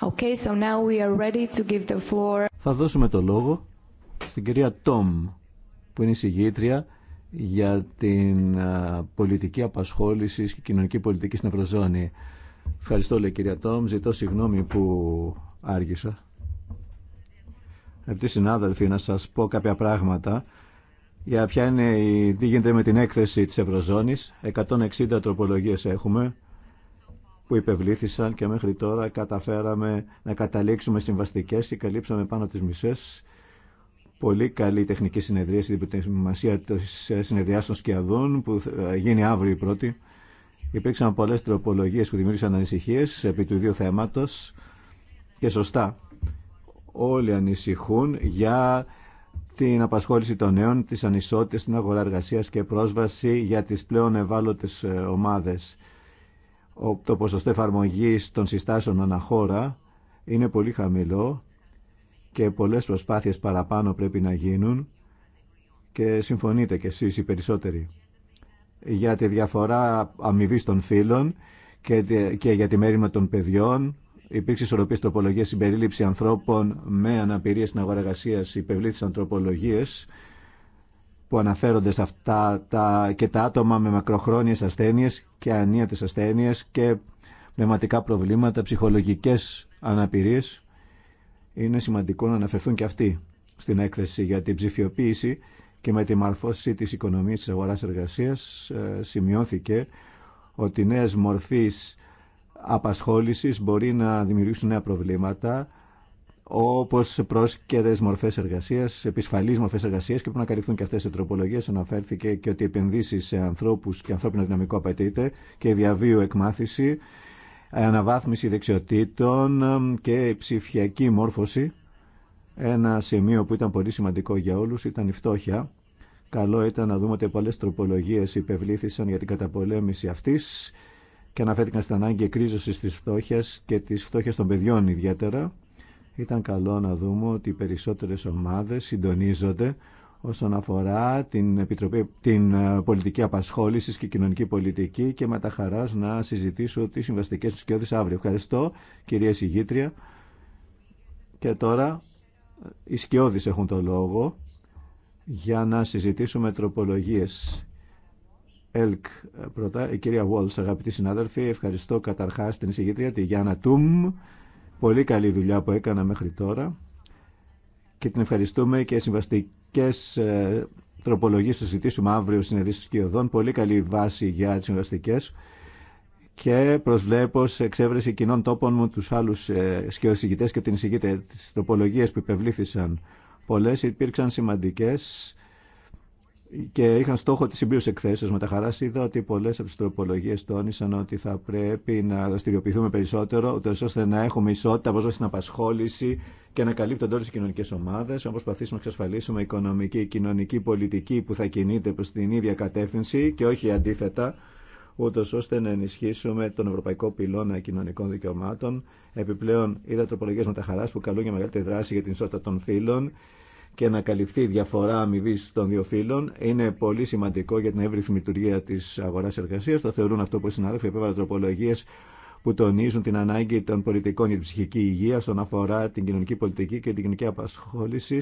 Okay, so now we are ready to give the floor. Θα δώσουμε το λόγο στην κυρία Τόμ, που είναι η συγγήτρια για την πολιτική απασχόληση και κοινωνική πολιτική στην Ευρωζώνη. Ευχαριστώ, λέει κυρία Τόμ. Ζητώ συγγνώμη που άργησα. Αγαπητοί συνάδελφοι, να σας πω κάποια πράγματα για ποια είναι η, τι γίνεται με την έκθεση της Ευρωζώνης. 160 τροπολογίες έχουμε που υπευλήθησαν και μέχρι τώρα καταφέραμε να καταλήξουμε συμβαστικές και καλύψαμε πάνω τις μισές. Πολύ καλή τεχνική συνεδρία στην σημασία τη ε, συνεδριά των Σκιαδών που γίνει αύριο η πρώτη. Υπήρξαν πολλέ τροπολογίε που δημιούργησαν ανησυχίε επί του ίδιου θέματο και σωστά. Όλοι ανησυχούν για την απασχόληση των νέων, τις ανισότητες στην αγορά εργασίας και πρόσβαση για τις πλέον ευάλωτες ε, ομάδες το ποσοστό εφαρμογή των συστάσεων αναχώρα είναι πολύ χαμηλό και πολλές προσπάθειες παραπάνω πρέπει να γίνουν και συμφωνείτε κι εσείς οι περισσότεροι για τη διαφορά αμοιβή των φύλων και, για τη μέρημα των παιδιών. Υπήρξε ισορροπής τροπολογία συμπερίληψη ανθρώπων με αναπηρία στην αγορά εργασία. Υπευλήθησαν που αναφέρονται σε αυτά τα, και τα άτομα με μακροχρόνιες ασθένειες και ανίατες ασθένειες και πνευματικά προβλήματα, ψυχολογικές αναπηρίες. Είναι σημαντικό να αναφερθούν και αυτοί στην έκθεση για την ψηφιοποίηση και με τη μαρφώση της οικονομίας της αγοράς εργασίας ε, σημειώθηκε ότι νέες μορφής απασχόλησης μπορεί να δημιουργήσουν νέα προβλήματα Όπω πρόσκαιρε μορφέ εργασία, επισφαλεί μορφέ εργασία και πρέπει να καλυφθούν και αυτέ οι τροπολογίε, Αναφέρθηκε και ότι επενδύσει σε ανθρώπου και ανθρώπινο δυναμικό απαιτείται και διαβίου εκμάθηση, αναβάθμιση δεξιοτήτων και ψηφιακή μόρφωση. Ένα σημείο που ήταν πολύ σημαντικό για όλου. ήταν η φτώχεια. Καλό ήταν να δούμε ότι πολλέ τροπολογίε υπευλήθησαν για την καταπολέμηση αυτή και αναφέρθηκαν στην ανάγκη κρίζωση τη φτώχεια και τη φτώχεια των παιδιών ιδιαίτερα ήταν καλό να δούμε ότι οι περισσότερες ομάδες συντονίζονται όσον αφορά την, Επιτροπή, την ε, πολιτική απασχόλησης και κοινωνική πολιτική και με τα χαράς να συζητήσω τις συμβαστικές του σκιώδεις αύριο. Ευχαριστώ κυρία Συγήτρια. Και τώρα ε, οι σκιώδεις έχουν το λόγο για να συζητήσουμε τροπολογίες. ΕΛΚ ε, πρώτα, η κυρία Βόλς, αγαπητοί συνάδελφοι, ευχαριστώ καταρχάς την εισηγήτρια, τη Γιάννα Τούμ, πολύ καλή δουλειά που έκανα μέχρι τώρα και την ευχαριστούμε και συμβαστικές ε, τροπολογίες θα συζητήσουμε αύριο συνεδρίσεις σκιωδών. Πολύ καλή βάση για τις συμβαστικές και προσβλέπω σε εξέβρεση κοινών τόπων μου τους άλλους ε, σκιοδησηγητές και την εισηγήτρια τις τροπολογίες που υπευλήθησαν. Πολλές υπήρξαν σημαντικές και είχαν στόχο τη συμπλήρωση εκθέσεω. Με τα χαρά είδα ότι πολλέ από τι τροπολογίε τόνισαν ότι θα πρέπει να δραστηριοποιηθούμε περισσότερο, ώστε να έχουμε ισότητα, πρόσβαση στην απασχόληση και να καλύπτονται όλε οι κοινωνικέ ομάδε. Να προσπαθήσουμε να εξασφαλίσουμε οικονομική και κοινωνική πολιτική που θα κινείται προ την ίδια κατεύθυνση και όχι αντίθετα, ούτω ώστε να ενισχύσουμε τον Ευρωπαϊκό Πυλώνα Κοινωνικών Δικαιωμάτων. Επιπλέον, είδα τροπολογίε με τα χαρά που καλούν για μεγαλύτερη δράση για την ισότητα των φύλων και να καλυφθεί η διαφορά αμοιβή των δύο φύλων είναι πολύ σημαντικό για την εύρυθμη λειτουργία τη αγορά-εργασία. Το θεωρούν αυτό που οι συνάδελφοι επέβαλαν τροπολογίε που τονίζουν την ανάγκη των πολιτικών για την ψυχική υγεία στον αφορά την κοινωνική πολιτική και την κοινωνική απασχόληση.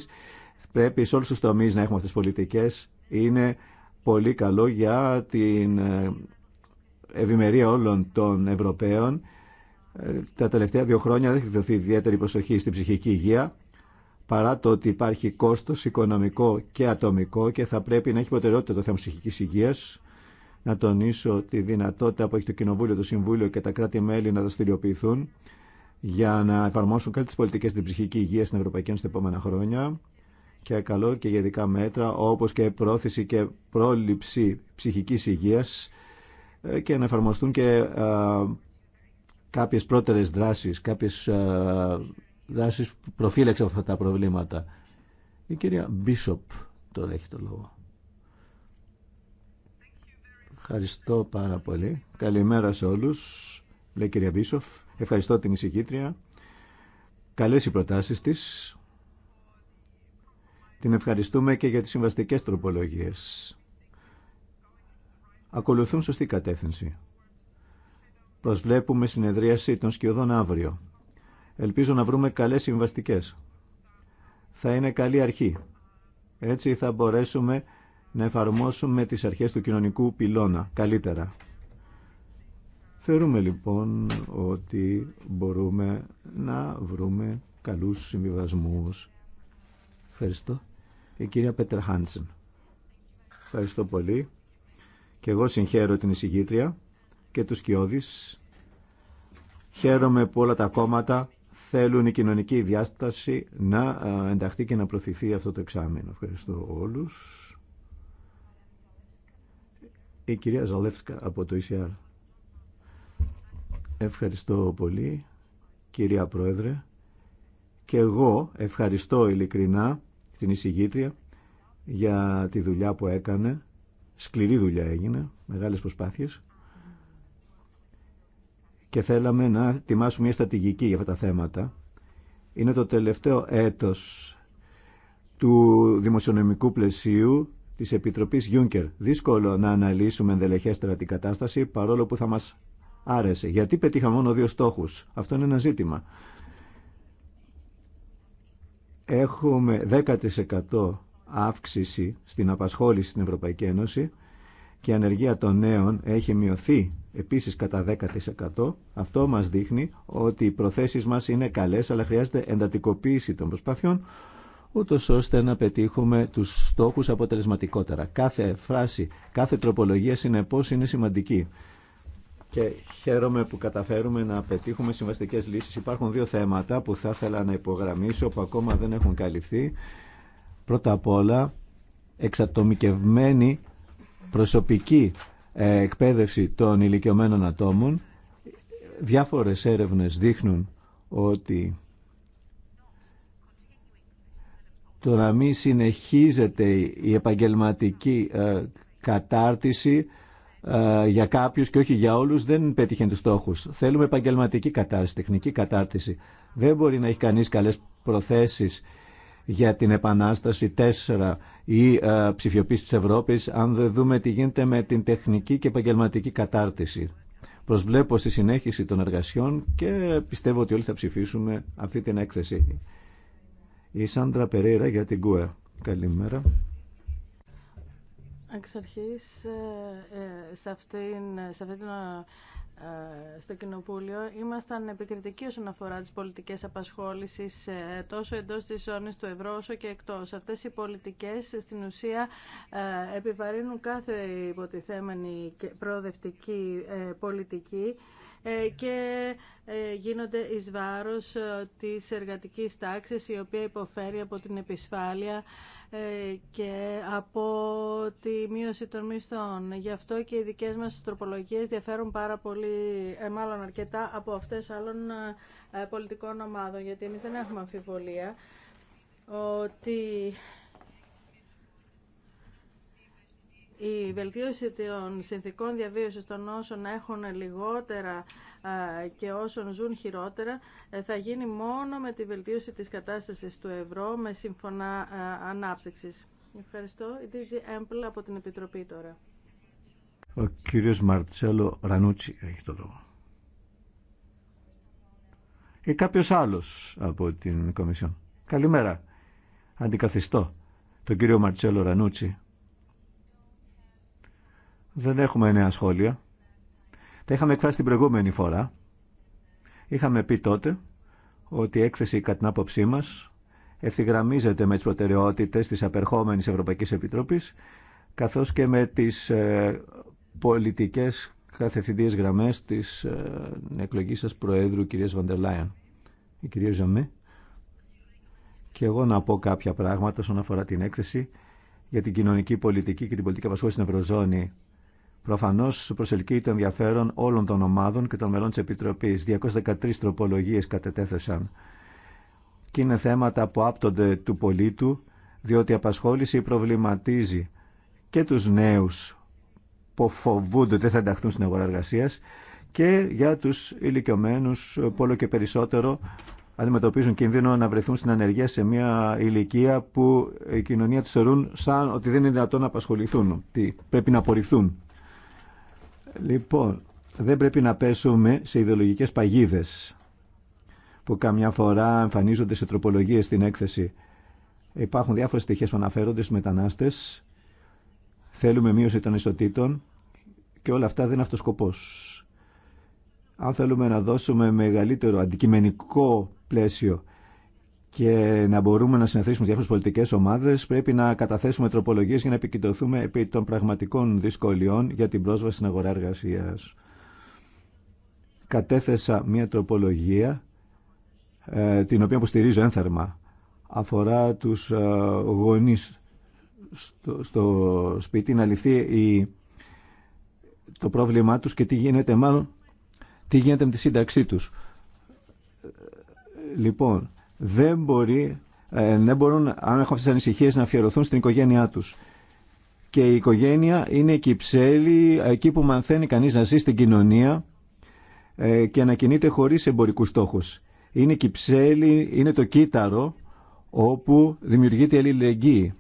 Πρέπει σε όλου του τομεί να έχουμε αυτέ τι πολιτικέ. Είναι πολύ καλό για την ε, ευημερία όλων των Ευρωπαίων. Ε, τα τελευταία δύο χρόνια δεν έχει δοθεί ιδιαίτερη προσοχή στην ψυχική υγεία παρά το ότι υπάρχει κόστος οικονομικό και ατομικό και θα πρέπει να έχει προτεραιότητα το θέμα ψυχικής υγείας. Να τονίσω τη δυνατότητα που έχει το Κοινοβούλιο, το Συμβούλιο και τα κράτη-μέλη να δραστηριοποιηθούν για να εφαρμόσουν καλύτερε πολιτικέ πολιτικές στην ψυχική υγεία στην Ευρωπαϊκή Ένωση τα επόμενα χρόνια και καλό και για ειδικά μέτρα όπω και πρόθεση και πρόληψη ψυχική υγεία ε, και να εφαρμοστούν και ε, κάποιε πρώτερε δράσει, κάποιε. Ε, δράσεις που προφύλαξε αυτά τα προβλήματα. Η κυρία Μπίσοπ τώρα έχει το λόγο. Ευχαριστώ πάρα πολύ. Καλημέρα σε όλους, λέει κυρία Μπίσοφ. Ευχαριστώ την εισηγήτρια. Καλές οι προτάσεις της. Την ευχαριστούμε και για τις συμβαστικές τροπολογίες. Ακολουθούν σωστή κατεύθυνση. Προσβλέπουμε συνεδρίαση των σκιωδών αύριο. Ελπίζω να βρούμε καλές συμβαστικές. Θα είναι καλή αρχή. Έτσι θα μπορέσουμε να εφαρμόσουμε τις αρχές του κοινωνικού πυλώνα καλύτερα. Θεωρούμε λοιπόν ότι μπορούμε να βρούμε καλούς συμβιβασμούς. Ευχαριστώ. Η κυρία Πέτρα Χάντσεν. Ευχαριστώ πολύ. Και εγώ συγχαίρω την εισηγήτρια και τους κοιόδης. Χαίρομαι που όλα τα κόμματα θέλουν η κοινωνική διάσταση να ενταχθεί και να προωθηθεί αυτό το εξάμεινο. Ευχαριστώ όλους. Η κυρία Ζαλεύσκα από το ECR. Ευχαριστώ πολύ, κυρία Πρόεδρε. Και εγώ ευχαριστώ ειλικρινά την εισηγήτρια για τη δουλειά που έκανε. Σκληρή δουλειά έγινε, μεγάλες προσπάθειες και θέλαμε να ετοιμάσουμε μια στρατηγική για αυτά τα θέματα. Είναι το τελευταίο έτος του δημοσιονομικού πλαισίου της Επιτροπής Juncker. Δύσκολο να αναλύσουμε ενδελεχέστερα την κατάσταση παρόλο που θα μας άρεσε. Γιατί πετύχαμε μόνο δύο στόχους. Αυτό είναι ένα ζήτημα. Έχουμε 10% αύξηση στην απασχόληση στην Ευρωπαϊκή Ένωση και η ανεργία των νέων έχει μειωθεί επίσης κατά 10%. Αυτό μας δείχνει ότι οι προθέσεις μας είναι καλές, αλλά χρειάζεται εντατικοποίηση των προσπαθειών, ούτω ώστε να πετύχουμε τους στόχους αποτελεσματικότερα. Κάθε φράση, κάθε τροπολογία συνεπώς είναι σημαντική. Και χαίρομαι που καταφέρουμε να πετύχουμε συμβαστικέ λύσει. Υπάρχουν δύο θέματα που θα ήθελα να υπογραμμίσω που ακόμα δεν έχουν καλυφθεί. Πρώτα απ' όλα, εξατομικευμένη προσωπική ε, εκπαίδευση των ηλικιωμένων ατόμων. Διάφορες έρευνες δείχνουν ότι το να μην συνεχίζεται η επαγγελματική ε, κατάρτιση ε, για κάποιους και όχι για όλους δεν πέτυχε τους στόχους. Θέλουμε επαγγελματική κατάρτιση, τεχνική κατάρτιση. Δεν μπορεί να έχει κανείς καλές προθέσεις για την επανάσταση 4 ή ε, ψηφιοποίηση της Ευρώπης αν δεν δούμε τι γίνεται με την τεχνική και επαγγελματική κατάρτιση. Προσβλέπω στη συνέχιση των εργασιών και πιστεύω ότι όλοι θα ψηφίσουμε αυτή την έκθεση. Η Σάντρα Περέιρα για την ΚΟΕ. Καλημέρα. Εξ αρχής, ε, ε, σε, αυτήν, σε ε, στο Κοινοβούλιο ήμασταν επικριτικοί όσον αφορά τις πολιτικές απασχόλησης ε, τόσο εντός της ζώνης του ευρώ όσο και εκτός. Αυτές οι πολιτικές ε, στην ουσία επιβαρύνουν κάθε υποτιθέμενη προοδευτική πολιτική και γίνονται εις βάρος της εργατικής τάξης η οποία υποφέρει από την επισφάλεια ε, και από τη μείωση των μισθών. Γι' αυτό και οι δικές μας τροπολογίες διαφέρουν πάρα πολύ, ε, μάλλον αρκετά από αυτές άλλων ε, πολιτικών ομάδων, γιατί εμείς δεν έχουμε αμφιβολία ότι η βελτίωση των συνθήκων διαβίωσης των όσων έχουν λιγότερα και όσων ζουν χειρότερα ε, θα γίνει μόνο με τη βελτίωση της κατάστασης του ευρώ με σύμφωνα ε, ανάπτυξης. Ευχαριστώ. Η DG Ample από την Επιτροπή τώρα. Ο κύριος Μαρτσέλο Ρανούτσι έχει το λόγο. Ή κάποιος άλλος από την Κομισιόν. Καλημέρα. Αντικαθιστώ τον κύριο Μαρτσέλο Ρανούτσι. Δεν έχουμε νέα σχόλια. Τα είχαμε εκφράσει την προηγούμενη φορά. Είχαμε πει τότε ότι η έκθεση κατά την άποψή μας ευθυγραμμίζεται με τις προτεραιότητες της απερχόμενης Ευρωπαϊκής Επιτροπής καθώς και με τις ε, πολιτικές καθευθυντήριες γραμμές της ε, εκλογής σας Προέδρου κυρίας Βαντελάιαν. Η κυρία Ζωμή. Και εγώ να πω κάποια πράγματα όσον αφορά την έκθεση για την κοινωνική πολιτική και την πολιτική απασχόληση στην Ευρωζώνη Προφανώ προσελκύει το ενδιαφέρον όλων των ομάδων και των μελών τη Επιτροπή. 213 τροπολογίε κατετέθεσαν. Και είναι θέματα που άπτονται του πολίτου, διότι η απασχόληση προβληματίζει και του νέου που φοβούνται ότι δεν θα ενταχθούν στην αγορά εργασία και για του ηλικιωμένους που όλο και περισσότερο αντιμετωπίζουν κίνδυνο να βρεθούν στην ανεργία σε μια ηλικία που η κοινωνία του θεωρούν σαν ότι δεν είναι δυνατόν να απασχοληθούν, ότι πρέπει να απορριφθούν. Λοιπόν, δεν πρέπει να πέσουμε σε ιδεολογικές παγίδες που καμιά φορά εμφανίζονται σε τροπολογίες στην έκθεση. Υπάρχουν διάφορες στοιχείες που αναφέρονται στους μετανάστες. Θέλουμε μείωση των ισοτήτων και όλα αυτά δεν είναι αυτός σκοπός. Αν θέλουμε να δώσουμε μεγαλύτερο αντικειμενικό πλαίσιο και να μπορούμε να συνεθίσουμε διάφορε πολιτικέ ομάδε, πρέπει να καταθέσουμε τροπολογίε για να επικοινωνούμε επί των πραγματικών δυσκολιών για την πρόσβαση στην αγορά εργασία. Κατέθεσα μία τροπολογία, ε, την οποία υποστηρίζω ένθερμα, αφορά τους ε, γονείς στο, σπίτι, να λυθεί η, το πρόβλημά τους και τι γίνεται μάλλον, τι γίνεται με τη σύνταξή τους. Ε, λοιπόν, δεν μπορεί, ε, δεν μπορούν, αν έχουν αυτές τις ανησυχίες, να αφιερωθούν στην οικογένειά τους. Και η οικογένεια είναι η κυψέλη, εκεί που μαθαίνει κανείς να ζει στην κοινωνία ε, και να κινείται χωρίς εμπορικούς στόχους. Είναι η κυψέλη, είναι το κύτταρο όπου δημιουργείται η αλληλεγγύη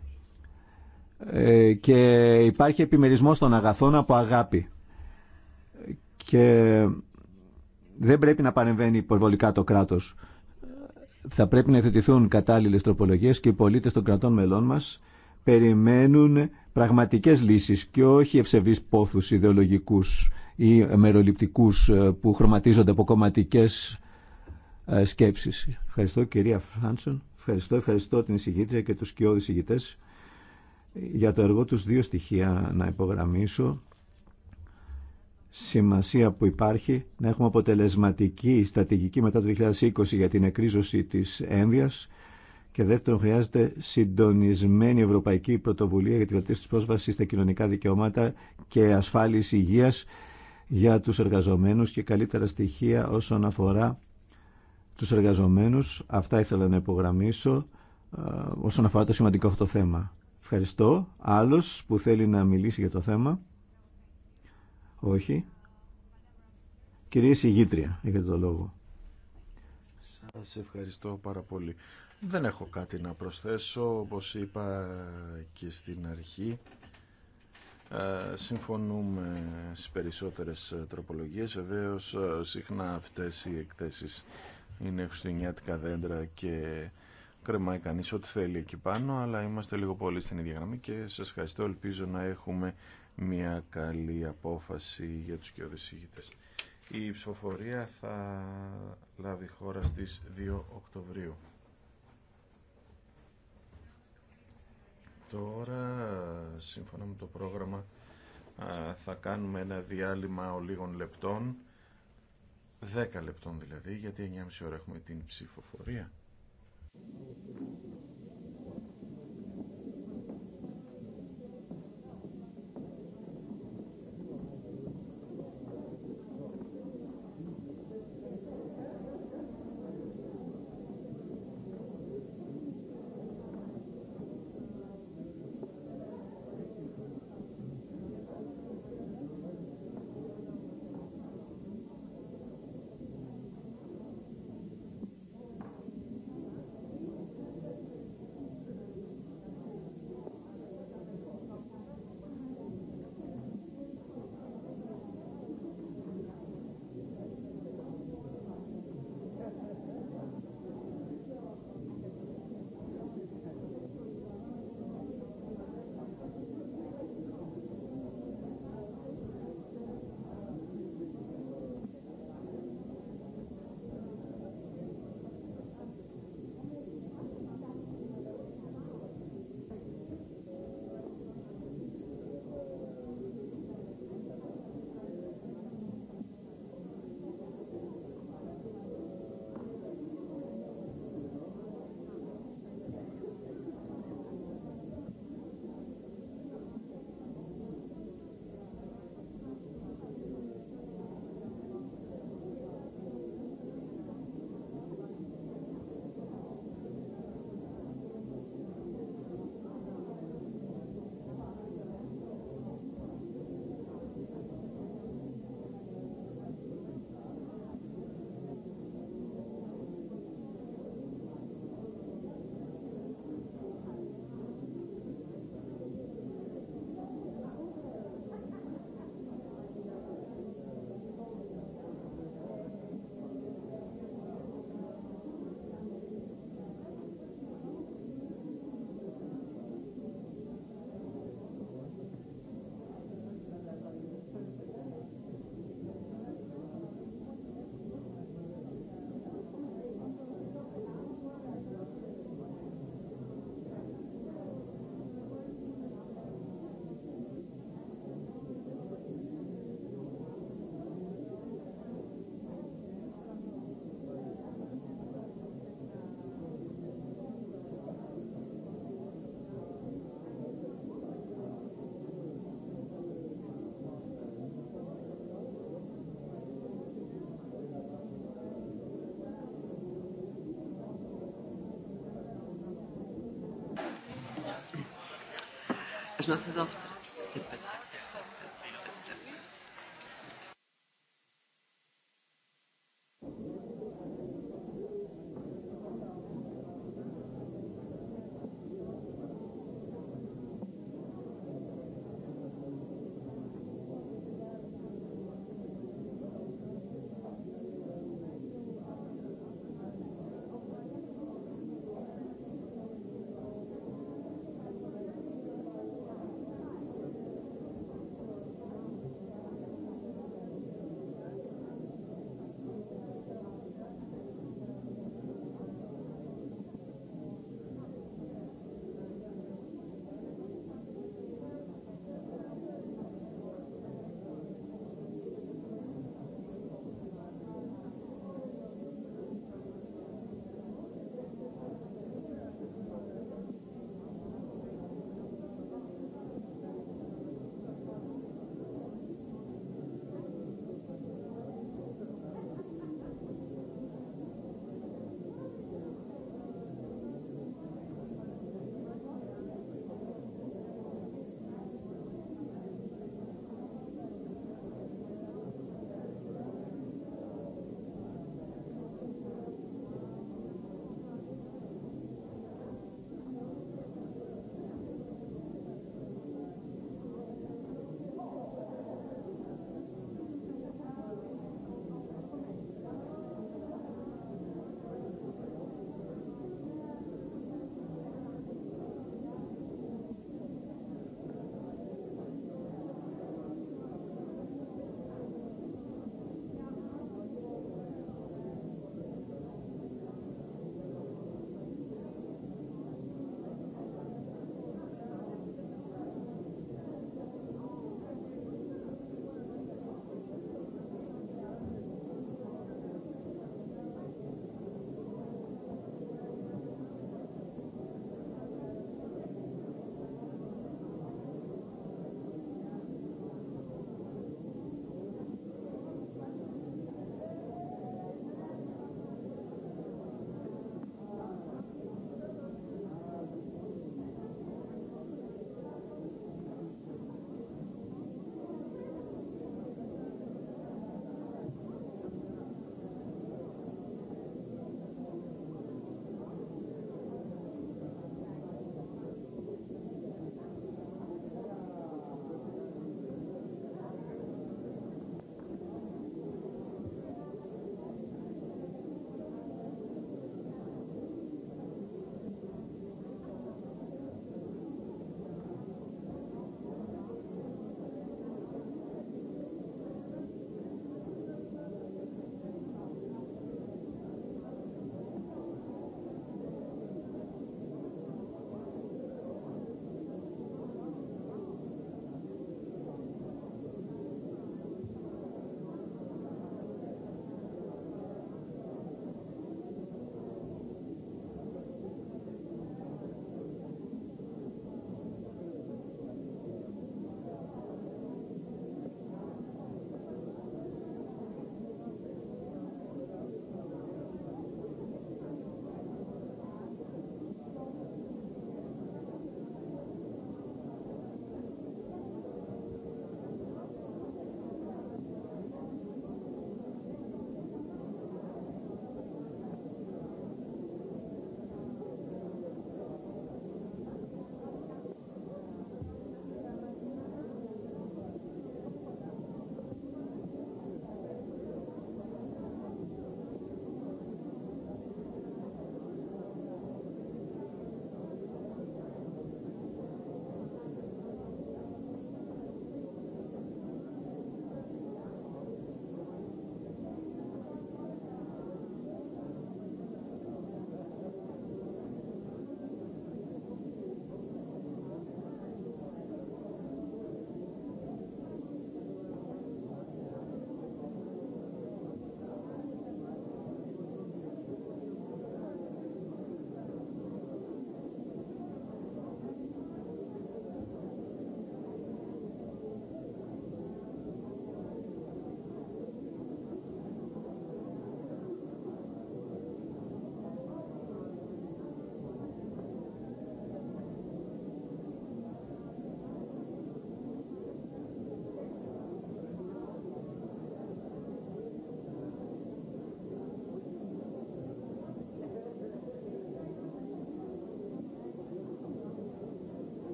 ε, και υπάρχει επιμερισμός των αγαθών από αγάπη. Και δεν πρέπει να παρεμβαίνει υπερβολικά το κράτος θα πρέπει να εθετηθούν κατάλληλες τροπολογίες και οι πολίτες των κρατών μελών μας περιμένουν πραγματικές λύσεις και όχι ευσεβείς πόθους ιδεολογικούς ή μεροληπτικούς ε, που χρωματίζονται από κομματικές ε, σκέψεις. Ευχαριστώ κυρία Φράντσον. Ευχαριστώ, ευχαριστώ την εισηγήτρια και τους κοιόδη για το εργό τους δύο στοιχεία να υπογραμμίσω σημασία που υπάρχει να έχουμε αποτελεσματική στρατηγική μετά το 2020 για την εκρίζωση της ένδυας και δεύτερον χρειάζεται συντονισμένη ευρωπαϊκή πρωτοβουλία για τη βελτίωση της πρόσβασης στα κοινωνικά δικαιώματα και ασφάλιση υγείας για τους εργαζομένους και καλύτερα στοιχεία όσον αφορά τους εργαζομένους. Αυτά ήθελα να υπογραμμίσω ε, όσον αφορά το σημαντικό αυτό θέμα. Ευχαριστώ. Άλλος που θέλει να μιλήσει για το θέμα. Όχι. Κυρία Συγήτρια, έχετε το λόγο. Σας ευχαριστώ πάρα πολύ. Δεν έχω κάτι να προσθέσω, όπως είπα και στην αρχή. Ε, συμφωνούμε στις περισσότερες τροπολογίες. Βεβαίως, ε, συχνά αυτές οι εκθέσεις είναι χριστουγεννιάτικα δέντρα και κρεμάει κανείς ό,τι θέλει εκεί πάνω, αλλά είμαστε λίγο πολύ στην ίδια γραμμή και σας ευχαριστώ. Ελπίζω να έχουμε μια καλή απόφαση για τους κοιοδησίγητες. Η ψηφοφορία θα λάβει χώρα στις 2 Οκτωβρίου. Τώρα, σύμφωνα με το πρόγραμμα, θα κάνουμε ένα διάλειμμα ολίγων λεπτών, 10 λεπτών δηλαδή, γιατί 9,5 ώρα έχουμε την ψηφοφορία. να σας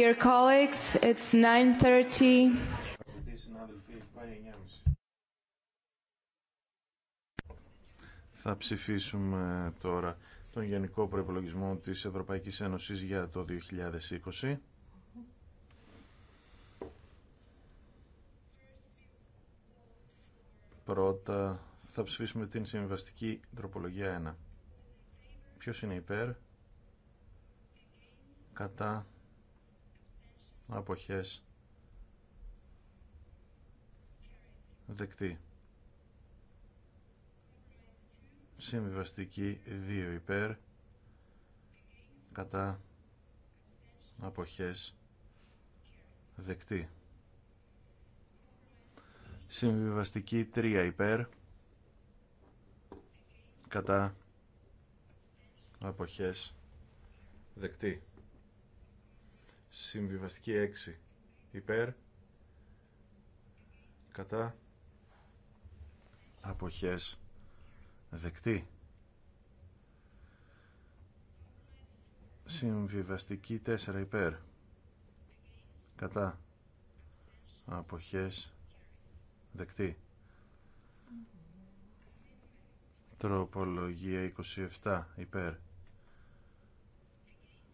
Dear colleagues, it's 9.30. Θα ψηφίσουμε τώρα τον Γενικό Προϋπολογισμό της Ευρωπαϊκής Ένωσης για το 2020. Πρώτα θα ψηφίσουμε την συμβαστική τροπολογία 1. Ποιος είναι υπέρ, κατά, αποχές δεκτή. Συμβιβαστική 2 υπέρ κατά αποχές δεκτή. Συμβιβαστική 3 υπέρ κατά αποχές δεκτή. Συμβιβαστική 6 υπέρ κατά αποχές δεκτή. Συμβιβαστική 4 υπέρ κατά αποχές δεκτή. Τροπολογία 27 υπέρ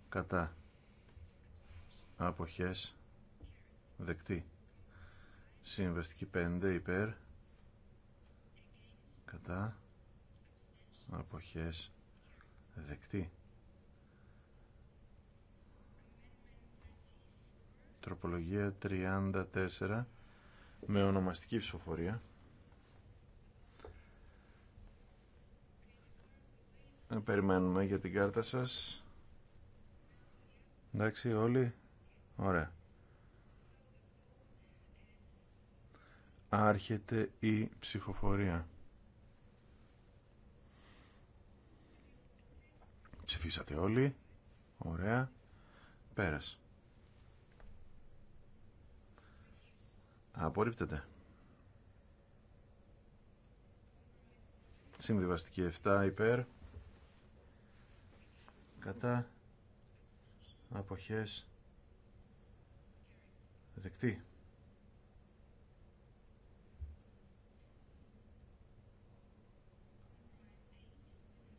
κατά αποχές δεκτή συμβαστική 5 υπέρ κατά αποχές δεκτή τροπολογία 34 με ονομαστική ψηφοφορία ε, περιμένουμε για την κάρτα σας εντάξει όλοι Ωραία. Άρχεται η ψηφοφορία. Ψηφίσατε όλοι. Ωραία. Πέρας. Απορρίπτεται. Συμβιβαστική 7 υπέρ. Κατά. Αποχές δεκτή.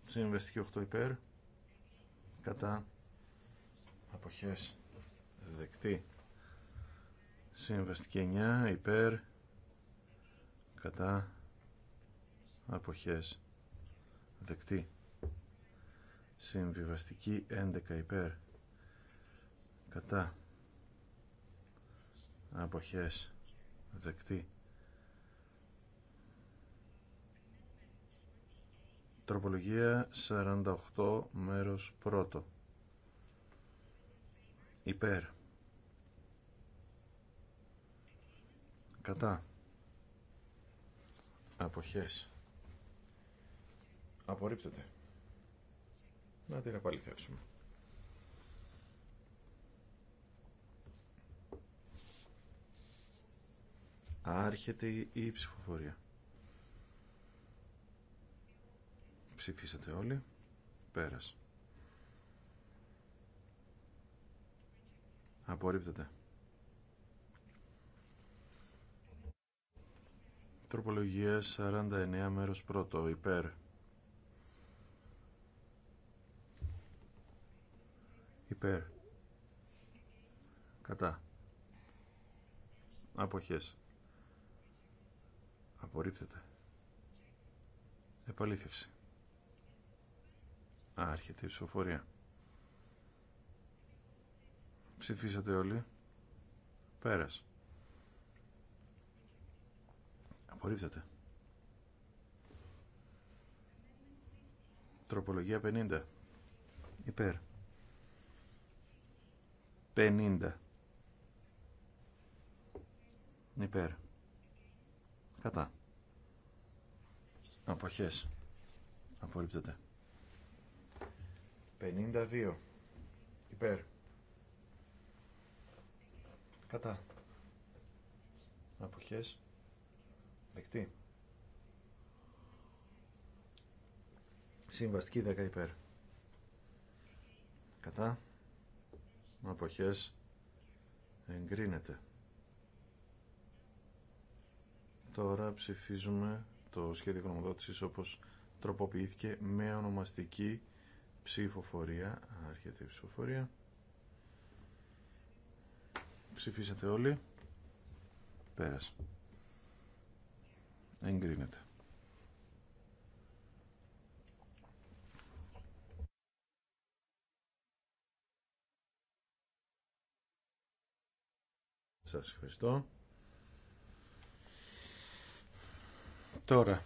Συμβεστική 8 υπέρ, κατά αποχές δεκτή. Συμβαστική 9 υπέρ, κατά αποχές δεκτή. Συμβιβαστική 11 υπέρ, κατά αποχές δεκτή τροπολογία 48 μέρος πρώτο υπέρ κατά αποχές απορρίπτεται να την επαληθεύσουμε Άρχεται η ψηφοφορία. Ψηφίσατε όλοι. Πέρας. Απορρίπτεται. Τροπολογία 49 μέρος πρώτο. Υπέρ. Υπέρ. Κατά. Αποχές. Απορρίπτεται. Επαλήθευση. Άρχεται η ψηφοφορία. Ψηφίσατε όλοι. Πέρας. Απορρίπτεται. Τροπολογία 50. Υπέρ. 50. Υπέρ. Κατά. Αποχές. Απορρίπτεται. 52. Υπέρ. Κατά. Αποχές. Δεκτή. Συμβαστική 10 υπέρ. Κατά. Αποχές. Εγκρίνεται. Τώρα ψηφίζουμε το σχέδιο γνωμοδότησης όπως τροποποιήθηκε με ονομαστική ψηφοφορία. Άρχεται η ψηφοφορία. Ψηφίσατε όλοι. Πέρασε. Εγκρίνεται. Σας ευχαριστώ. Τώρα,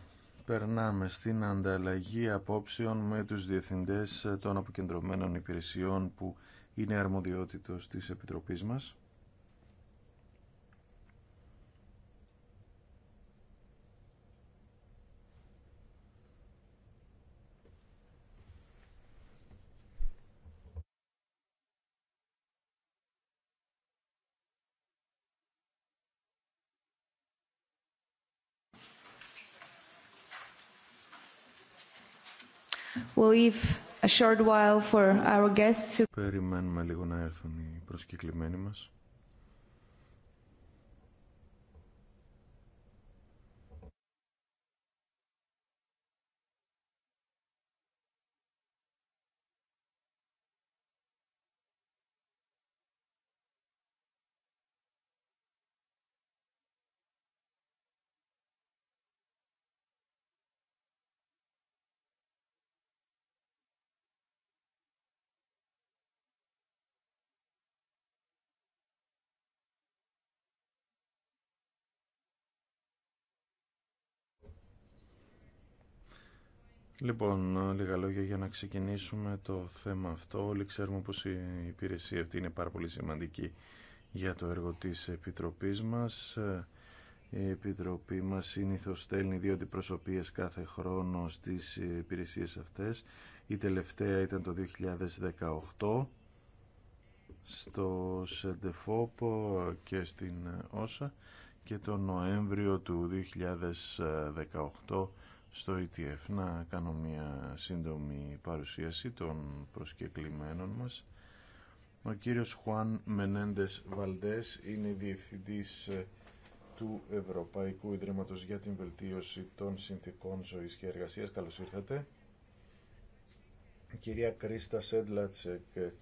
περνάμε στην ανταλλαγή απόψεων με τους διευθυντές των αποκεντρωμένων υπηρεσιών που είναι αρμοδιότητος της Επιτροπής μας. Περιμένουμε λίγο να έρθουν οι προσκεκλημένοι μας. Λοιπόν, λίγα λόγια για να ξεκινήσουμε το θέμα αυτό. Όλοι ξέρουμε πως η υπηρεσία αυτή είναι πάρα πολύ σημαντική για το έργο της Επιτροπής μας. Η Επιτροπή μας συνήθω στέλνει δύο αντιπροσωπείες κάθε χρόνο στις υπηρεσίες αυτές. Η τελευταία ήταν το 2018 στο Σεντεφόπο και στην Όσα και το Νοέμβριο του 2018 στο ETF. Να κάνω μια σύντομη παρουσίαση των προσκεκλημένων μας. Ο κύριος Χουάν Μενέντες Βαλντές είναι διευθυντής ε, του Ευρωπαϊκού Ιδρύματος για την Βελτίωση των Συνθήκων Ζωής και Εργασίας. Καλώς ήρθατε. κυρία Κρίστα Σέντλατσεκ, ε,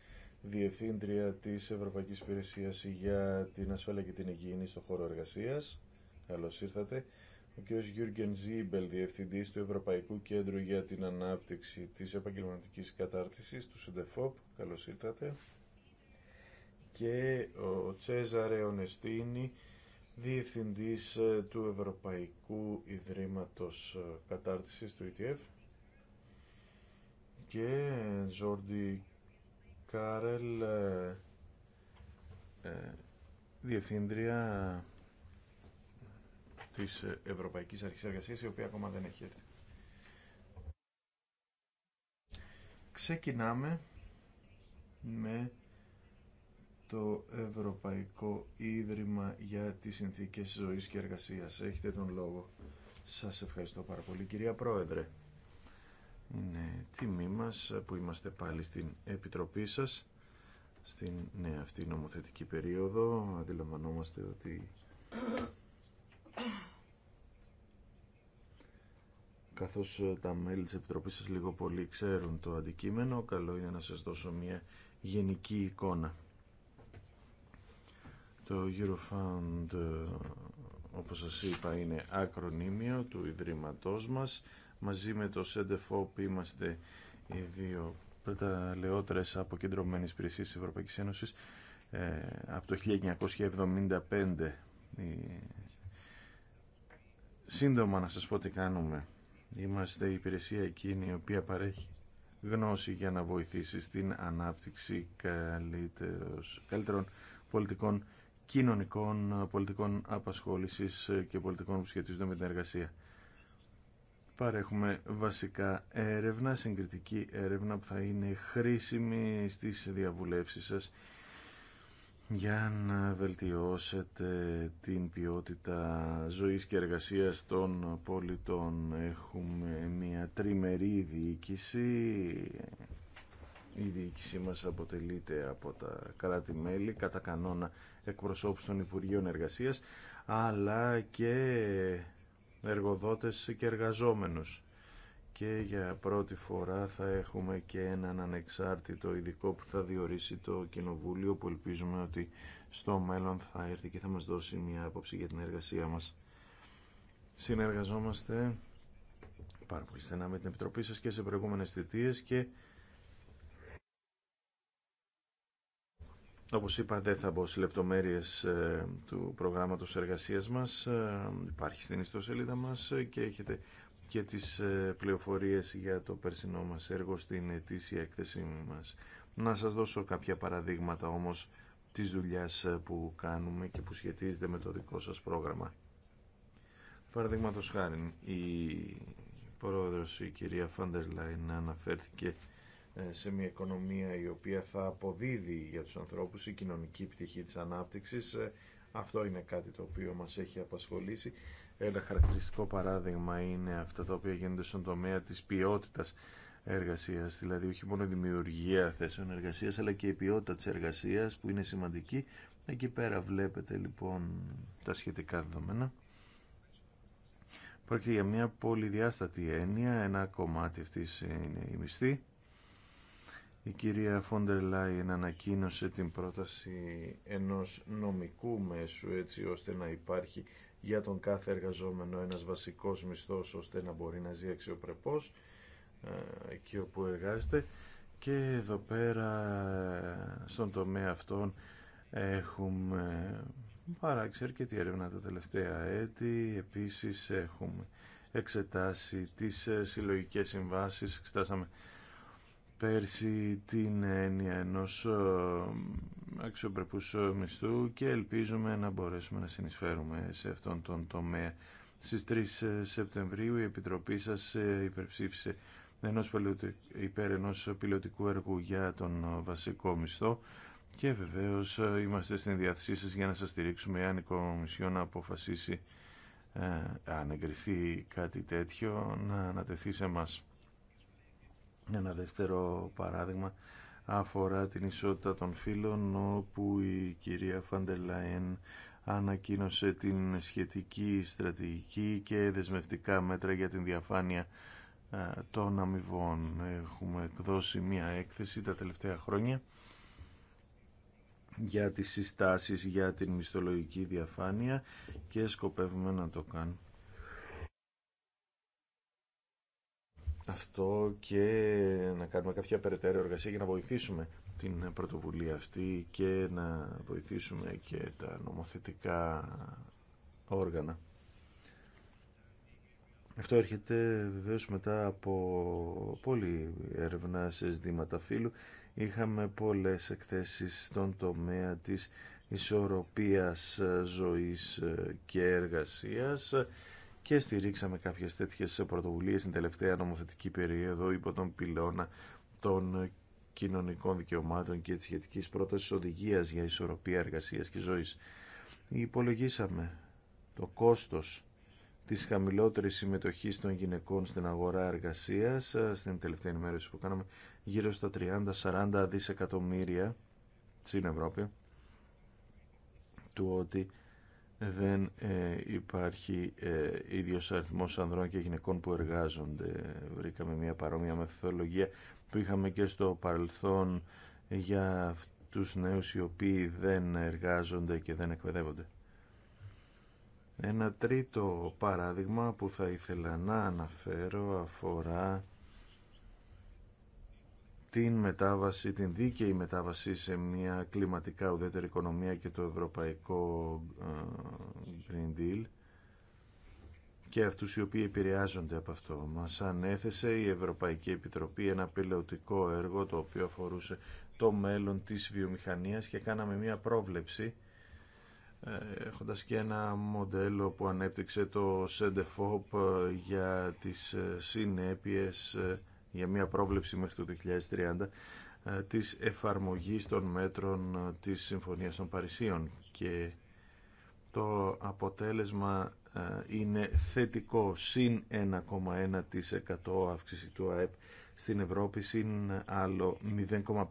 Διευθύντρια της Ευρωπαϊκής Υπηρεσίας για την Ασφάλεια και την Υγιεινή στο χώρο εργασίας. Καλώς ήρθατε. Ο κ. Γιούργεν Ζίμπελ, διευθυντή του Ευρωπαϊκού Κέντρου για την Ανάπτυξη της επαγγελματική κατάρτιση του ΣΕΝΤΕΦΟΠ, Καλώ ήρθατε. Και ο Τσέζαρε Ονεστίνη, διευθυντή ε, του Ευρωπαϊκού Ιδρύματο ε, Κατάρτισης του ETF και ε, Ζόρντι Κάρελ Διευθύντρια της ε, Ευρωπαϊκής Αρχής η οποία ακόμα δεν έχει έρθει. Ξεκινάμε με το Ευρωπαϊκό Ίδρυμα για τις Συνθήκες Ζωής και Εργασίας. Έχετε τον λόγο. Σας ευχαριστώ πάρα πολύ, κυρία Πρόεδρε. Είναι τιμή μας που είμαστε πάλι στην Επιτροπή σας στην ναι, αυτή νομοθετική περίοδο. Αντιλαμβανόμαστε ότι καθώς ε, τα μέλη της Επιτροπής σας λίγο πολύ ξέρουν το αντικείμενο, καλό είναι να σας δώσω μια γενική εικόνα. Το Eurofound, ε, όπως σας είπα, είναι ακρονίμιο του Ιδρύματός μας. Μαζί με το SEDEFOP είμαστε οι δύο πεταλαιότερες αποκεντρωμένες υπηρεσίες της Ευρωπαϊκής Ένωσης ε, από το 1975 Σύντομα να σας πω τι κάνουμε. Είμαστε η υπηρεσία εκείνη η οποία παρέχει γνώση για να βοηθήσει στην ανάπτυξη καλύτερων πολιτικών κοινωνικών, πολιτικών απασχόλησης και πολιτικών που σχετίζονται με την εργασία. Παρέχουμε βασικά έρευνα, συγκριτική έρευνα που θα είναι χρήσιμη στις διαβουλεύσεις σας για να βελτιώσετε την ποιότητα ζωής και εργασίας των πολιτών. Έχουμε μια τριμερή διοίκηση. Η διοίκησή μας αποτελείται από τα κράτη-μέλη, κατά κανόνα εκπροσώπους των Υπουργείων Εργασίας, αλλά και εργοδότες και εργαζόμενους και για πρώτη φορά θα έχουμε και έναν ανεξάρτητο ειδικό που θα διορίσει το Κοινοβούλιο που ελπίζουμε ότι στο μέλλον θα έρθει και θα μας δώσει μια άποψη για την εργασία μας. Συνεργαζόμαστε πάρα πολύ στενά με την Επιτροπή σας και σε προηγούμενες θητείες και Όπως είπα δεν θα μπω σε λεπτομέρειες ε, του προγράμματος εργασίας μας. Ε, υπάρχει στην ιστοσελίδα μας και έχετε και τις ε, πληροφορίες για το περσινό μας έργο στην ετήσια έκθεσή μας. Να σας δώσω κάποια παραδείγματα όμως της δουλειάς ε, που κάνουμε και που σχετίζεται με το δικό σας πρόγραμμα. Παραδείγματος χάρη, η πρόεδρος, η κυρία Φάντερ Λάιν, αναφέρθηκε ε, σε μια οικονομία η οποία θα αποδίδει για τους ανθρώπους η κοινωνική πτυχή της ανάπτυξης. Αυτό είναι κάτι το οποίο μας έχει απασχολήσει. Ένα χαρακτηριστικό παράδειγμα είναι αυτά τα οποία γίνονται στον τομέα της ποιότητας εργασίας, δηλαδή όχι μόνο η δημιουργία θέσεων εργασίας, αλλά και η ποιότητα της εργασίας που είναι σημαντική. Εκεί πέρα βλέπετε λοιπόν τα σχετικά δεδομένα. Πρόκειται για μια πολυδιάστατη έννοια, ένα κομμάτι αυτής είναι η μισθή. Η κυρία Φόντερ Λάιεν ανακοίνωσε την πρόταση ενός νομικού μέσου έτσι ώστε να υπάρχει για τον κάθε εργαζόμενο ένας βασικός μισθός ώστε να μπορεί να ζει αξιοπρεπώς ε, εκεί όπου εργάζεται και εδώ πέρα ε, στον τομέα αυτών έχουμε παράξει αρκετή έρευνα τα τελευταία έτη επίσης έχουμε εξετάσει τις ε, συλλογικές συμβάσεις εξετάσαμε πέρσι την έννοια ενός ε, αξιοπρεπούς ε, μισθού και ελπίζουμε να μπορέσουμε να συνεισφέρουμε σε αυτόν τον τομέα. Στις 3 ε, Σεπτεμβρίου η Επιτροπή σας υπερψήφισε ενός υπέρ ενός πιλωτικού έργου για τον βασικό μισθό και βεβαίως είμαστε στην διάθεσή σας για να σας στηρίξουμε αν η Κομισιόν αποφασίσει αν εγκριθεί κάτι τέτοιο να ανατεθεί σε εμάς. Ένα δεύτερο παράδειγμα αφορά την ισότητα των φύλων όπου η κυρία Φαντελαέν ανακοίνωσε την σχετική στρατηγική και δεσμευτικά μέτρα για την διαφάνεια ε, των αμοιβών. Έχουμε εκδώσει μία έκθεση τα τελευταία χρόνια για τις συστάσεις για την μισθολογική διαφάνεια και σκοπεύουμε να το κάνουμε αυτό και να κάνουμε κάποια περαιτέρω εργασία για να βοηθήσουμε την πρωτοβουλία αυτή και να βοηθήσουμε και τα νομοθετικά όργανα. Αυτό έρχεται βεβαίως μετά από πολλή έρευνα σε ζητήματα φύλου. Είχαμε πολλές εκθέσεις στον τομέα της ισορροπίας ζωής και εργασίας και στηρίξαμε κάποιες τέτοιες πρωτοβουλίες στην τελευταία νομοθετική περίοδο υπό τον πυλώνα των κοινωνικών δικαιωμάτων και της σχετικής πρότασης οδηγίας για ισορροπία εργασίας και ζωής. Υπολογίσαμε το κόστος της χαμηλότερης συμμετοχής των γυναικών στην αγορά εργασίας ε, στην τελευταία ενημέρωση που κάναμε γύρω στα 30-40 δισεκατομμύρια στην Ευρώπη του ότι δεν ε, υπάρχει ε, ίδιος αριθμός ανδρών και γυναικών που εργάζονται. Βρήκαμε μια παρόμοια μεθοδολογία που είχαμε και στο παρελθόν για τους νέους οι οποίοι δεν εργάζονται και δεν εκπαιδεύονται. Ένα τρίτο παράδειγμα που θα ήθελα να αναφέρω αφορά την μετάβαση, την δίκαιη μετάβαση σε μια κλιματικά ουδέτερη οικονομία και το ευρωπαϊκό ε, Green Deal και αυτούς οι οποίοι επηρεάζονται από αυτό. Μας ανέθεσε η Ευρωπαϊκή Επιτροπή ένα πιλωτικό έργο το οποίο αφορούσε το μέλλον της βιομηχανίας και κάναμε μια πρόβλεψη ε, έχοντας και ένα μοντέλο που ανέπτυξε το ΣΕΝΤΕΦΟΠ ε, για τις συνέπειες για μια πρόβλεψη μέχρι το 2030 ε, της εφαρμογής των μέτρων ε, της Συμφωνίας των Παρισίων και το αποτέλεσμα ε, είναι θετικό συν 1,1% αύξηση του ΑΕΠ στην Ευρώπη συν άλλο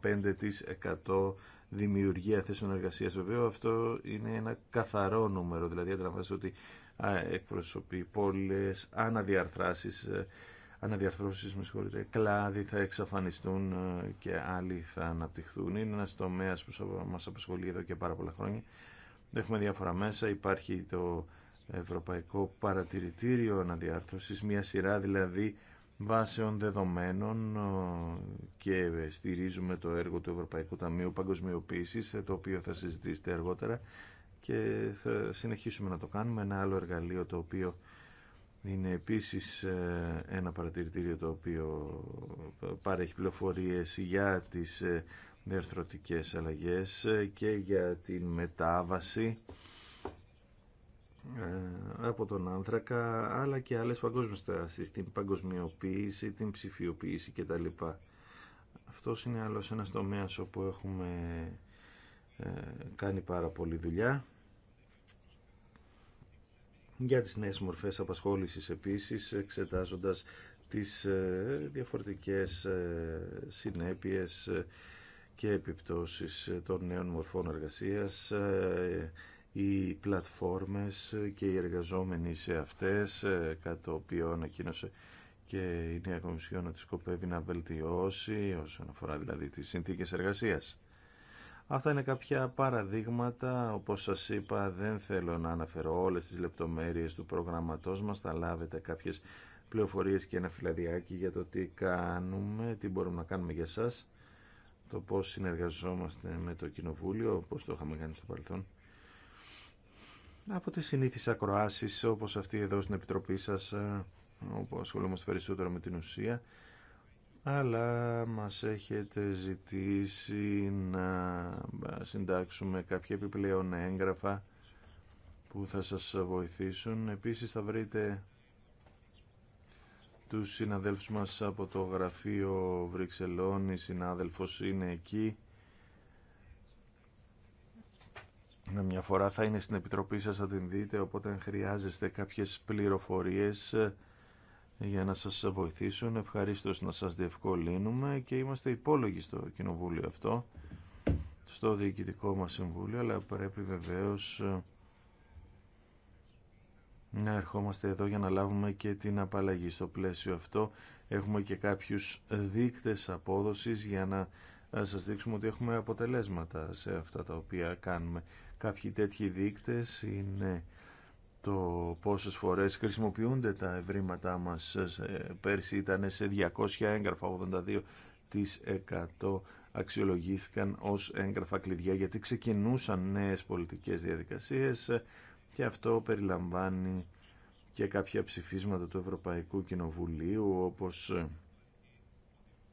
0,5% δημιουργία θέσεων εργασίας βεβαίω αυτό είναι ένα καθαρό νούμερο δηλαδή αντιλαμβάνεστε ότι εκπροσωπεί πολλές αναδιαρθράσεις αναδιαρθρώσεις, με συγχωρείτε, κλάδοι θα εξαφανιστούν ε, και άλλοι θα αναπτυχθούν. Είναι ένας τομέας που μας απασχολεί εδώ και πάρα πολλά χρόνια. Έχουμε διάφορα μέσα, υπάρχει το Ευρωπαϊκό Παρατηρητήριο Αναδιάρθρωσης, μια σειρά δηλαδή βάσεων δεδομένων ε, και στηρίζουμε το έργο του Ευρωπαϊκού Ταμείου Παγκοσμιοποίησης, ε, το οποίο θα συζητήσετε αργότερα και θα συνεχίσουμε να το κάνουμε. Ένα άλλο εργαλείο το οποίο είναι επίσης ε, ένα παρατηρητήριο το οποίο παρέχει πληροφορίες για τις ε, διαρθρωτικές αλλαγές ε, και για την μετάβαση από τον άνθρακα αλλά και άλλες παγκόσμιες τάσεις, την παγκοσμιοποίηση, την ψηφιοποίηση κτλ. Αυτό είναι άλλος ένας τομέας όπου έχουμε κάνει πάρα πολύ δουλειά για τις νέες μορφές απασχόλησης επίσης, εξετάζοντας τις ε, διαφορετικές ε, συνέπειες ε, και επιπτώσεις των νέων μορφών εργασίας, οι πλατφόρμες και οι εργαζόμενοι σε αυτές, κατά το οποίο ανακοίνωσε και η Νέα Κομισιόν ότι σκοπεύει να βελτιώσει όσον αφορά δηλαδή τις συνθήκες εργασίας. Αυτά είναι κάποια παραδείγματα. Όπως σας είπα, δεν θέλω να αναφέρω όλες τις λεπτομέρειες του προγραμματός μας. Θα λάβετε κάποιες πληροφορίες και ένα φυλαδιάκι για το τι κάνουμε, τι μπορούμε να κάνουμε για εσά το πώς συνεργαζόμαστε με το Κοινοβούλιο, πώς το είχαμε κάνει στο παρελθόν. Από τις συνήθεις ακροάσεις, όπως αυτή εδώ στην Επιτροπή σας, ε, όπου ασχολούμαστε περισσότερο με την ουσία, αλλά μας έχετε ζητήσει να συντάξουμε κάποια επιπλέον έγγραφα που θα σας βοηθήσουν. Επίσης θα βρείτε τους συναδέλφους μας από το γραφείο Βρυξελών, η συνάδελφος είναι εκεί. Μια φορά θα είναι στην επιτροπή σας, θα την δείτε, οπότε χρειάζεστε κάποιες πληροφορίες για να σας βοηθήσουν. Ευχαρίστω να σας διευκολύνουμε και είμαστε υπόλογοι στο κοινοβούλιο αυτό, στο διοικητικό μας συμβούλιο, αλλά πρέπει βεβαίως ε, να ερχόμαστε εδώ για να λάβουμε και την απαλλαγή. Στο πλαίσιο αυτό έχουμε και κάποιους δείκτες απόδοσης για να ε, σας δείξουμε ότι έχουμε αποτελέσματα σε αυτά τα οποία κάνουμε. Κάποιοι τέτοιοι δείκτες είναι το πόσες φορές χρησιμοποιούνται τα ευρήματά μας. Πέρσι ήταν σε 200 έγγραφα, 82% αξιολογήθηκαν ως έγγραφα κλειδιά γιατί ξεκινούσαν νέες πολιτικές διαδικασίες και αυτό περιλαμβάνει και κάποια ψηφίσματα του Ευρωπαϊκού Κοινοβουλίου όπως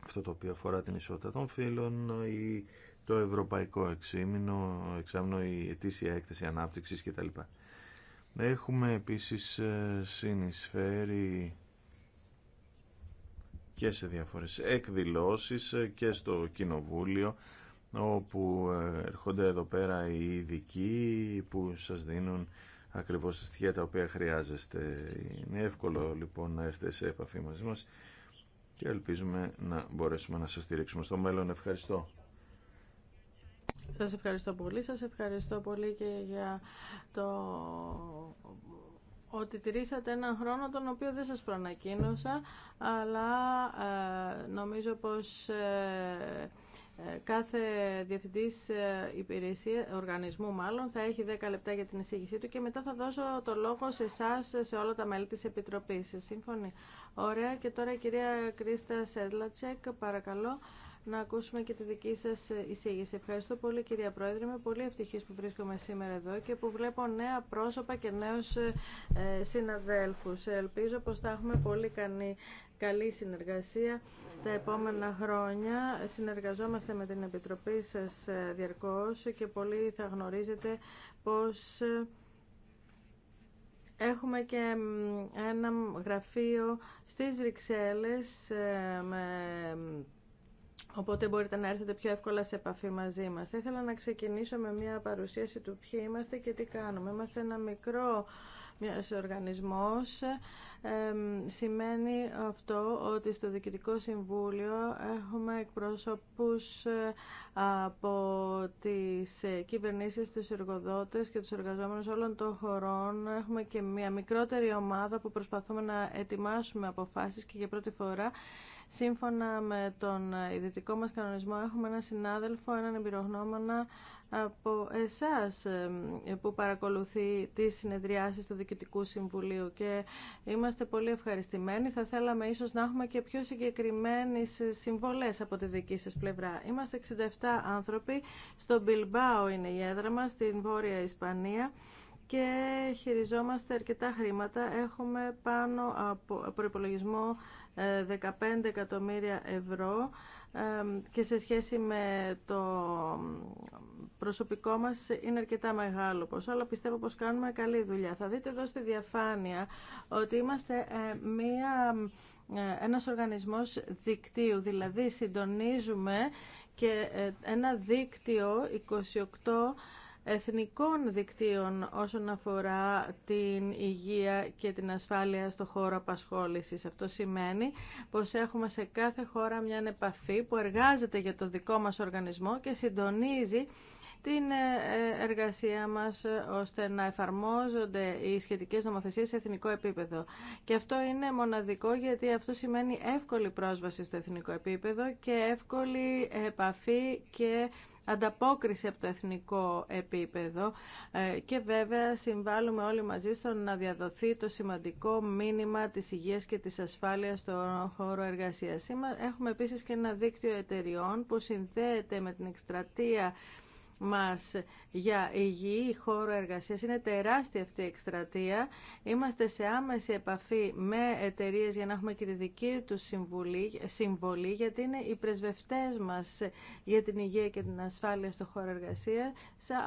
αυτό το οποίο αφορά την ισότητα των φύλων ή το Ευρωπαϊκό Εξήμινο, εξάμεινο, η ετήσια έκθεση ανάπτυξης κτλ. Έχουμε επίσης ε, συνεισφέρει και σε διάφορες εκδηλώσεις ε, και στο Κοινοβούλιο όπου ε, έρχονται εδώ πέρα οι ειδικοί που σας δίνουν ακριβώς τα στοιχεία τα οποία χρειάζεστε. Είναι εύκολο λοιπόν να έρθετε σε επαφή μαζί μας και ελπίζουμε να μπορέσουμε να σας στηρίξουμε στο μέλλον. Ευχαριστώ. Σας ευχαριστώ πολύ. Σας ευχαριστώ πολύ και για το ότι τηρήσατε έναν χρόνο τον οποίο δεν σας προανακοίνωσα, αλλά ε, νομίζω πως ε, ε, κάθε διευθυντής υπηρεσία, οργανισμού μάλλον, θα έχει 10 λεπτά για την εισήγησή του και μετά θα δώσω το λόγο σε εσά σε όλα τα μέλη της Επιτροπής. Σύμφωνοι. Ωραία. Και τώρα η κυρία Κρίστα Σέντλατσεκ, παρακαλώ να ακούσουμε και τη δική σας ε, εισήγηση. Ευχαριστώ πολύ κυρία Πρόεδρε. Είμαι πολύ ευτυχής που βρίσκομαι σήμερα εδώ και που βλέπω νέα πρόσωπα και νέους ε, ε, συναδέλφου. Ελπίζω πως θα έχουμε πολύ κανή καλή συνεργασία τα επόμενα χρόνια. Συνεργαζόμαστε με την Επιτροπή σας διαρκώ και πολύ θα γνωρίζετε πως Έχουμε και ένα γραφείο στις Βρυξέλλες με Οπότε μπορείτε να έρθετε πιο εύκολα σε επαφή μαζί μας. Ήθελα να ξεκινήσω με μια παρουσίαση του ποιοι είμαστε και τι κάνουμε. Είμαστε ένα μικρό μιας οργανισμός. σημαίνει αυτό ότι στο Διοικητικό Συμβούλιο έχουμε εκπρόσωπους ε, από τις ε, κυβερνήσεις, τους εργοδότες και τους εργαζόμενους όλων των χωρών. Έχουμε και μια μικρότερη ομάδα που προσπαθούμε να ετοιμάσουμε αποφάσεις και για πρώτη φορά Σύμφωνα με τον ιδιωτικό μας κανονισμό έχουμε έναν συνάδελφο, έναν εμπειρογνώμονα από εσάς που παρακολουθεί τις συνεδριάσεις του Διοικητικού Συμβουλίου και είμαστε πολύ ευχαριστημένοι. Θα θέλαμε ίσως να έχουμε και πιο συγκεκριμένες συμβολές από τη δική σας πλευρά. Είμαστε 67 άνθρωποι, στο Μπιλμπάο είναι η έδρα μας, στην Βόρεια Ισπανία και χειριζόμαστε αρκετά χρήματα. Έχουμε πάνω από προπολογισμό 15 ε, εκατομμύρια ευρώ και σε σχέση με το προσωπικό μας είναι αρκετά μεγάλο ποσό, αλλά πιστεύω πως κάνουμε καλή δουλειά. Θα δείτε εδώ στη διαφάνεια ότι είμαστε ε, μία, ε, ένας οργανισμός δικτύου, δηλαδή συντονίζουμε και ένα δίκτυο 28 εθνικών δικτύων όσον αφορά την υγεία και την ασφάλεια στο χώρο απασχόλησης. Αυτό σημαίνει πως έχουμε σε κάθε χώρα μια επαφή που εργάζεται για το δικό μας οργανισμό και συντονίζει την ε, εργασία μας ε, ώστε να εφαρμόζονται οι σχετικές νομοθεσίες σε εθνικό επίπεδο. Και αυτό είναι μοναδικό γιατί αυτό σημαίνει εύκολη πρόσβαση στο εθνικό επίπεδο και εύκολη επαφή και ανταπόκριση από το εθνικό επίπεδο ε, και βέβαια συμβάλλουμε όλοι μαζί στο να διαδοθεί το σημαντικό μήνυμα της υγείας και της ασφάλειας στον χώρο εργασίας. Έχουμε επίσης και ένα δίκτυο εταιριών που συνδέεται με την εκστρατεία μας για υγιή χώρο εργασίας. Είναι τεράστια αυτή η εκστρατεία. Είμαστε σε άμεση επαφή με εταιρείε για να έχουμε και τη δική του συμβολή, γιατί είναι οι πρεσβευτές μας για την υγεία και την ασφάλεια στο χώρο εργασίας,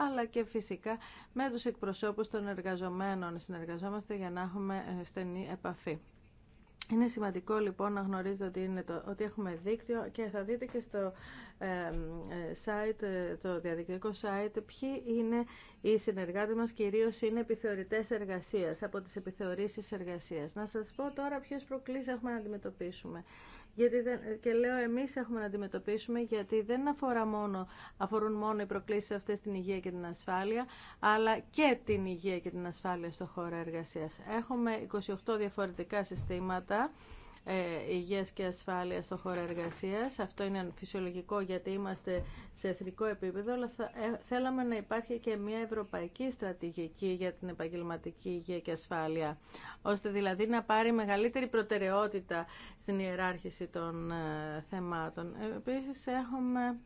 αλλά και φυσικά με τους εκπροσώπους των εργαζομένων συνεργαζόμαστε για να έχουμε στενή επαφή. Είναι σημαντικό λοιπόν να γνωρίζετε ότι, είναι το, ότι έχουμε δίκτυο και θα δείτε και στο ε, ε site, ε, το διαδικτυακό site ποιοι είναι οι συνεργάτες μας, κυρίως είναι επιθεωρητές εργασίας, από τις επιθεωρήσεις εργασίας. Να σας πω τώρα ποιες προκλήσεις έχουμε να αντιμετωπίσουμε γιατί δεν, και λέω εμείς έχουμε να αντιμετωπίσουμε γιατί δεν αφορά μόνο, αφορούν μόνο οι προκλήσεις αυτές την υγεία και την ασφάλεια αλλά και την υγεία και την ασφάλεια στο χώρο εργασίας. Έχουμε 28 διαφορετικά συστήματα ε, υγείας και ασφάλειας στο χώρο εργασίας. Αυτό είναι φυσιολογικό γιατί είμαστε σε εθνικό επίπεδο, αλλά ε, θέλαμε να υπάρχει και μια ευρωπαϊκή στρατηγική για την επαγγελματική υγεία και ασφάλεια, ώστε δηλαδή να πάρει μεγαλύτερη προτεραιότητα στην ιεράρχηση των ε, θεμάτων. Επίσης έχουμε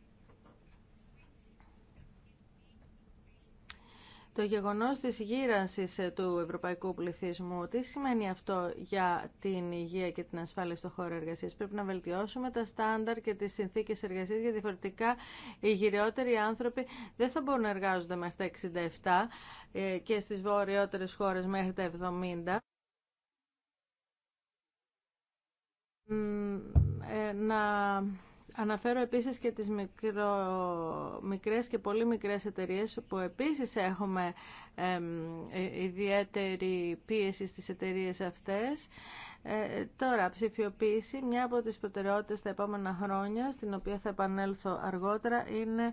Το γεγονός της γύρανσης ε, του ευρωπαϊκού πληθυσμού, τι σημαίνει αυτό για την υγεία και την ασφάλεια στο χώρο εργασίας. Πρέπει να βελτιώσουμε τα στάνταρ και τις συνθήκες εργασίας, γιατί διαφορετικά οι γυριότεροι άνθρωποι δεν θα μπορούν να εργάζονται μέχρι τα 67 ε, και στις βορειότερες χώρες μέχρι τα 70 ε, να Αναφέρω επίσης και τις μικρο, μικρές και πολύ μικρές εταιρείες που επίσης έχουμε ε, ιδιαίτερη πίεση στις εταιρείες αυτές. Ε, τώρα, ψηφιοποίηση, μια από τις προτεραιότητες τα επόμενα χρόνια, στην οποία θα επανέλθω αργότερα, είναι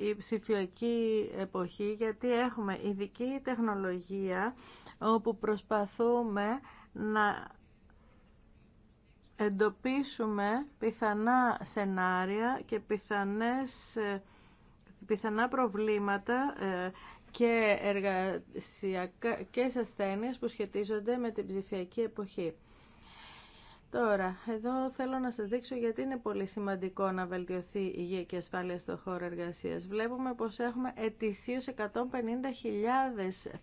ε, η ψηφιακή εποχή, γιατί έχουμε ειδική τεχνολογία όπου προσπαθούμε να εντοπίσουμε πιθανά σενάρια και πιθανές, ε, πιθανά προβλήματα ε, και εργασιακές ασθένειες που σχετίζονται με την ψηφιακή εποχή. Τώρα, εδώ θέλω να σας δείξω γιατί είναι πολύ σημαντικό να βελτιωθεί η υγεία και ασφάλεια στο χώρο εργασίας. Βλέπουμε πως έχουμε ετησίως 150.000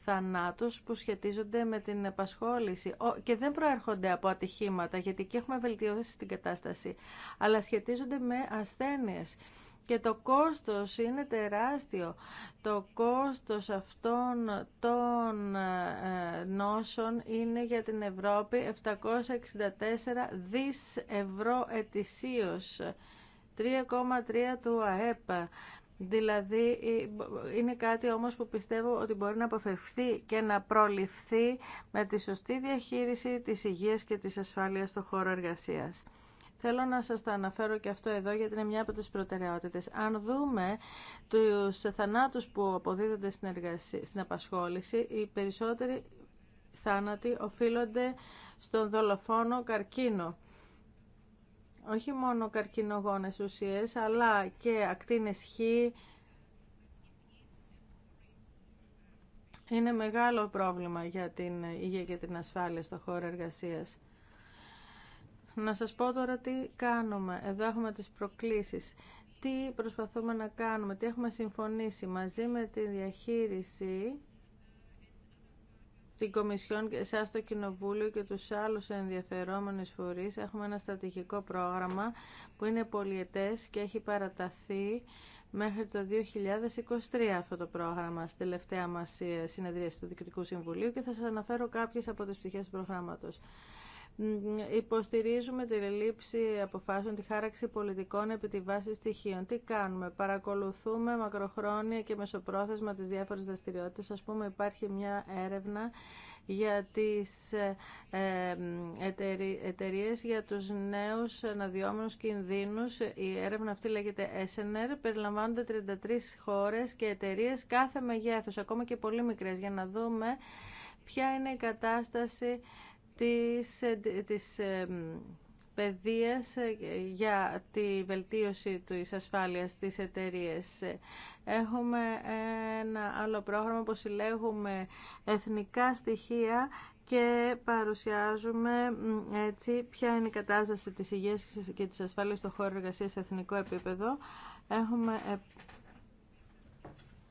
θανάτους που σχετίζονται με την επασχόληση και δεν προέρχονται από ατυχήματα γιατί και έχουμε βελτιώσει την κατάσταση, αλλά σχετίζονται με ασθένειες και το κόστος είναι τεράστιο. Το κόστος αυτών των ε, νόσων είναι για την Ευρώπη 764 δις ευρώ ετησίως, 3,3 του ΑΕΠ. Δηλαδή ε, είναι κάτι όμως που πιστεύω ότι μπορεί να αποφευχθεί και να προληφθεί με τη σωστή διαχείριση της υγείας και της ασφάλειας στον χώρο εργασίας. Θέλω να σας το αναφέρω και αυτό εδώ γιατί είναι μια από τις προτεραιότητες. Αν δούμε τους θανάτους που αποδίδονται στην, εργασία, στην απασχόληση, οι περισσότεροι θάνατοι οφείλονται στον δολοφόνο καρκίνο. Όχι μόνο καρκινογόνες ουσίες, αλλά και ακτίνες χ, Είναι μεγάλο πρόβλημα για την υγεία και την ασφάλεια στο χώρο εργασίας. Να σας πω τώρα τι κάνουμε. Εδώ έχουμε τις προκλήσεις. Τι προσπαθούμε να κάνουμε, τι έχουμε συμφωνήσει μαζί με τη διαχείριση την Κομισιόν και εσά το Κοινοβούλιο και τους άλλους ενδιαφερόμενους φορείς έχουμε ένα στρατηγικό πρόγραμμα που είναι πολιετές και έχει παραταθεί μέχρι το 2023 αυτό το πρόγραμμα στη τελευταία μας ε, συνεδρίαση του Διοικητικού Συμβουλίου και θα σας αναφέρω κάποιες από τις πτυχές του προγράμματος. Υποστηρίζουμε τη λήψη αποφάσεων, τη χάραξη πολιτικών επί τη βάση στοιχείων. Τι κάνουμε, παρακολουθούμε μακροχρόνια και μεσοπρόθεσμα τις διάφορες δραστηριότητες. Ας πούμε υπάρχει μια έρευνα για τις ε, ε, εταιρείε για τους νέους αναδυόμενους κινδύνους. Η έρευνα αυτή λέγεται SNR, περιλαμβάνονται 33 χώρες και εταιρείε κάθε μεγέθους, ακόμα και πολύ μικρές, για να δούμε ποια είναι η κατάσταση της, της παιδείας για τη βελτίωση της ασφάλειας της εταιρείας. Έχουμε ένα άλλο πρόγραμμα που συλλέγουμε εθνικά στοιχεία και παρουσιάζουμε έτσι ποια είναι η κατάσταση της υγείας και της ασφάλειας στο χώρο εργασίας σε εθνικό επίπεδο. Έχουμε ε,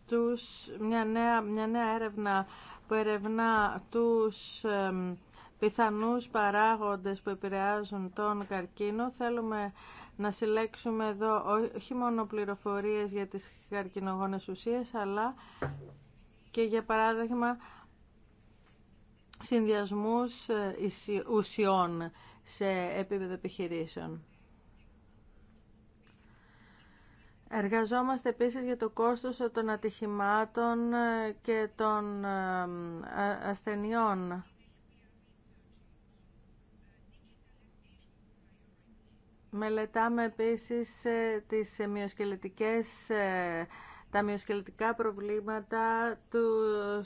τους, μια, νέα, μια νέα έρευνα που ερευνά τους πιθανούς παράγοντες που επηρεάζουν τον καρκίνο. Θέλουμε να συλλέξουμε εδώ όχι μόνο πληροφορίες για τις καρκινογόνες ουσίες, αλλά και για παράδειγμα συνδυασμούς ε, ουσιών σε επίπεδο επιχειρήσεων. Εργαζόμαστε επίσης για το κόστος των ατυχημάτων ε, και των ε, ασθενειών Μελετάμε επίσης ε, τις ε, μυοσκελετικές ε, τα μειοσκελετικά προβλήματα, του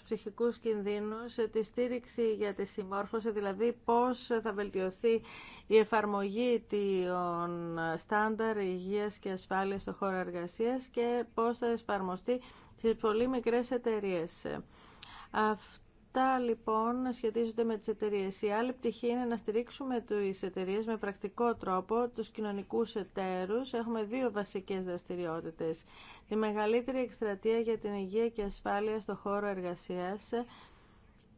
ψυχικούς κινδύνους, τη στήριξη για τη συμμόρφωση, δηλαδή πώς θα βελτιωθεί η εφαρμογή των στάνταρ υγείας και ασφάλειας στο χώρο εργασίας και πώς θα εφαρμοστεί στις πολύ μικρές εταιρείες. Αυτό Αυτά λοιπόν σχετίζονται με τις εταιρείε. Η άλλη πτυχή είναι να στηρίξουμε τις εταιρείε με πρακτικό τρόπο, τους κοινωνικούς εταίρους. Έχουμε δύο βασικές δραστηριότητες. Τη μεγαλύτερη εκστρατεία για την υγεία και ασφάλεια στο χώρο εργασίας,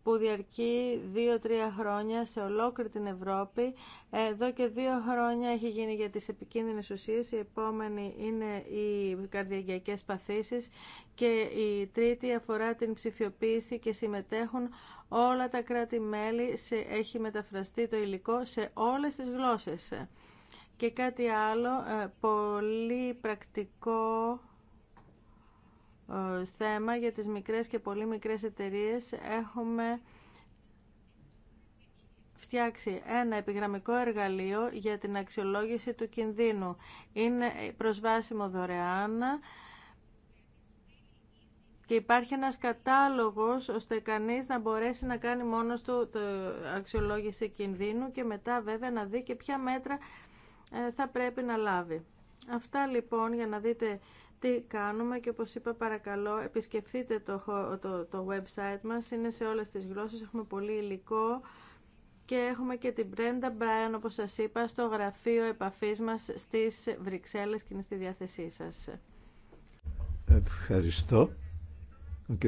που διαρκεί 2-3 χρόνια σε ολόκληρη την Ευρώπη. Εδώ και δύο χρόνια έχει γίνει για τις επικίνδυνες ουσίες. Η επόμενη είναι οι καρδιακές παθήσεις και η τρίτη αφορά την ψηφιοποίηση και συμμετέχουν όλα τα κράτη-μέλη. σε Έχει μεταφραστεί το υλικό σε όλες τις γλώσσες. Και κάτι άλλο, ε, πολύ πρακτικό ε, θέμα για τις μικρές και πολύ μικρές εταιρείες έχουμε φτιάξει ένα επιγραμμικό εργαλείο για την αξιολόγηση του κινδύνου. Είναι προσβάσιμο δωρεάν και υπάρχει ένας κατάλογος ώστε κανείς να μπορέσει να κάνει μόνος του αξιολόγηση κινδύνου και μετά βέβαια να δει και ποια μέτρα ε, θα πρέπει να λάβει. Αυτά λοιπόν για να δείτε τι κάνουμε και όπως είπα παρακαλώ επισκεφθείτε το, το, το website μας, είναι σε όλες τις γλώσσες, έχουμε πολύ υλικό και έχουμε και την Brenda Brian όπως σας είπα στο γραφείο επαφής μας στις Βρυξέλλες και είναι στη διάθεσή σας. Ευχαριστώ. Ο κ.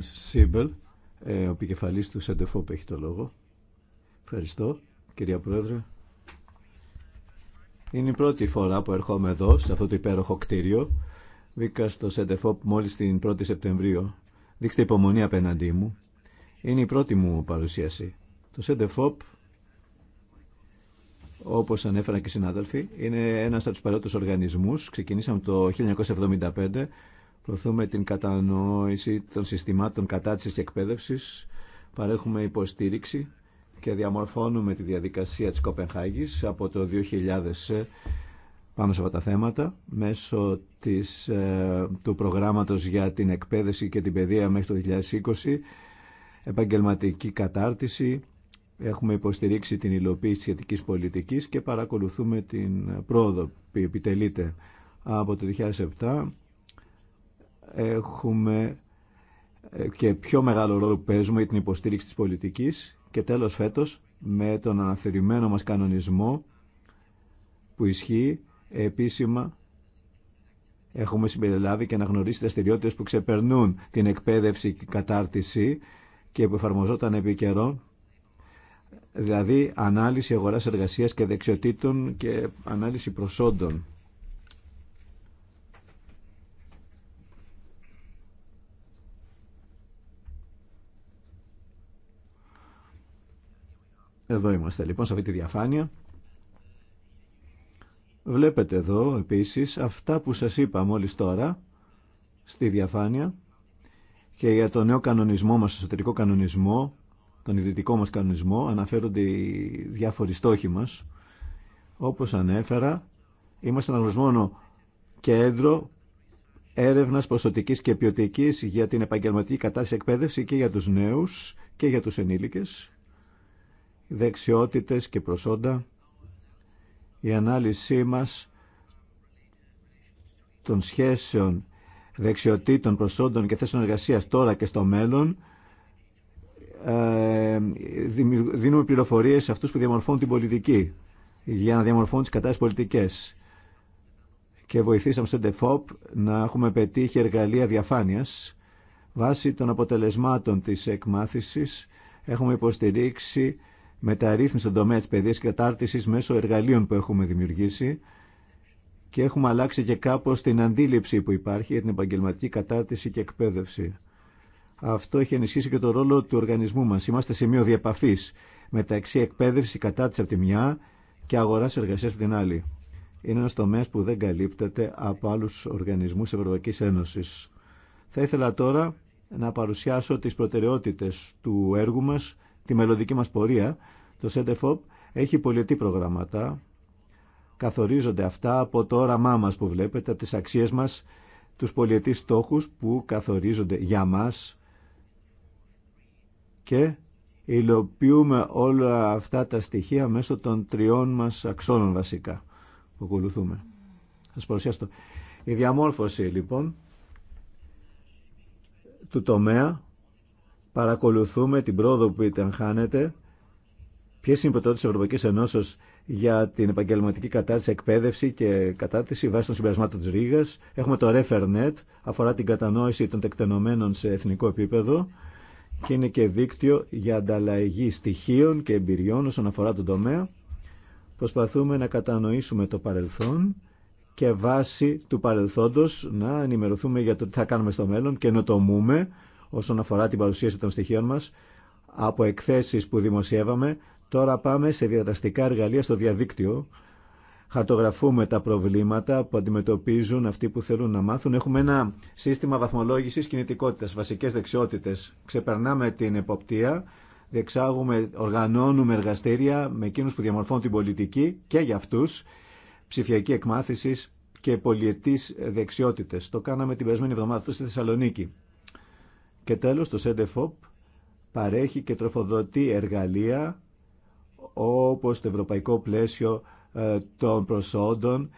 Σίμπελ, ε, ο επικεφαλής του Σεντεφόπ έχει το λόγο. Ευχαριστώ, κυρία Πρόεδρε. Είναι η πρώτη φορά που ερχόμαι εδώ, σε αυτό το υπέροχο κτίριο. Βήκα στο ΣΕΝΤΕΦΟΠ μόλις την 1η Σεπτεμβρίου. Δείξτε υπομονή απέναντί μου. Είναι η πρώτη μου παρουσίαση. Το ΣΕΝΤΕΦΟΠ, όπως ανέφερα και οι συνάδελφοι, είναι ένας από τους παλαιότερου οργανισμούς. Ξεκινήσαμε το 1975. Προωθούμε την κατανόηση των συστημάτων κατάρτιση και εκπαίδευση, Παρέχουμε υποστήριξη και διαμορφώνουμε τη διαδικασία της Κοπενχάγης από το 2000 Πάμε σε αυτά τα θέματα μέσω της, ε, του προγράμματος για την εκπαίδευση και την παιδεία μέχρι το 2020, επαγγελματική κατάρτιση, έχουμε υποστηρίξει την υλοποίηση της σχετικής πολιτικής και παρακολουθούμε την πρόοδο που επιτελείται από το 2007. Έχουμε ε, και πιο μεγάλο ρόλο που παίζουμε για την υποστήριξη της πολιτικής και τέλος φέτος με τον αναθερημένο μας κανονισμό που ισχύει Επίσημα, έχουμε συμπεριλάβει και αναγνωρίσει δραστηριότητε που ξεπερνούν την εκπαίδευση και κατάρτιση και που εφαρμοζόταν επί καιρό, δηλαδή ανάλυση αγοράς εργασίας και δεξιοτήτων και ανάλυση προσόντων. Εδώ είμαστε λοιπόν σε αυτή τη διαφάνεια. Βλέπετε εδώ επίσης αυτά που σας είπα μόλις τώρα στη διαφάνεια και για το νέο κανονισμό μας, εσωτερικό κανονισμό, τον ιδιωτικό μας κανονισμό, αναφέρονται οι διάφοροι στόχοι μας. Όπως ανέφερα, είμαστε ένα μόνο κέντρο έρευνας ποσοτικής και ποιοτικής για την επαγγελματική κατάσταση εκπαίδευση και για τους νέους και για τους ενήλικες, δεξιότητες και προσόντα η ανάλυση μας των σχέσεων δεξιοτήτων, προσόντων και θέσεων εργασίας τώρα και στο μέλλον ε, δίνουμε πληροφορίες σε αυτούς που διαμορφώνουν την πολιτική για να διαμορφώνουν τις κατάστασεις πολιτικές και βοηθήσαμε στον ΤΕΦΟΠ να έχουμε πετύχει εργαλεία διαφάνειας βάσει των αποτελεσμάτων της εκμάθησης έχουμε υποστηρίξει μεταρρύθμιση στον τομέα της παιδείας και κατάρτισης μέσω εργαλείων που έχουμε δημιουργήσει και έχουμε αλλάξει και κάπως την αντίληψη που υπάρχει για την επαγγελματική κατάρτιση και εκπαίδευση. Αυτό έχει ενισχύσει και το ρόλο του οργανισμού μας. Είμαστε σημείο διαπαφή μεταξύ εκπαίδευση κατάρτιση από τη μια και αγοράς εργασίας από την άλλη. Είναι ένας τομέας που δεν καλύπτεται από άλλους οργανισμούς Ευρωπαϊκής Ένωσης. Θα ήθελα τώρα να παρουσιάσω τις προτεραιότητες του έργου μας, τη μελλοντική μας πορεία το ΣΕΝΤΕΦΟΠ έχει πολιτή προγράμματα. Καθορίζονται αυτά από το όραμά μας που βλέπετε, από τις αξίες μας, τους πολιετής στόχους που καθορίζονται για μας και υλοποιούμε όλα αυτά τα στοιχεία μέσω των τριών μας αξώνων βασικά που ακολουθούμε. Σας παρουσιάσω. Η διαμόρφωση λοιπόν του τομέα παρακολουθούμε την πρόοδο που ήταν χάνεται Ποιε είναι οι προτεραιότητε τη Ευρωπαϊκή Ενώσεω για την επαγγελματική κατάρτιση, εκπαίδευση και κατάρτιση βάσει των συμπερασμάτων τη Ρήγα. Έχουμε το ReferNet, αφορά την κατανόηση των τεκτενομένων σε εθνικό επίπεδο και είναι και δίκτυο για ανταλλαγή στοιχείων και εμπειριών όσον αφορά τον τομέα. Προσπαθούμε να κατανοήσουμε το παρελθόν και βάσει του παρελθόντος να ενημερωθούμε για το τι θα κάνουμε στο μέλλον και ενοτομούμε όσον αφορά την παρουσίαση των στοιχείων μας από εκθέσεις που δημοσιεύαμε Τώρα πάμε σε διαδραστικά εργαλεία στο διαδίκτυο. Χαρτογραφούμε τα προβλήματα που αντιμετωπίζουν αυτοί που θέλουν να μάθουν. Έχουμε ένα σύστημα βαθμολόγηση κινητικότητα, βασικέ δεξιότητε. Ξεπερνάμε την εποπτεία, διεξάγουμε, οργανώνουμε εργαστήρια με εκείνου που διαμορφώνουν την πολιτική και για αυτού ψηφιακή εκμάθηση και πολιετή δεξιότητε. Το κάναμε την περασμένη εβδομάδα στη Θεσσαλονίκη. Και τέλο, το ΣΕΝΤΕΦΟΠ παρέχει και τροφοδοτεί εργαλεία όπως το ευρωπαϊκό πλαίσιο ε, των προσόντων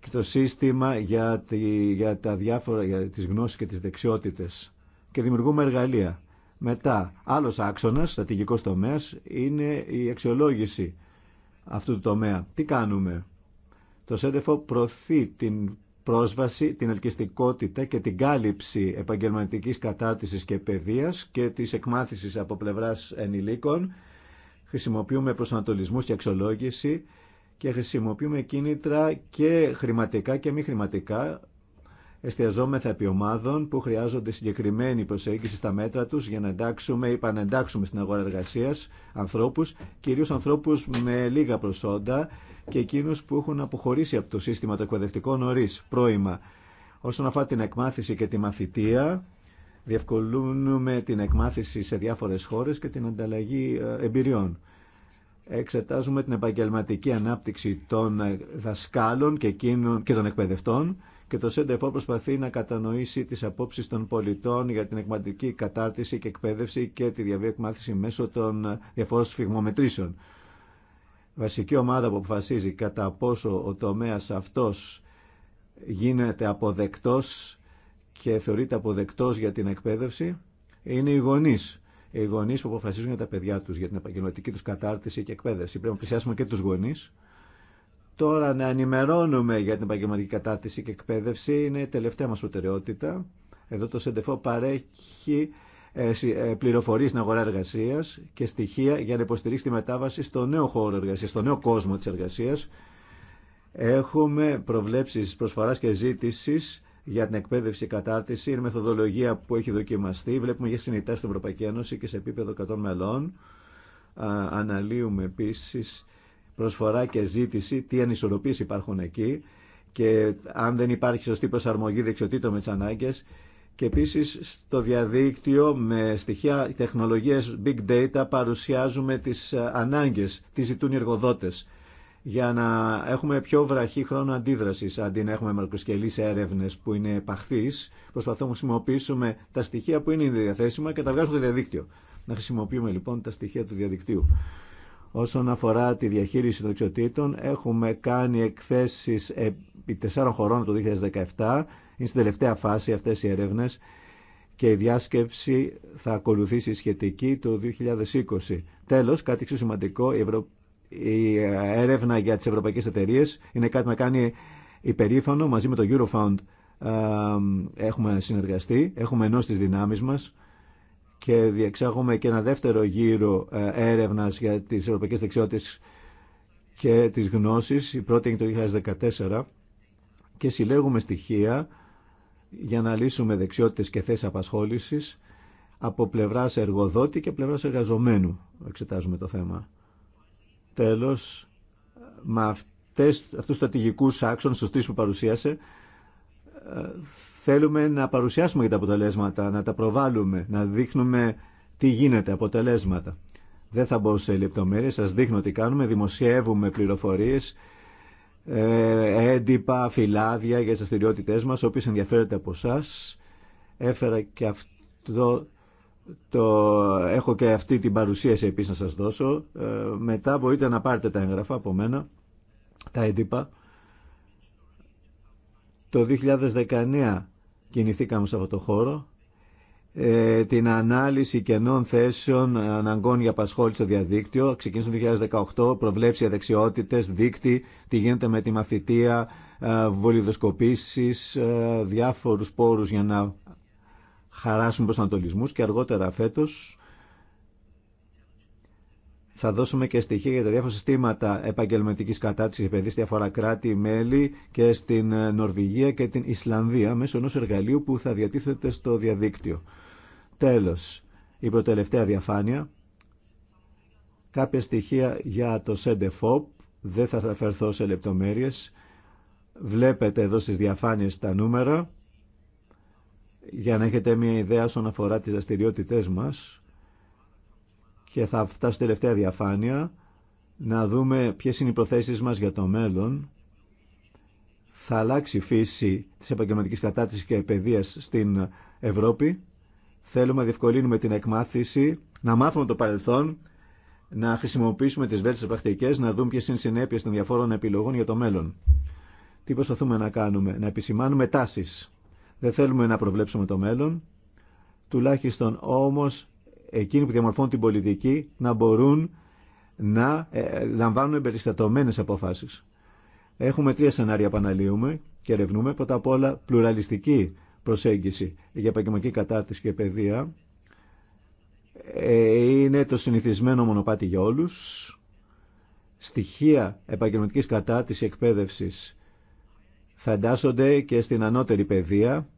και το σύστημα για, τη, για, τα διάφορα, για τις γνώσεις και τις δεξιότητες και δημιουργούμε εργαλεία. Μετά, άλλος άξονας, στρατηγικός τομέας, είναι η αξιολόγηση αυτού του τομέα. Τι κάνουμε. Το ΣΕΝΤΕΦΟ προωθεί την πρόσβαση, την ελκυστικότητα και την κάλυψη επαγγελματικής κατάρτισης και παιδείας και της εκμάθησης από πλευράς ενηλίκων χρησιμοποιούμε προσανατολισμούς και αξιολόγηση και χρησιμοποιούμε κίνητρα και χρηματικά και μη χρηματικά εστιαζόμεθα επί ομάδων που χρειάζονται συγκεκριμένη προσέγγιση στα μέτρα τους για να εντάξουμε ή πανεντάξουμε στην αγορά εργασίας ανθρώπους, κυρίως ανθρώπους με λίγα προσόντα και εκείνους που έχουν αποχωρήσει από το σύστημα το εκπαιδευτικό νωρί, πρώιμα. Όσον αφορά την εκμάθηση και τη μαθητεία, Διευκολύνουμε την εκμάθηση σε διάφορες χώρες και την ανταλλαγή ε, εμπειριών. Εξετάζουμε την επαγγελματική ανάπτυξη των ε, δασκάλων και, και των εκπαιδευτών και το ΣΕΝΤΕΦΟ προσπαθεί να κατανοήσει τις απόψεις των πολιτών για την εκμαντική κατάρτιση και εκπαίδευση και τη διαβίωση εκμάθηση μέσω των ε, διαφόρων σφιγμομετρήσεων. Βασική ομάδα που αποφασίζει κατά πόσο ο τομέας αυτός γίνεται αποδεκτός και θεωρείται αποδεκτό για την εκπαίδευση είναι οι γονεί. Οι γονεί που αποφασίζουν για τα παιδιά του, για την επαγγελματική του κατάρτιση και εκπαίδευση. Πρέπει να πλησιάσουμε και του γονεί. Τώρα να ενημερώνουμε για την επαγγελματική κατάρτιση και εκπαίδευση είναι η τελευταία μα προτεραιότητα. Εδώ το ΣΕΝΤΕΦΟ παρέχει ε, ε, πληροφορίε στην αγορά εργασία και στοιχεία για να υποστηρίξει τη μετάβαση στο νέο χώρο εργασία, στο νέο κόσμο τη εργασία. Έχουμε προβλέψει προσφορά και ζήτηση για την εκπαίδευση κατάρτιση είναι μεθοδολογία που έχει δοκιμαστεί. Βλέπουμε για συνειτά στην Ευρωπαϊκή Ένωση και σε επίπεδο 100 μελών. αναλύουμε επίσης προσφορά και ζήτηση, τι ανισορροπίες υπάρχουν εκεί και αν δεν υπάρχει σωστή προσαρμογή δεξιοτήτων με τι ανάγκε. και επίση στο διαδίκτυο με στοιχεία τεχνολογίε big data παρουσιάζουμε τι ε, ανάγκε, τι ζητούν οι εργοδότε για να έχουμε πιο βραχή χρόνο αντίδραση αντί να έχουμε μαρκοσκελείς έρευνε που είναι παχθεί. προσπαθούμε να χρησιμοποιήσουμε τα στοιχεία που είναι διαθέσιμα και τα βγάζουμε στο διαδίκτυο να χρησιμοποιούμε λοιπόν τα στοιχεία του διαδικτύου Όσον αφορά τη διαχείριση των εξωτήτων, έχουμε κάνει εκθέσει επί τεσσάρων χωρών το 2017. Είναι στην τελευταία φάση αυτέ οι έρευνε, και η διάσκεψη θα ακολουθήσει σχετική το 2020. Τέλο, κάτι εξίσου σημαντικό, η έρευνα για τις ευρωπαϊκές εταιρείε είναι κάτι που με κάνει υπερήφανο. Μαζί με το Eurofound ε, έχουμε συνεργαστεί, έχουμε ενώσει τις δυνάμεις μας και διεξάγουμε και ένα δεύτερο γύρο ε, έρευνας για τις ευρωπαϊκές δεξιότητες και τις γνώσεις. Η πρώτη είναι το 2014 και συλλέγουμε στοιχεία για να λύσουμε δεξιότητες και θέσεις απασχόλησης από πλευράς εργοδότη και πλευράς εργαζομένου. Εξετάζουμε το θέμα. Τέλος, με αυτές, αυτούς τους στρατηγικούς άξονες, στους που παρουσίασε, ε, θέλουμε να παρουσιάσουμε για τα αποτελέσματα, να τα προβάλλουμε, να δείχνουμε τι γίνεται, αποτελέσματα. Δεν θα μπω σε λεπτομέρειες, σας δείχνω τι κάνουμε, δημοσιεύουμε πληροφορίες, ε, έντυπα, φυλάδια για τις αστηριότητές μας, όποιες ενδιαφέρεται από εσά. Έφερα και αυτό το, έχω και αυτή την παρουσίαση επίσης να σας δώσω. Ε, μετά μπορείτε να πάρετε τα έγγραφα από μένα, τα έντυπα. Το 2019 κινηθήκαμε σε αυτό το χώρο. Ε, την ανάλυση κενών θέσεων αναγκών για απασχόληση στο διαδίκτυο. Ξεκίνησε το 2018, προβλέψει αδεξιότητες, δίκτυ, τι γίνεται με τη μαθητεία, ε, βολιδοσκοπήσεις, διάφορους πόρους για να χαράσουν ανατολισμούς και αργότερα φέτος θα δώσουμε και στοιχεία για τα διάφορα συστήματα επαγγελματικής κατάρτισης επενδύσεων στη διάφορα κράτη-μέλη και στην ε, Νορβηγία και την Ισλανδία μέσω ενός εργαλείου που θα διατίθεται στο διαδίκτυο. Τέλος, η προτελευταία διαφάνεια. Κάποια στοιχεία για το ΣΕΝΤΕΦΟΠ. Δεν θα φερθώ σε λεπτομέρειες. Βλέπετε εδώ στις διαφάνειες τα νούμερα για να έχετε μια ιδέα όσον αφορά τις δραστηριότητε μας και θα φτάσω στη τελευταία διαφάνεια να δούμε ποιες είναι οι προθέσεις μας για το μέλλον θα αλλάξει η φύση της επαγγελματική κατάρτισης και παιδείας στην Ευρώπη θέλουμε να διευκολύνουμε την εκμάθηση να μάθουμε το παρελθόν να χρησιμοποιήσουμε τις βέλτιστες πρακτικές να δούμε ποιες είναι οι συνέπειες των διαφόρων επιλογών για το μέλλον τι προσπαθούμε να κάνουμε να επισημάνουμε τάσεις δεν θέλουμε να προβλέψουμε το μέλλον, τουλάχιστον όμως εκείνοι που διαμορφώνουν την πολιτική να μπορούν να ε, λαμβάνουν εμπεριστατωμένες αποφάσεις. Έχουμε τρία σενάρια που αναλύουμε και ερευνούμε. Πρώτα απ' όλα πλουραλιστική προσέγγιση για επαγγελματική κατάρτιση και παιδεία. Ε, είναι το συνηθισμένο μονοπάτι για όλους. Στοιχεία επαγγελματικής κατάρτισης εκπαίδευσης θα εντάσσονται και στην ανώτερη παιδεία.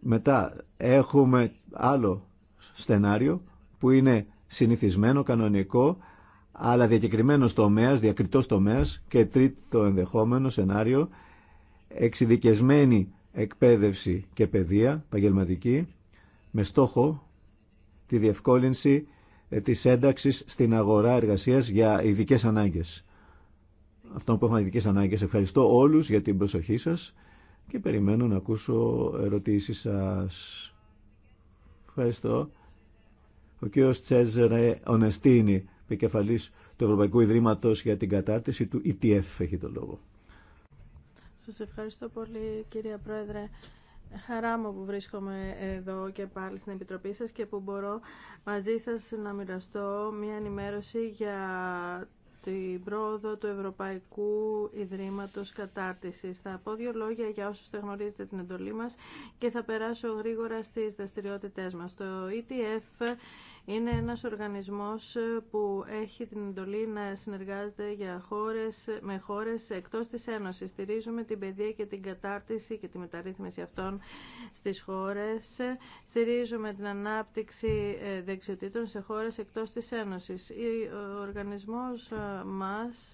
Μετά έχουμε άλλο στενάριο που είναι συνηθισμένο, κανονικό, αλλά διακεκριμένος τομέας, διακριτός τομέας και τρίτο ενδεχόμενο σενάριο, εξειδικεσμένη εκπαίδευση και παιδεία, επαγγελματική, με στόχο τη διευκόλυνση ε, της ένταξης στην αγορά εργασίας για ειδικές ανάγκες αυτό που έχουν ειδικέ ανάγκε. Ευχαριστώ όλους για την προσοχή σας και περιμένω να ακούσω ερωτήσεις σας. Ευχαριστώ. Ο κ. Τσέζερε Ονεστίνη, επικεφαλή του Ευρωπαϊκού Ιδρύματος για την κατάρτιση του ETF, έχει το λόγο. Σας ευχαριστώ πολύ κυρία Πρόεδρε. Χαρά μου που βρίσκομαι εδώ και πάλι στην Επιτροπή σας και που μπορώ μαζί σας να μοιραστώ μια ενημέρωση για την πρόοδο του Ευρωπαϊκού Ιδρύματος Κατάρτισης. Θα πω δύο λόγια για όσους δεν γνωρίζετε την εντολή μας και θα περάσω γρήγορα στις δραστηριότητές μας. Το ETF είναι ένας οργανισμός ε, που έχει την εντολή να συνεργάζεται για χώρες, με χώρες εκτός της Ένωσης. Στηρίζουμε την παιδεία και την κατάρτιση και τη μεταρρύθμιση αυτών στις χώρες. Στηρίζουμε την ανάπτυξη ε, δεξιοτήτων σε χώρες εκτός της Ένωσης. Ε, ο οργανισμός μας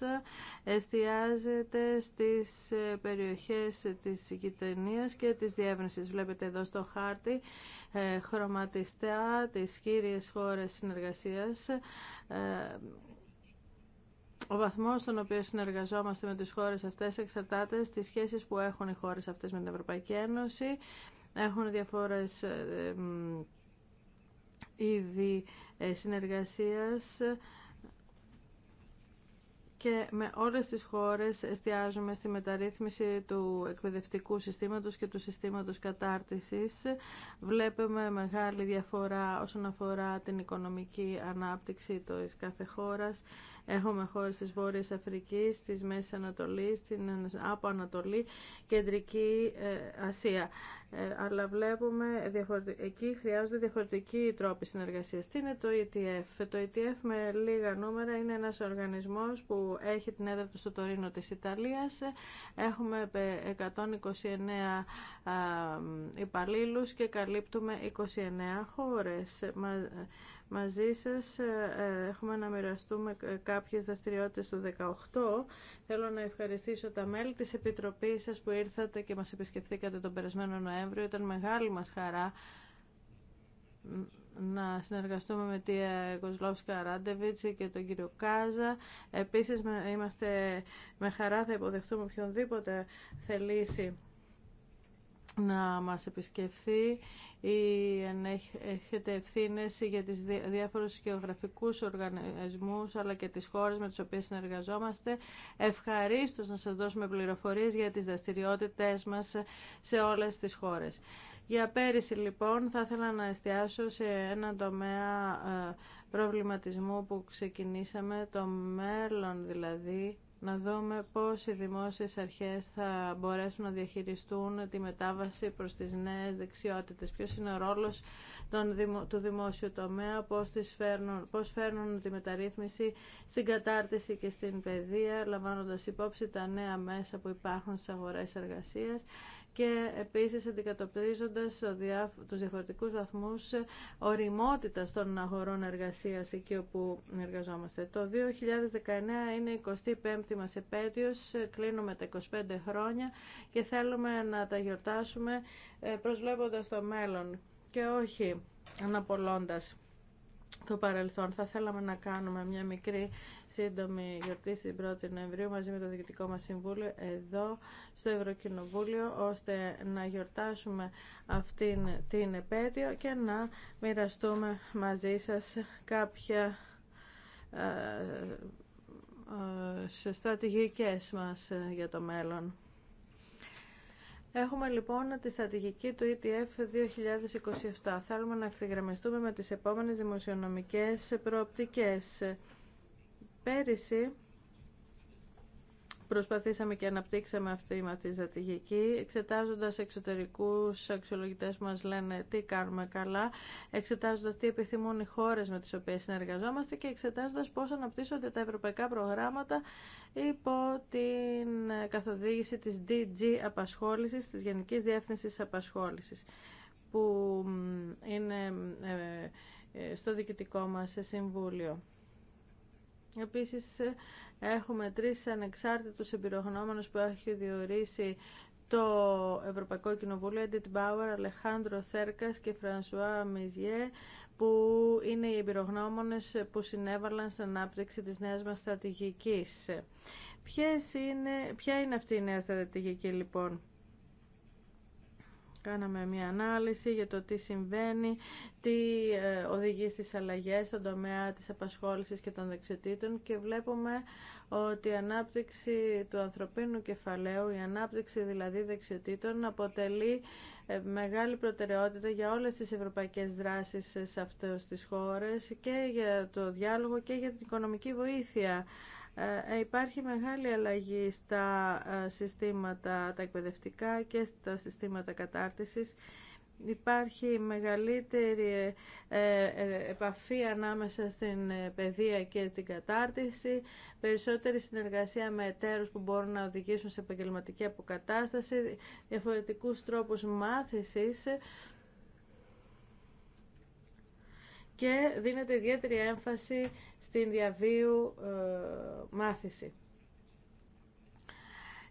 εστιάζεται στις περιοχές της γειτονίας και της διεύρυνσης. Βλέπετε εδώ στο χάρτη ε, χρωματιστά τις κύριες χώρες συνεργασίας ε, ο βαθμό στον οποίο συνεργαζόμαστε με τις χώρες αυτές εξαρτάται στις σχέσεις που έχουν οι χώρες αυτές με την Ευρωπαϊκή Ένωση. Έχουν διαφορές ε, είδη συνεργασίας και με όλες τις χώρες εστιάζουμε στη μεταρρύθμιση του εκπαιδευτικού συστήματος και του συστήματος κατάρτισης. Βλέπουμε μεγάλη διαφορά όσον αφορά την οικονομική ανάπτυξη της κάθε χώρας Έχουμε χώρες της Βόρειας Αφρικής, της Μέση Ανατολής, την Άπο Ανατολή, Κεντρική ε, Ασία. Ε, αλλά βλέπουμε, εκεί χρειάζονται διαφορετικοί τρόποι συνεργασίας. Τι είναι το ETF. Το ETF με λίγα νούμερα είναι ένας οργανισμός που έχει την έδρα του στο Τωρίνο της Ιταλίας. Έχουμε 129 υπαλλήλους και καλύπτουμε 29 χώρες μαζί σας. Ε, ε, έχουμε να μοιραστούμε κάποιες δραστηριότητες του 18. Θέλω να ευχαριστήσω τα μέλη της Επιτροπής σας που ήρθατε και μας επισκεφθήκατε τον περασμένο Νοέμβριο. Ήταν μεγάλη μας χαρά να συνεργαστούμε με τη ε, Κοσλόφσκα Ράντεβιτσι και τον κύριο Κάζα. Επίσης, είμαστε, με χαρά θα υποδεχτούμε οποιονδήποτε θελήσει να μας επισκεφθεί ή έχετε ευθύνε για τις διάφορους γεωγραφικούς οργανισμούς αλλά και τις χώρες με τις οποίες συνεργαζόμαστε. Ευχαρίστως να σας δώσουμε πληροφορίες για τις δραστηριότητες μας σε όλες τις χώρες. Για πέρυσι λοιπόν θα ήθελα να εστιάσω σε ένα τομέα ε, προβληματισμού που ξεκινήσαμε, το μέλλον δηλαδή να δούμε πώς οι δημόσιες αρχές θα μπορέσουν να διαχειριστούν τη μετάβαση προς τις νέες δεξιότητες. Ποιος είναι ο ρόλος του δημόσιου τομέα, πώς, τις φέρνουν, πώς φέρνουν τη μεταρρύθμιση στην κατάρτιση και στην παιδεία, λαμβάνοντας υπόψη τα νέα μέσα που υπάρχουν στις αγορές εργασίας και επίσης αντικατοπτρίζοντας τους διαφορετικούς βαθμούς οριμότητας των αγορών εργασίας εκεί όπου εργαζόμαστε. Το 2019 είναι η 25η μας επέτειος, κλείνουμε τα 25 χρόνια και θέλουμε να τα γιορτάσουμε ε, προσβλέποντας το μέλλον και όχι αναπολώντας το παρελθόν. Θα θέλαμε να κάνουμε μια μικρή σύντομη γιορτή στην 1η Νοεμβρίου μαζί με το Διοικητικό μας Συμβούλιο εδώ στο Ευρωκοινοβούλιο ώστε να γιορτάσουμε αυτήν την επέτειο και να μοιραστούμε μαζί σας κάποια ε, ε, ε στρατηγικές μας για το μέλλον. Έχουμε λοιπόν τη στρατηγική του ETF 2027. Θέλουμε να ευθυγραμμιστούμε με τις επόμενες δημοσιονομικές προοπτικές. Πέρυσι Προσπαθήσαμε και αναπτύξαμε αυτή τη στρατηγική, εξετάζοντας εξωτερικούς αξιολογητές που μας λένε τι κάνουμε καλά, εξετάζοντας τι επιθυμούν οι χώρες με τις οποίες συνεργαζόμαστε και εξετάζοντας πώς αναπτύσσονται τα ευρωπαϊκά προγράμματα υπό την καθοδήγηση της DG απασχόλησης, της Γενικής Διεύθυνσης Απασχόλησης, που είναι ε, ε, στο διοικητικό μας συμβούλιο. Επίσης ε, έχουμε τρεις ανεξάρτητους εμπειρογνώμονες που έχει διορίσει το Ευρωπαϊκό Κοινοβούλιο, Edith Μπάουερ, Αλεχάνδρο Θέρκας και Φρανσουά Μιζιέ, που είναι οι εμπειρογνώμονες που συνέβαλαν στην ανάπτυξη της νέας μας στρατηγικής. ποια είναι αυτή η νέα στρατηγική λοιπόν. Κάναμε μια ανάλυση για το τι συμβαίνει, τι ε, οδηγεί στις αλλαγές στον τομέα της απασχόλησης και των δεξιοτήτων και βλέπουμε ότι η ανάπτυξη του ανθρωπίνου κεφαλαίου, η ανάπτυξη δηλαδή δεξιοτήτων αποτελεί ε, μεγάλη προτεραιότητα για όλες τις ευρωπαϊκές δράσεις σε αυτές τις χώρες και για το διάλογο και για την οικονομική βοήθεια. Ε, ε, υπάρχει μεγάλη αλλαγή στα ε, συστήματα τα εκπαιδευτικά και στα συστήματα κατάρτισης. Υπάρχει μεγαλύτερη επαφή ανάμεσα στην παιδεία και την κατάρτιση, περισσότερη συνεργασία με εταίρους που μπορούν να οδηγήσουν σε επαγγελματική αποκατάσταση, διαφορετικούς τρόπους μάθησης και δίνεται ιδιαίτερη έμφαση στην διαβίου ε, μάθηση.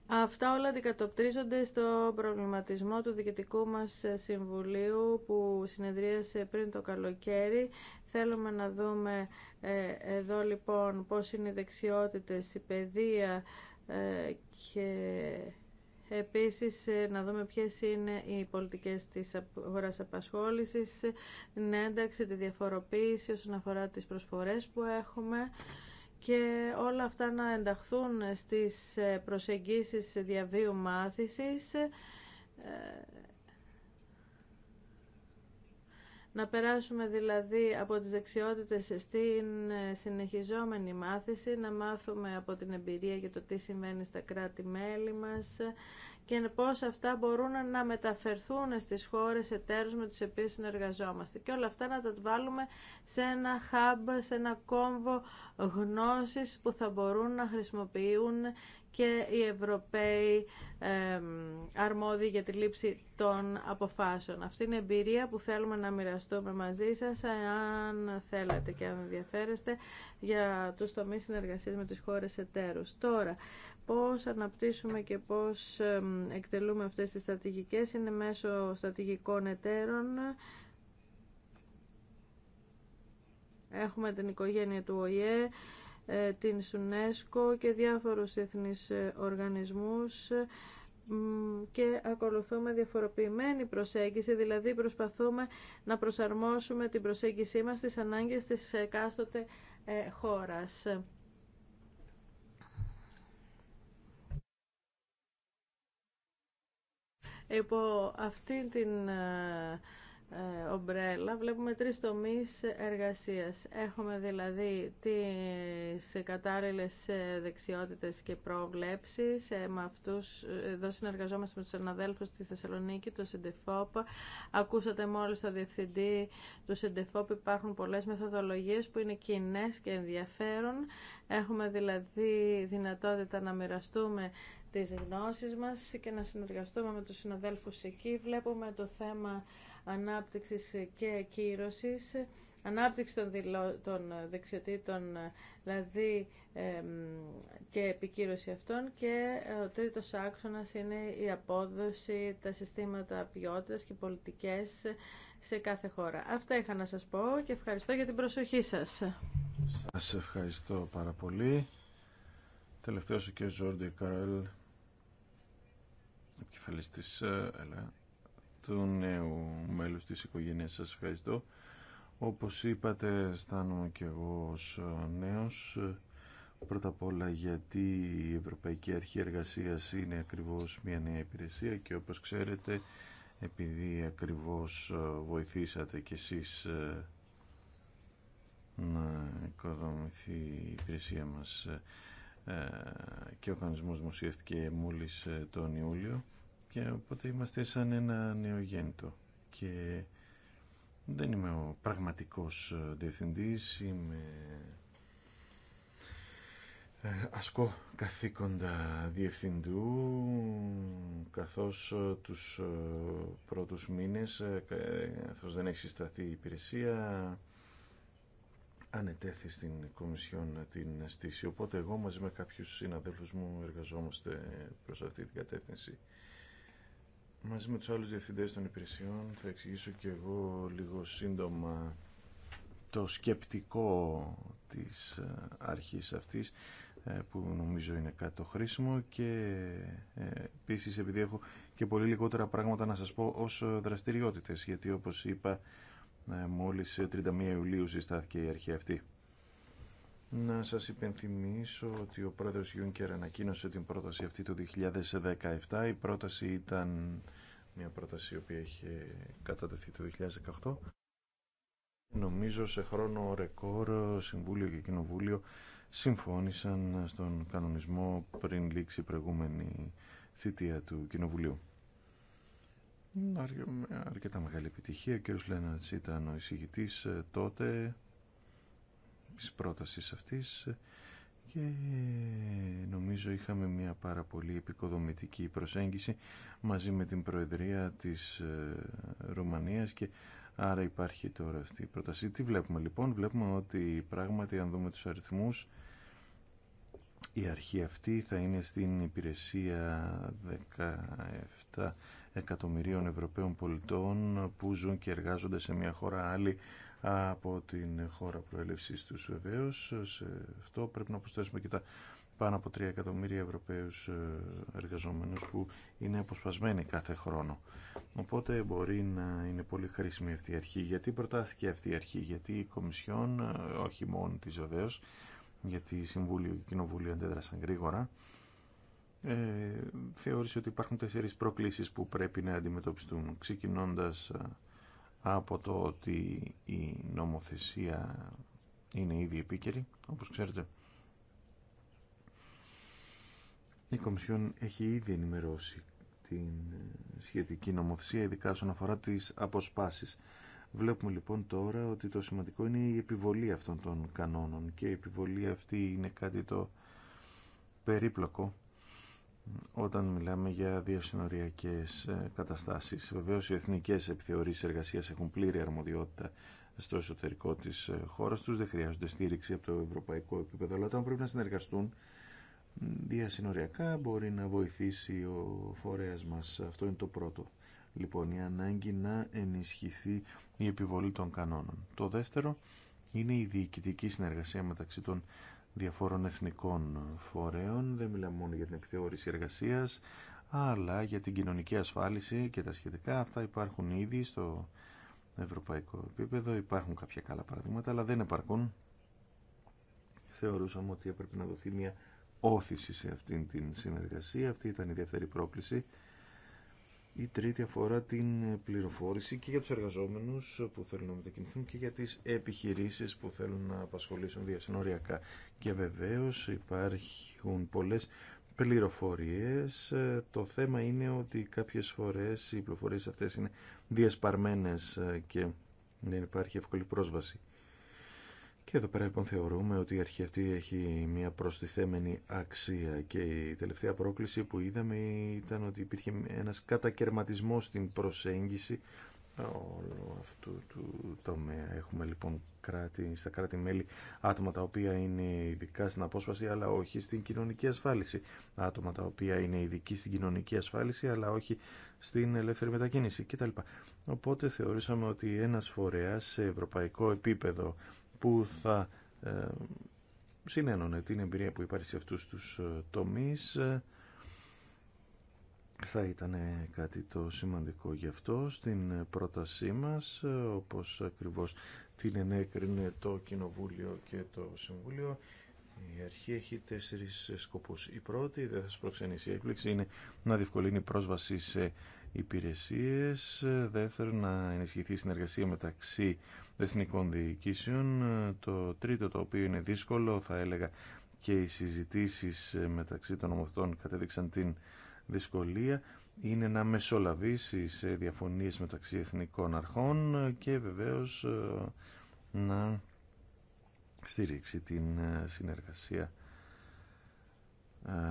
Αυτά όλα αντικατοπτρίζονται στο προβληματισμό του Διοικητικού μας Συμβουλίου που συνεδρίασε πριν το καλοκαίρι. Θέλουμε να δούμε ε, εδώ λοιπόν πώς είναι οι δεξιότητες, η παιδεία ε, και Επίσης, ε, να δούμε ποιες είναι οι πολιτικές της αγοράς απασχόλησης, την ένταξη, τη διαφοροποίηση όσον αφορά τις προσφορές που έχουμε και όλα αυτά να ενταχθούν στις ε, προσεγγίσεις διαβίου μάθησης ε, Να περάσουμε δηλαδή από τις δεξιότητες στην ε, συνεχιζόμενη μάθηση, να μάθουμε από την εμπειρία για το τι σημαίνει στα κράτη-μέλη μας και πώς αυτά μπορούν να μεταφερθούν στις χώρες εταίρους με τις οποίες συνεργαζόμαστε. Και όλα αυτά να τα βάλουμε σε ένα hub, σε ένα κόμβο γνώσης που θα μπορούν να χρησιμοποιούν και οι Ευρωπαίοι αρμόδιοι για τη λήψη των αποφάσεων. Αυτή είναι η εμπειρία που θέλουμε να μοιραστούμε μαζί σας, αν θέλετε και αν ενδιαφέρεστε, για τους τομείς συνεργασίας με τις χώρες εταίρους. Τώρα, πώς αναπτύσσουμε και πώς εκτελούμε αυτές τις στρατηγικές είναι μέσω στρατηγικών εταίρων, Έχουμε την οικογένεια του ΟΗΕ, ε, την Σουνέσκο και διάφορους εθνεί ε, οργανισμούς και ακολουθούμε διαφοροποιημένη προσέγγιση, δηλαδή προσπαθούμε να προσαρμόσουμε την προσέγγισή μας στις ανάγκες της εκάστοτε ε, χώρας. Υπό αυτή την ε, ομπρέλα βλέπουμε τρεις τομείς εργασίας. Έχουμε δηλαδή τις κατάλληλες ε, δεξιότητες και προβλέψεις. Ε, με αυτούς, εδώ συνεργαζόμαστε με τους συναδέλφους στη Θεσσαλονίκη, το ΣΕΝΤΕΦΟΠ. Ακούσατε μόλις το διευθυντή του ΣΕΝΤΕΦΟΠ. Υπάρχουν πολλές μεθοδολογίες που είναι κοινέ και ενδιαφέρον. Έχουμε δηλαδή δυνατότητα να μοιραστούμε τις γνώσεις μας και να συνεργαστούμε με τους συναδέλφους εκεί. Βλέπουμε το θέμα ανάπτυξης και κύρωσης, ανάπτυξη των, δηλω... των δεξιοτήτων, δηλαδή και επικύρωση αυτών και ο τρίτο άξονας είναι η απόδοση, τα συστήματα ποιότητας και πολιτικές σε κάθε χώρα. Αυτά είχα να σας πω και ευχαριστώ για την προσοχή σας. Σας ευχαριστώ πάρα πολύ. Τελευταίος ο κ. Ζόρντι Καρέλ, της ΕΛΑ του νέου μέλους της οικογένειας σας. Ευχαριστώ. Όπως είπατε, αισθάνομαι και εγώ ως ε, νέος. Πρώτα απ' όλα γιατί η Ευρωπαϊκή Αρχή Εργασίας είναι ακριβώς μια νέα υπηρεσία και όπως ξέρετε, επειδή ακριβώς ε, βοηθήσατε κι εσείς ε, να οικοδομηθεί η υπηρεσία μας και ο οργανισμός δημοσιεύτηκε μόλις τον Ιούλιο και οπότε είμαστε σαν ένα νεογέννητο και δεν είμαι ο πραγματικός ε, διευθυντής, είμαι ε, ασκώ καθήκοντα διευθυντού καθώς ε, τους πρώτους μήνες καθώς δεν έχει συσταθεί η υπηρεσία ανετέθη στην Κομισιόν την στήσει οπότε εγώ μαζί με κάποιους συναδέλφους μου εργαζόμαστε προς αυτή την κατεύθυνση Μαζί με τους άλλους διευθυντές των υπηρεσιών θα εξηγήσω και εγώ λίγο σύντομα το σκεπτικό της ε, αρχής αυτής ε, που νομίζω είναι κάτι το χρήσιμο και ε, επίση επειδή έχω και πολύ λιγότερα πράγματα να σας πω ως δραστηριότητες γιατί όπως είπα μόλις 31 Ιουλίου συστάθηκε η αρχή αυτή. Να σας υπενθυμίσω ότι ο πρόεδρος Γιούνκερ ανακοίνωσε την πρόταση αυτή το 2017. Η πρόταση ήταν μια πρόταση η οποία είχε κατατεθεί το 2018. Νομίζω σε χρόνο ρεκόρ Συμβούλιο και Κοινοβούλιο συμφώνησαν στον κανονισμό πριν λήξει η προηγούμενη θητεία του Κοινοβουλίου. Αρκετά μεγάλη επιτυχία. Ο κ. Λένατς ήταν ο εισηγητής ε, τότε της πρότασης αυτής και νομίζω είχαμε μια πάρα πολύ επικοδομητική προσέγγιση μαζί με την Προεδρία της ε, Ρουμανίας και άρα υπάρχει τώρα αυτή η πρόταση. Τι βλέπουμε λοιπόν, βλέπουμε ότι πράγματι αν δούμε τους αριθμούς η αρχή αυτή θα είναι στην υπηρεσία 17 εκατομμυρίων Ευρωπαίων πολιτών που ζουν και εργάζονται σε μια χώρα άλλη από την χώρα προέλευσης τους βεβαίως. Σε αυτό πρέπει να προσθέσουμε και τα πάνω από 3 εκατομμύρια Ευρωπαίους ε, εργαζόμενους που είναι αποσπασμένοι κάθε χρόνο. Οπότε μπορεί να είναι πολύ χρήσιμη αυτή η αρχή. Γιατί προτάθηκε αυτή η αρχή, γιατί η Κομισιόν, ε, όχι μόνο της βεβαίω, γιατί η Συμβούλιο και η Κοινοβούλιο αντέδρασαν γρήγορα, ε, θεώρησε ότι υπάρχουν τέσσερις προκλήσεις που πρέπει να αντιμετωπιστούν, ξεκινώντας ε, από το ότι η νομοθεσία είναι ήδη επίκαιρη, όπως ξέρετε. Η Κομισιόν έχει ήδη ενημερώσει την σχετική νομοθεσία, ειδικά όσον αφορά τις αποσπάσεις. Βλέπουμε λοιπόν τώρα ότι το σημαντικό είναι η επιβολή αυτών των κανόνων και η επιβολή αυτή είναι κάτι το περίπλοκο όταν μιλάμε για διασυνοριακές ε, καταστάσεις. Βεβαίως οι εθνικές επιθεωρήσεις εργασίας έχουν πλήρη αρμοδιότητα στο εσωτερικό της ε, χώρας τους, δεν χρειάζονται στήριξη από το ευρωπαϊκό επίπεδο, αλλά όταν πρέπει να συνεργαστούν διασυνοριακά μπορεί να βοηθήσει ο φορέας μας. Αυτό είναι το πρώτο. Λοιπόν, η ανάγκη να ενισχυθεί η επιβολή των κανόνων. Το δεύτερο είναι η διοικητική συνεργασία μεταξύ των διαφόρων εθνικών φορέων. Δεν μιλάμε μόνο για την εκθεώρηση εργασίας, αλλά για την κοινωνική ασφάλιση και τα σχετικά. Αυτά υπάρχουν ήδη στο ευρωπαϊκό επίπεδο. Υπάρχουν κάποια καλά παραδείγματα, αλλά δεν επαρκούν. Θεωρούσαμε ότι έπρεπε να δοθεί μια όθηση σε αυτήν την συνεργασία. Αυτή ήταν η δεύτερη πρόκληση η τρίτη αφορά την πληροφόρηση και για τους εργαζόμενους που θέλουν να μετακινηθούν και για τις επιχειρήσεις που θέλουν να απασχολήσουν διασυνοριακά. Και βεβαίως υπάρχουν πολλές πληροφορίες. Το θέμα είναι ότι κάποιες φορές οι πληροφορίες αυτές είναι διασπαρμένες και δεν υπάρχει εύκολη πρόσβαση. Και εδώ πέρα λοιπόν θεωρούμε ότι η αρχή αυτή έχει μια προστιθέμενη αξία και η τελευταία πρόκληση που είδαμε ήταν ότι υπήρχε ένας κατακαιρματισμός στην προσέγγιση όλου αυτού του τομέα. Έχουμε λοιπόν κράτη, στα κράτη-μέλη άτομα τα οποία είναι ειδικά στην απόσπαση αλλά όχι στην κοινωνική ασφάλιση. Άτομα τα οποία είναι ειδικοί στην κοινωνική ασφάλιση αλλά όχι στην ελεύθερη μετακίνηση κτλ. Οπότε θεωρήσαμε ότι ένας φορέας σε ευρωπαϊκό επίπεδο που θα ε, συνένωνε την εμπειρία που υπάρχει σε αυτούς τους ε, τομείς θα ήταν κάτι το σημαντικό γι' αυτό στην πρότασή μας ε, όπως ακριβώς την ενέκρινε το Κοινοβούλιο και το Συμβούλιο η αρχή έχει τέσσερις σκοπούς. Η πρώτη, δεν θα σας προξενήσει η έκπληξη, είναι να διευκολύνει πρόσβαση σε υπηρεσίες. Δεύτερον, να ενισχυθεί η συνεργασία μεταξύ εθνικών διοικήσεων. Το τρίτο το οποίο είναι δύσκολο θα έλεγα και οι συζητήσεις ε, μεταξύ των ομοθετών κατέδειξαν την δυσκολία είναι να μεσολαβήσει σε διαφωνίες μεταξύ εθνικών αρχών και βεβαίως ε, να στηρίξει την ε, συνεργασία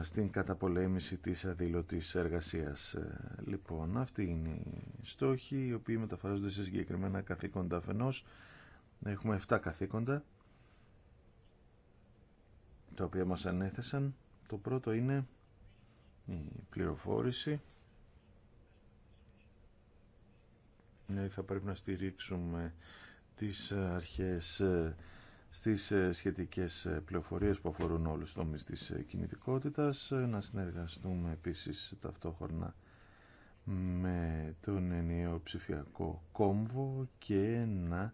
στην καταπολέμηση της αδήλωτης εργασίας. Ε, λοιπόν, αυτοί είναι οι στόχοι οι οποίοι μεταφράζονται σε συγκεκριμένα καθήκοντα αφενός. Έχουμε 7 καθήκοντα τα οποία μας ανέθεσαν. Το πρώτο είναι η πληροφόρηση. Δηλαδή, θα πρέπει να στηρίξουμε τις αρχές ε, στις ε, σχετικές ε, πληροφορίες που αφορούν όλους τους τομείς της ε, κινητικότητας. Να συνεργαστούμε επίσης ταυτόχρονα με τον ενιαίο ψηφιακό κόμβο και να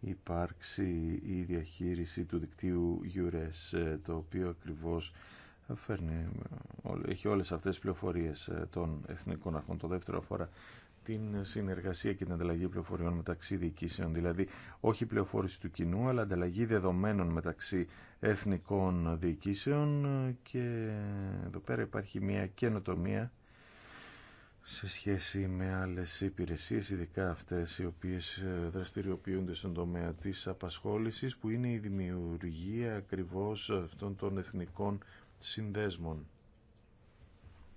υπάρξει η διαχείριση του δικτύου URES το οποίο ακριβώς φέρνει, έχει όλες αυτές τις πληροφορίες των εθνικών αρχών. Το δεύτερο αφορά την συνεργασία και την ανταλλαγή πληροφοριών μεταξύ διοικήσεων, δηλαδή όχι πληροφόρηση του κοινού, αλλά ανταλλαγή δεδομένων μεταξύ εθνικών διοικήσεων και εδώ πέρα υπάρχει μια καινοτομία σε σχέση με άλλες υπηρεσίες, ειδικά αυτές οι οποίες ε, δραστηριοποιούνται στον τομέα της απασχόλησης, που είναι η δημιουργία ακριβώς αυτών των εθνικών συνδέσμων.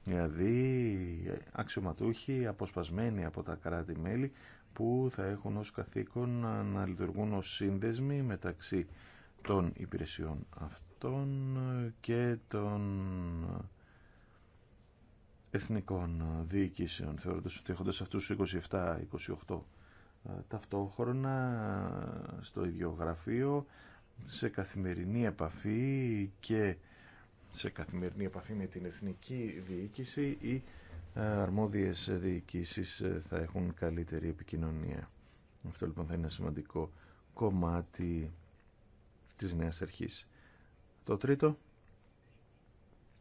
Δηλαδή αξιωματούχοι αποσπασμένοι από τα κράτη-μέλη που θα έχουν ως καθήκον να λειτουργούν ως σύνδεσμοι μεταξύ των υπηρεσιών αυτών και των εθνικών διοικήσεων θεωρώντας ότι έχοντας αυτούς 27-28 ε, ταυτόχρονα ε, στο ίδιο γραφείο σε καθημερινή επαφή και σε καθημερινή επαφή με την εθνική διοίκηση οι ε, αρμόδιες διοικήσεις ε, θα έχουν καλύτερη επικοινωνία. Αυτό λοιπόν θα είναι ένα σημαντικό κομμάτι της νέας αρχής. Το τρίτο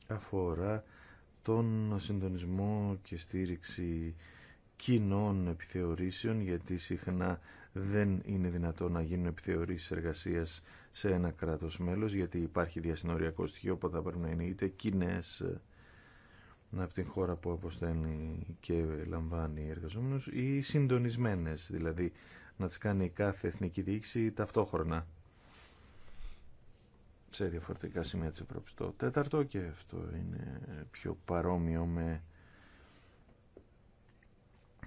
αφορά τον συντονισμό και στήριξη κοινών επιθεωρήσεων γιατί συχνά δεν είναι δυνατό να γίνουν επιθεωρήσεις εργασίας σε ένα κράτος μέλος γιατί υπάρχει διασυνοριακό στοιχείο που θα πρέπει να είναι είτε κοινές ε, από την χώρα που αποσταίνει και λαμβάνει εργαζόμενους ή συντονισμένες, δηλαδή να τις κάνει κάθε εθνική διοίκηση ταυτόχρονα σε διαφορετικά σημεία της Ευρώπης. Το τέταρτο και αυτό είναι πιο παρόμοιο με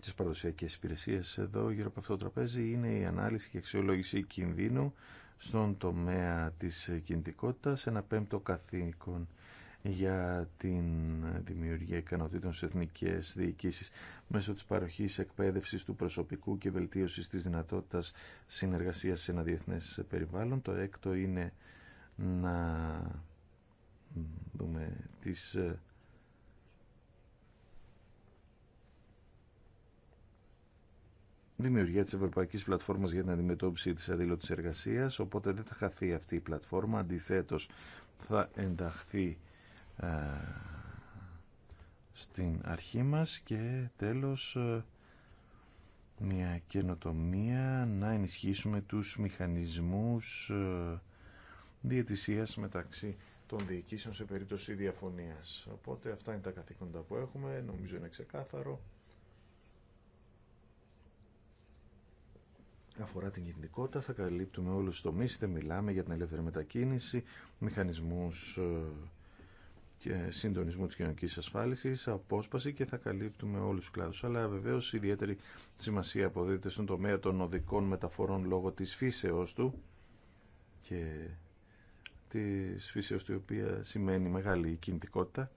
τις παραδοσιακές υπηρεσίες εδώ γύρω από αυτό το τραπέζι είναι η ανάλυση και αξιολόγηση κινδύνου στον τομέα της κινητικότητας, ένα πέμπτο καθήκον για την δημιουργία ικανοτήτων σε εθνικές διοικήσεις μέσω της παροχής εκπαίδευσης του προσωπικού και βελτίωσης της δυνατότητας συνεργασίας σε ένα διεθνές περιβάλλον. Το έκτο είναι να δούμε τις δημιουργία της Ευρωπαϊκής Πλατφόρμας για την αντιμετώπιση της αδήλωτης εργασίας, οπότε δεν θα χαθεί αυτή η πλατφόρμα, αντιθέτως θα ενταχθεί ε, στην αρχή μας και τέλος ε, μια καινοτομία να ενισχύσουμε τους μηχανισμούς ε, διαιτησίας μεταξύ των διοικήσεων σε περίπτωση διαφωνίας. Οπότε αυτά είναι τα καθήκοντα που έχουμε, νομίζω είναι ξεκάθαρο. αφορά την κινητικότητα θα καλύπτουμε όλους τους τομείς, είτε μιλάμε για την ελεύθερη μετακίνηση, μηχανισμούς ε, και συντονισμού της κοινωνικής ασφάλισης, απόσπαση και θα καλύπτουμε όλους τους κλάδους. Αλλά βεβαίως ιδιαίτερη σημασία αποδίδεται στον τομέα των οδικών μεταφορών λόγω της φύσεώς του και της φύσεως του η οποία σημαίνει μεγάλη κινητικότητα.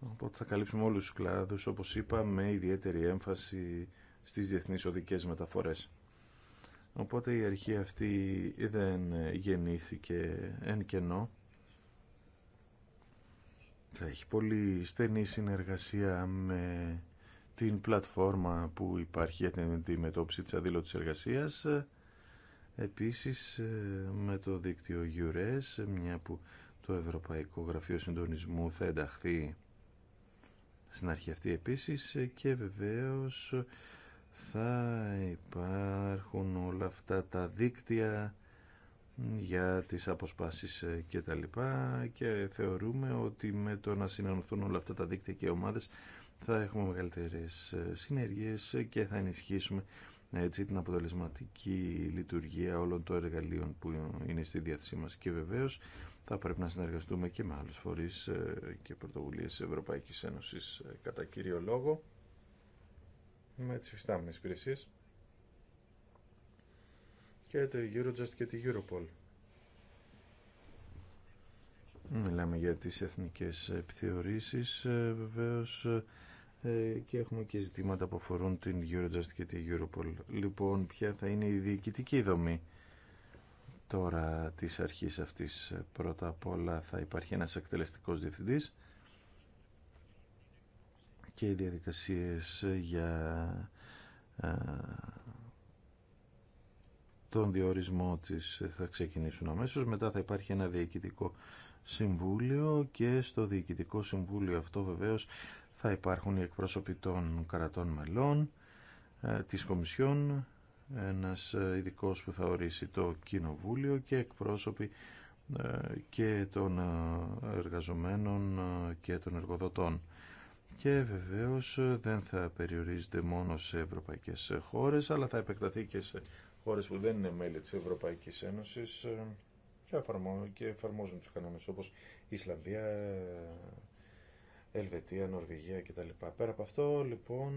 Οπότε θα καλύψουμε όλους τους κλάδους, όπως είπα, με ιδιαίτερη έμφαση στις διεθνείς οδικές μεταφορές. Οπότε η αρχή αυτή δεν γεννήθηκε εν κενό. Θα έχει πολύ στενή συνεργασία με την πλατφόρμα που υπάρχει για την αντιμετώπιση της αδήλωτης εργασίας. Επίσης με το δίκτυο EURES, μια που το Ευρωπαϊκό Γραφείο Συντονισμού θα ενταχθεί στην αρχή αυτή επίσης και βεβαίως θα υπάρχουν όλα αυτά τα δίκτυα για τις αποσπάσεις και τα λοιπά και θεωρούμε ότι με το να συνανωθούν όλα αυτά τα δίκτυα και ομάδες θα έχουμε μεγαλύτερες συνεργίες και θα ενισχύσουμε έτσι, την αποτελεσματική λειτουργία όλων των εργαλείων που είναι στη διάθεσή μας και βεβαίως θα πρέπει να συνεργαστούμε και με άλλους φορείς και πρωτοβουλίες Ευρωπαϊκής Ένωσης ε, κατά κύριο λόγο με τις φυστάμενες υπηρεσίες και το Eurojust και τη Europol. Μιλάμε για τις εθνικές επιθεωρήσεις ε, βεβαίως ε, και έχουμε και ζητήματα που αφορούν την Eurojust και τη Europol. Λοιπόν, ποια θα είναι η διοικητική δομή τώρα της αρχής αυτής. Πρώτα απ' όλα θα υπάρχει ένας εκτελεστικός διευθυντής και οι διαδικασίες για ε, τον διορισμό της θα ξεκινήσουν αμέσως. Μετά θα υπάρχει ένα διοικητικό συμβούλιο και στο διοικητικό συμβούλιο αυτό βεβαίως θα υπάρχουν οι εκπρόσωποι των κρατών μελών, ε, της Κομισιόν, ένας ε, ειδικό που θα ορίσει το Κοινοβούλιο και εκπρόσωποι και των εργαζομένων και των εργοδοτών και βεβαίως ε, δεν θα περιορίζεται μόνο σε ευρωπαϊκές ε, χώρες αλλά θα επεκταθεί και σε χώρες που δεν είναι μέλη της Ευρωπαϊκής Ένωσης ε, και εφαρμόζουν τους κανόνες όπως Ισλανδία, Ελβετία, Νορβηγία κτλ. Πέρα από αυτό λοιπόν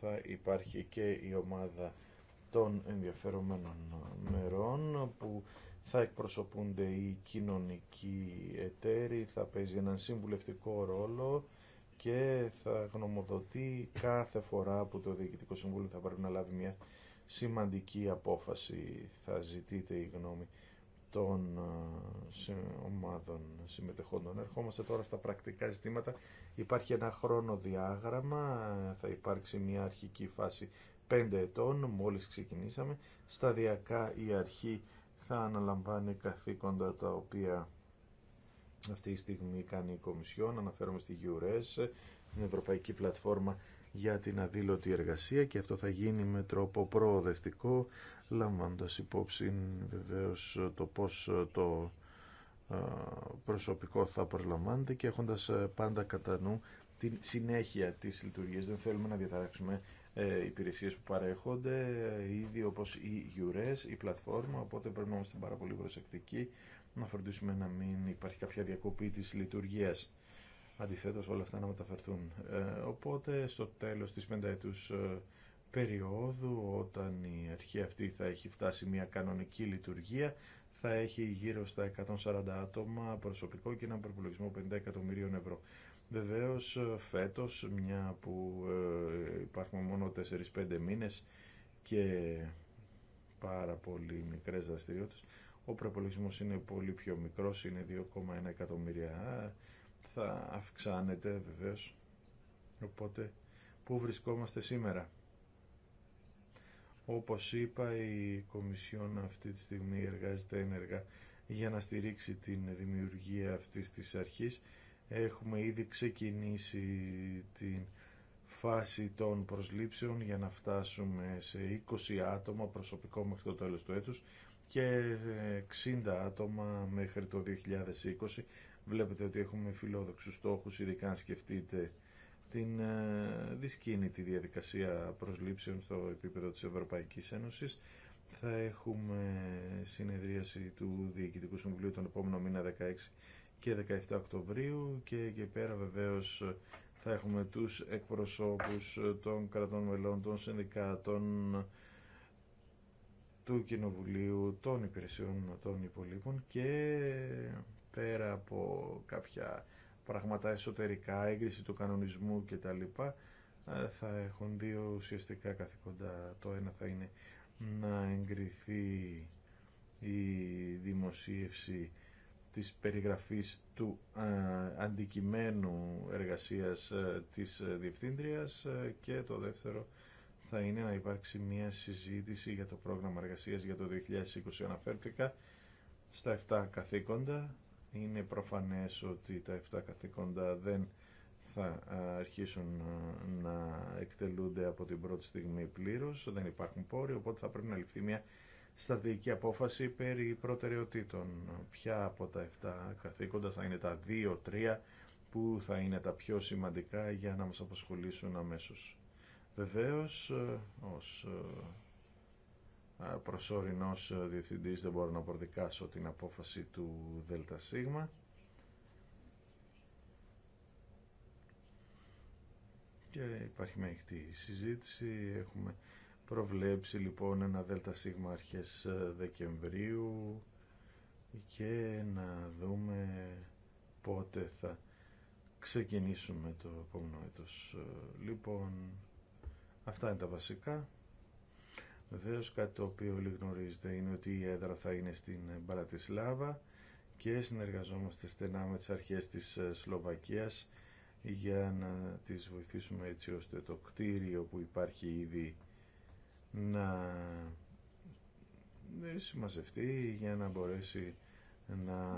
θα υπάρχει και η ομάδα των ενδιαφερομένων μερών που θα εκπροσωπούνται οι κοινωνικοί εταίροι, θα παίζει έναν συμβουλευτικό ρόλο και θα γνωμοδοτεί κάθε φορά που το Διοικητικό Συμβούλιο θα πρέπει να λάβει μια σημαντική απόφαση. Θα ζητείτε η γνώμη των ε, ομάδων συμμετεχόντων. Ερχόμαστε τώρα στα πρακτικά ζητήματα. Υπάρχει ένα χρόνο διάγραμμα, θα υπάρξει μια αρχική φάση 5 ετών, μόλις ξεκινήσαμε. Σταδιακά η αρχή θα αναλαμβάνει καθήκοντα τα οποία αυτή τη στιγμή κάνει η Κομισιόν, αναφέρομαι στη EURES, την Ευρωπαϊκή Πλατφόρμα για την Αδήλωτη Εργασία και αυτό θα γίνει με τρόπο προοδευτικό, λαμβάνοντας υπόψη βεβαίως το πώς το ε, προσωπικό θα προσλαμβάνεται και έχοντας ε, πάντα κατά νου την συνέχεια της λειτουργίας. Δεν θέλουμε να διαταράξουμε ε, υπηρεσίες που παρέχονται, ήδη όπως η EURES, η πλατφόρμα, οπότε πρέπει να είμαστε πάρα πολύ προσεκτικοί να φροντίσουμε να μην υπάρχει κάποια διακοπή της λειτουργίας. Αντιθέτως όλα αυτά να μεταφερθούν. Ε, οπότε στο τέλος της πενταετούς ε, περίοδου όταν η αρχή αυτή θα έχει φτάσει μια κανονική λειτουργία θα έχει γύρω στα 140 άτομα προσωπικό και έναν προπολογισμό 50 εκατομμυρίων ευρώ. Βεβαίως ε, φέτος, μια που υπάρχουν μόνο 4-5 μήνες και πάρα πολύ μικρές δραστηριότητες, ο προπολογισμός είναι πολύ πιο μικρός, είναι 2,1 εκατομμύρια. Θα αυξάνεται βεβαίως. Οπότε, πού βρισκόμαστε σήμερα. Όπως είπα, η Κομισιόν αυτή τη στιγμή εργάζεται ένεργα για να στηρίξει την δημιουργία αυτής της αρχής. Έχουμε ήδη ξεκινήσει την φάση των προσλήψεων για να φτάσουμε σε 20 άτομα προσωπικό μέχρι το τέλος του έτους και 60 ε, άτομα μέχρι το 2020. Βλέπετε ότι έχουμε φιλόδοξους στόχους, ειδικά αν σκεφτείτε την ε, δυσκίνητη διαδικασία προσλήψεων στο επίπεδο της Ευρωπαϊκής Ένωσης. Θα έχουμε συνεδρίαση του Διοικητικού Συμβουλίου τον επόμενο μήνα 16 και 17 Οκτωβρίου και εκεί πέρα βεβαίως θα έχουμε τους εκπροσώπους των κρατών μελών, των συνδικάτων, του Κοινοβουλίου, των υπηρεσιών των υπολείπων και πέρα από κάποια πράγματα εσωτερικά, έγκριση του κανονισμού κτλ. Ε, θα έχουν δύο ουσιαστικά καθήκοντα. Το ένα θα είναι να εγκριθεί η δημοσίευση της περιγραφής του ε, αντικειμένου εργασίας ε, της Διευθύντριας και το δεύτερο θα είναι να υπάρξει μια συζήτηση για το πρόγραμμα εργασίας για το 2020. Αναφέρθηκα στα 7 καθήκοντα. Είναι προφανές ότι τα 7 καθήκοντα δεν θα αρχίσουν να εκτελούνται από την πρώτη στιγμή πλήρως, δεν υπάρχουν πόροι, οπότε θα πρέπει να ληφθεί μια στρατηγική απόφαση περί προτεραιοτήτων. Ποια από τα 7 καθήκοντα θα είναι τα 2-3 που θα είναι τα πιο σημαντικά για να μας αποσχολήσουν αμέσως. Βεβαίως, ε, ως ε, ε, προσωρινός διευθυντής δεν μπορώ να προδικάσω την απόφαση του ΔΣ. Και υπάρχει μια συζήτηση. Έχουμε προβλέψει λοιπόν ένα ΔΣ αρχές Δεκεμβρίου και να δούμε πότε θα ξεκινήσουμε το επόμενο έτος. Λοιπόν, Αυτά είναι τα βασικά. Βεβαίω κάτι το οποίο όλοι γνωρίζετε είναι ότι η έδρα θα είναι στην Μπαρατισλάβα και συνεργαζόμαστε στενά με τις αρχές της ε, Σλοβακίας για να τις βοηθήσουμε έτσι ώστε το κτίριο που υπάρχει ήδη να ε, συμμαζευτεί για να μπορέσει να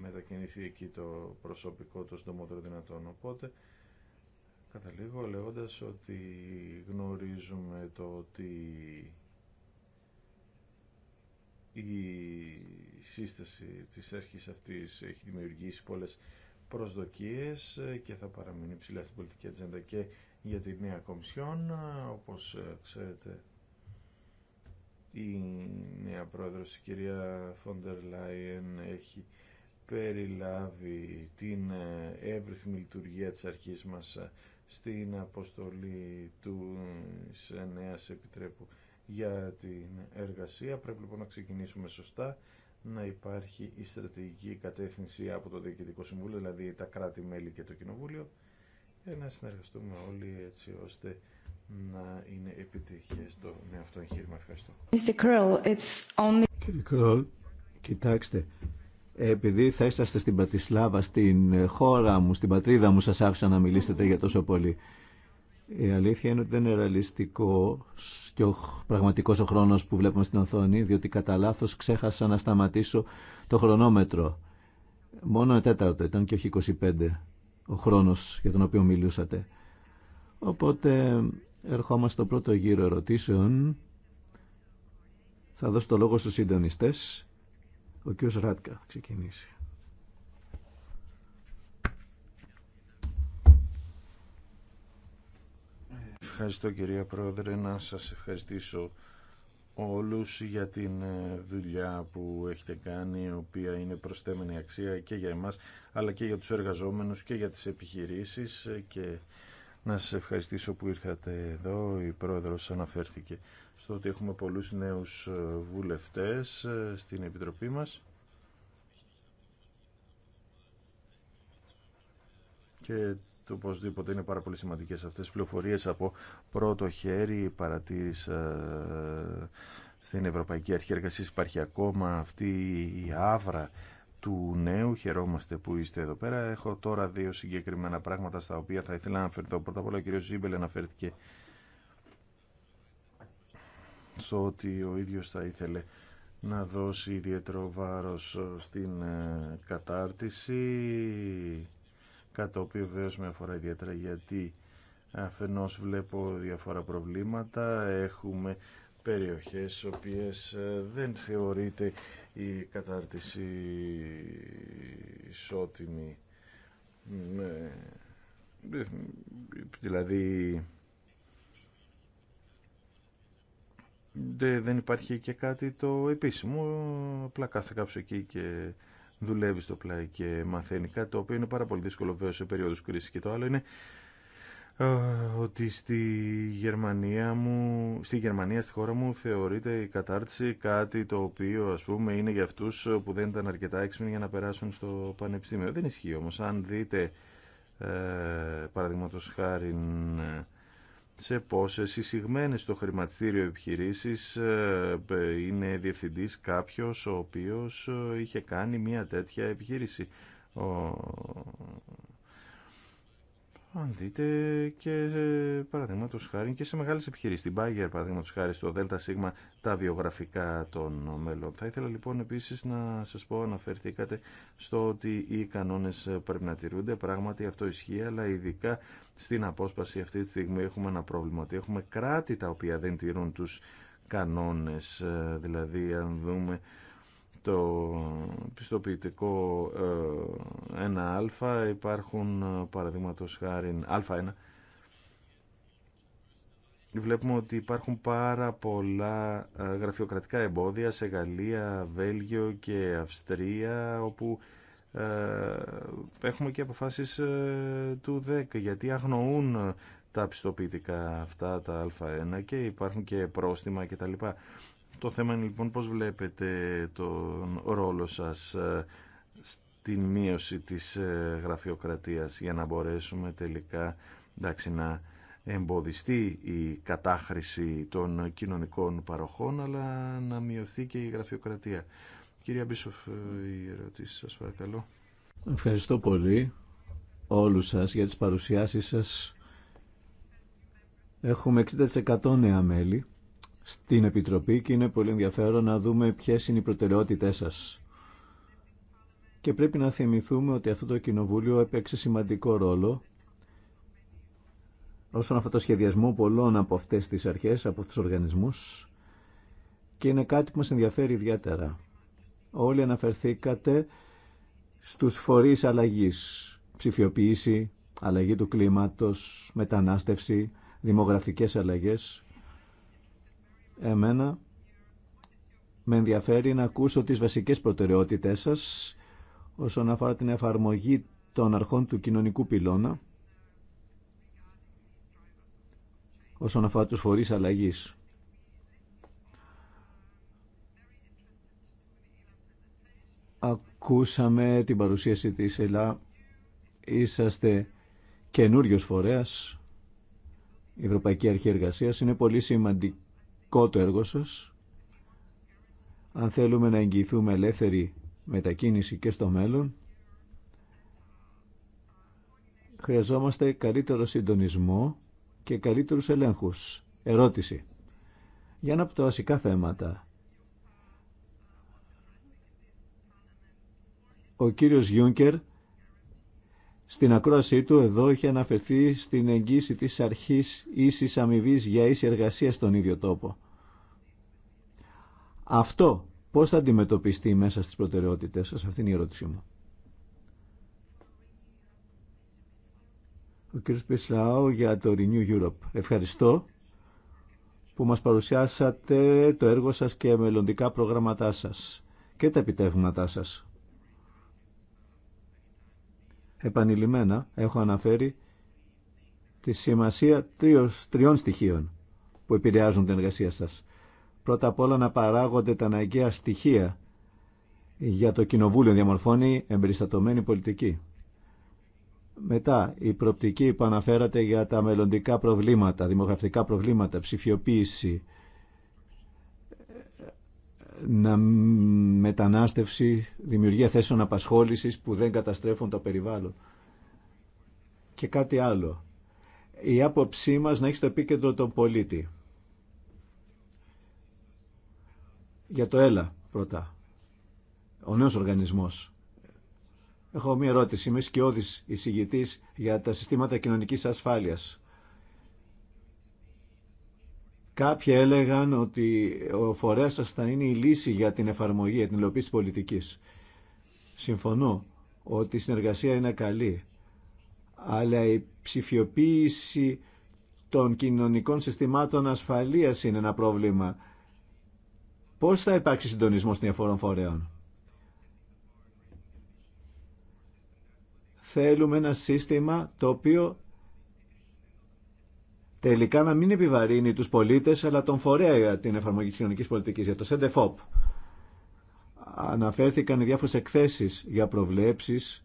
μετακινηθεί εκεί το προσωπικό το συντομότερο δυνατόν. Οπότε Καταλήγω λέγοντας ότι γνωρίζουμε το ότι η σύσταση της αρχής αυτής έχει δημιουργήσει πολλές προσδοκίες και θα παραμείνει ψηλά στην πολιτική ατζέντα και για τη νέα κομισιόν. Όπως ξέρετε η νέα πρόεδρος η κυρία Φόντερ Λάιεν έχει περιλάβει την εύρυθμη λειτουργία της αρχής μας στην αποστολή του νέα επιτρέπου για την εργασία. Πρέπει λοιπόν να ξεκινήσουμε σωστά, να υπάρχει η στρατηγική κατεύθυνση από το Διοικητικό Συμβούλιο, δηλαδή τα κράτη-μέλη και το Κοινοβούλιο, για να συνεργαστούμε όλοι έτσι ώστε να είναι επιτυχέ το νέο αυτό εγχείρημα. Ευχαριστώ. Κύριε Κρόλ, κοιτάξτε, επειδή θα είσαστε στην Πατισλάβα, στην χώρα μου, στην πατρίδα μου, σας άφησα να μιλήσετε για τόσο πολύ. Η αλήθεια είναι ότι δεν είναι ρεαλιστικό και ο πραγματικός ο χρόνος που βλέπουμε στην οθόνη, διότι κατά λάθο ξέχασα να σταματήσω το χρονόμετρο. Μόνο τέταρτο ήταν και όχι 25 ο χρόνος για τον οποίο μιλούσατε. Οπότε ερχόμαστε στο πρώτο γύρο ερωτήσεων. Θα δώσω το λόγο στους συντονιστές ο κ. Ράτκα θα ξεκινήσει. Ευχαριστώ κυρία Πρόεδρε να σας ευχαριστήσω όλους για την ε, δουλειά που έχετε κάνει η οποία είναι προσθέμενη αξία και για εμάς αλλά και για τους εργαζόμενους και για τις επιχειρήσεις ε, και να σας ευχαριστήσω που ήρθατε εδώ η Πρόεδρος αναφέρθηκε στο ότι έχουμε πολλούς νέους ε, βουλευτές ε, στην Επιτροπή μας και το οπωσδήποτε είναι πάρα πολύ σημαντικές αυτές τις πληροφορίες από πρώτο χέρι παρατήρησα ε, στην Ευρωπαϊκή Αρχή Εργασίας υπάρχει ακόμα αυτή η άβρα του νέου. Χαιρόμαστε που είστε εδώ πέρα. Έχω τώρα δύο συγκεκριμένα πράγματα στα οποία θα ήθελα να αναφερθώ. Πρώτα απ' όλα ο κ. Ζήμπελ αναφέρθηκε στο ότι ο ίδιος θα ήθελε να δώσει ιδιαίτερο βάρος στην ε, κατάρτιση, κάτι το οποίο βέβαιως με αφορά ιδιαίτερα γιατί αφενός βλέπω διαφορά προβλήματα, έχουμε περιοχές οποίες ε, δεν θεωρείται η κατάρτιση ισότιμη, ε, δηλαδή δεν υπάρχει και κάτι το επίσημο, απλά κάθε εκεί και δουλεύει στο πλάι και μαθαίνει κάτι το οποίο είναι πάρα πολύ δύσκολο βέβαια σε περίοδους κρίση και το άλλο είναι ότι στη Γερμανία μου, στη Γερμανία, στη χώρα μου θεωρείται η κατάρτιση κάτι το οποίο ας πούμε είναι για αυτού που δεν ήταν αρκετά έξυπνοι για να περάσουν στο πανεπιστήμιο. Δεν ισχύει όμω, Αν δείτε ε, χάρη σε πόσες εισηγμένες στο χρηματιστήριο επιχειρήσεις ε, είναι διευθυντής κάποιος ο οποίος ε, είχε κάνει μια τέτοια επιχείρηση. Ο αν δείτε και παραδείγματο χάρη και σε μεγάλες επιχειρήσεις, την Bayer παραδείγματο χάρη στο ΔΣ, τα βιογραφικά των μέλων. Θα ήθελα λοιπόν επίσης να σας πω, αναφερθήκατε στο ότι οι κανόνες πρέπει να τηρούνται, πράγματι αυτό ισχύει, αλλά ειδικά στην απόσπαση αυτή τη στιγμή έχουμε ένα πρόβλημα, ότι έχουμε κράτη τα οποία δεν τηρούν του κανόνε, δηλαδή αν δούμε το πιστοποιητικό 1α ε, υπάρχουν ε, παραδείγματος χάρη α1 βλέπουμε ότι υπάρχουν πάρα πολλά ε, γραφειοκρατικά εμπόδια σε Γαλλία, Βέλγιο και Αυστρία όπου έχουμε και αποφάσεις του ΔΕΚ γιατί αγνοούν τα πιστοποιητικά αυτά τα α1 και υπάρχουν και πρόστιμα κτλ. Το θέμα είναι λοιπόν πώς βλέπετε τον ρόλο σας ε, στην μείωση της ε, γραφειοκρατίας για να μπορέσουμε τελικά εντάξει, να εμποδιστεί η κατάχρηση των κοινωνικών παροχών αλλά να μειωθεί και η γραφειοκρατία. Κυρία Μπίσοφ, ε, η ερωτήση σας παρακαλώ. Ευχαριστώ πολύ όλους σας για τις παρουσιάσεις σας. Έχουμε 60% νέα μέλη στην Επιτροπή και είναι πολύ ενδιαφέρον να δούμε ποιες είναι οι προτεραιότητές σας. Και πρέπει να θυμηθούμε ότι αυτό το Κοινοβούλιο έπαιξε σημαντικό ρόλο όσον αφορά το σχεδιασμό πολλών από αυτές τις αρχές, από τους οργανισμούς και είναι κάτι που μας ενδιαφέρει ιδιαίτερα. Όλοι αναφερθήκατε στους φορείς αλλαγής, ψηφιοποίηση, αλλαγή του κλίματος, μετανάστευση, δημογραφικές αλλαγές. Εμένα με ενδιαφέρει να ακούσω τις βασικές προτεραιότητές σας όσον αφορά την εφαρμογή των αρχών του κοινωνικού πυλώνα όσον αφορά τους φορείς αλλαγής. Ακούσαμε την παρουσίαση της ΕΛΑ. Είσαστε καινούριος φορέας. Η Ευρωπαϊκή Αρχή Εργασίας είναι πολύ σημαντική σημαντικό το έργο Αν θέλουμε να εγγυηθούμε ελεύθερη μετακίνηση και στο μέλλον, χρειαζόμαστε καλύτερο συντονισμό και καλύτερους ελέγχους. Ερώτηση. Για να από τα βασικά θέματα. Ο κύριος Γιούνκερ στην ακρόασή του εδώ είχε αναφερθεί στην εγγύηση της αρχής ίσης αμοιβή για ίση εργασία στον ίδιο τόπο. Αυτό πώς θα αντιμετωπιστεί μέσα στις προτεραιότητες σας, αυτή είναι η ερώτησή μου. Ο κ. Πισλάου για το Renew Europe. Ευχαριστώ που μας παρουσιάσατε το έργο σας και μελλοντικά προγράμματά σας και τα επιτεύγματά σας. Επανειλημμένα έχω αναφέρει τη σημασία τριών στοιχείων που επηρεάζουν την εργασία σας. Πρώτα απ' όλα να παράγονται τα αναγκαία στοιχεία για το Κοινοβούλιο διαμορφώνει εμπεριστατωμένη πολιτική. Μετά, η προπτική που αναφέρατε για τα μελλοντικά προβλήματα, δημογραφικά προβλήματα, ψηφιοποίηση, να μετανάστευση, δημιουργία θέσεων απασχόλησης που δεν καταστρέφουν το περιβάλλον. Και κάτι άλλο. Η άποψή μας να έχει στο επίκεντρο τον πολίτη. Για το ΕΛΑ πρώτα. Ο νέος οργανισμός. Έχω μία ερώτηση. Είμαι σκιώδης εισηγητής για τα συστήματα κοινωνικής ασφάλειας. Κάποιοι έλεγαν ότι ο φορέας σας θα είναι η λύση για την εφαρμογή, για την υλοποίηση της πολιτικής. Συμφωνώ ότι η συνεργασία είναι καλή, αλλά η ψηφιοποίηση των κοινωνικών συστημάτων ασφαλείας είναι ένα πρόβλημα. Πώς θα υπάρξει συντονισμός των διαφόρων φορέων. Θέλουμε ένα σύστημα το οποίο τελικά να μην επιβαρύνει τους πολίτες αλλά τον φορέα για την εφαρμογή της κοινωνικής πολιτικής, για το ΣΕΝΤΕΦΟΠ. Αναφέρθηκαν οι διάφορες εκθέσεις για προβλέψεις,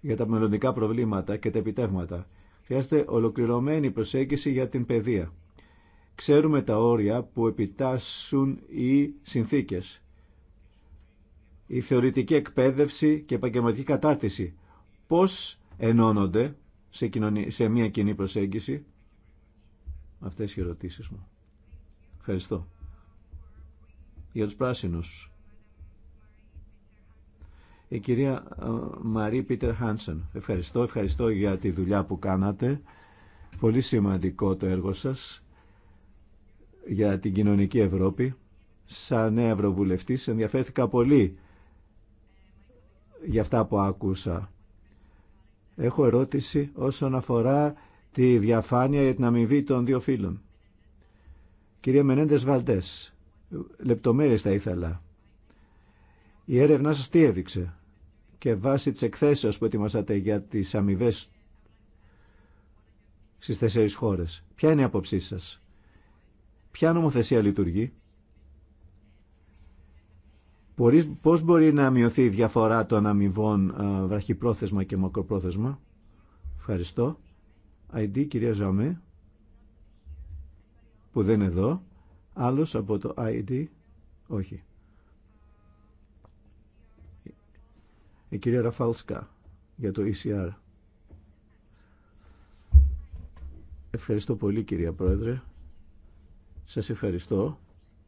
για τα μελλοντικά προβλήματα και τα επιτεύγματα. Χρειάζεται ολοκληρωμένη προσέγγιση για την παιδεία. Ξέρουμε τα όρια που επιτάσσουν οι συνθήκες. Η θεωρητική εκπαίδευση και επαγγελματική κατάρτιση. Πώς ενώνονται σε μια κοινή προσέγγιση Αυτές οι ερωτήσεις μου. Ευχαριστώ. Για τους πράσινους. Η κυρία Μαρή Πίτερ Χάνσεν. Ευχαριστώ, ευχαριστώ για τη δουλειά που κάνατε. Πολύ σημαντικό το έργο σας για την κοινωνική Ευρώπη. Σαν νέα Ευρωβουλευτής ενδιαφέρθηκα πολύ για αυτά που άκουσα. Έχω ερώτηση όσον αφορά τη διαφάνεια για την αμοιβή των δύο φίλων. Κυρία Μενέντες Βαλτές, λεπτομέρειες θα ήθελα. Η έρευνά σας τι έδειξε και βάσει της εκθέσεως που ετοιμάσατε για τις αμοιβέ στις τέσσερις χώρες. Ποια είναι η άποψή σας. Ποια νομοθεσία λειτουργεί. Πώς μπορεί να μειωθεί η διαφορά των αμοιβών ε, βραχυπρόθεσμα και μακροπρόθεσμα. Ευχαριστώ. ID κυρία Ζαμέ που δεν είναι εδώ άλλος από το ID όχι η κυρία Ραφάλσκα για το ECR Ευχαριστώ πολύ κυρία Πρόεδρε σας ευχαριστώ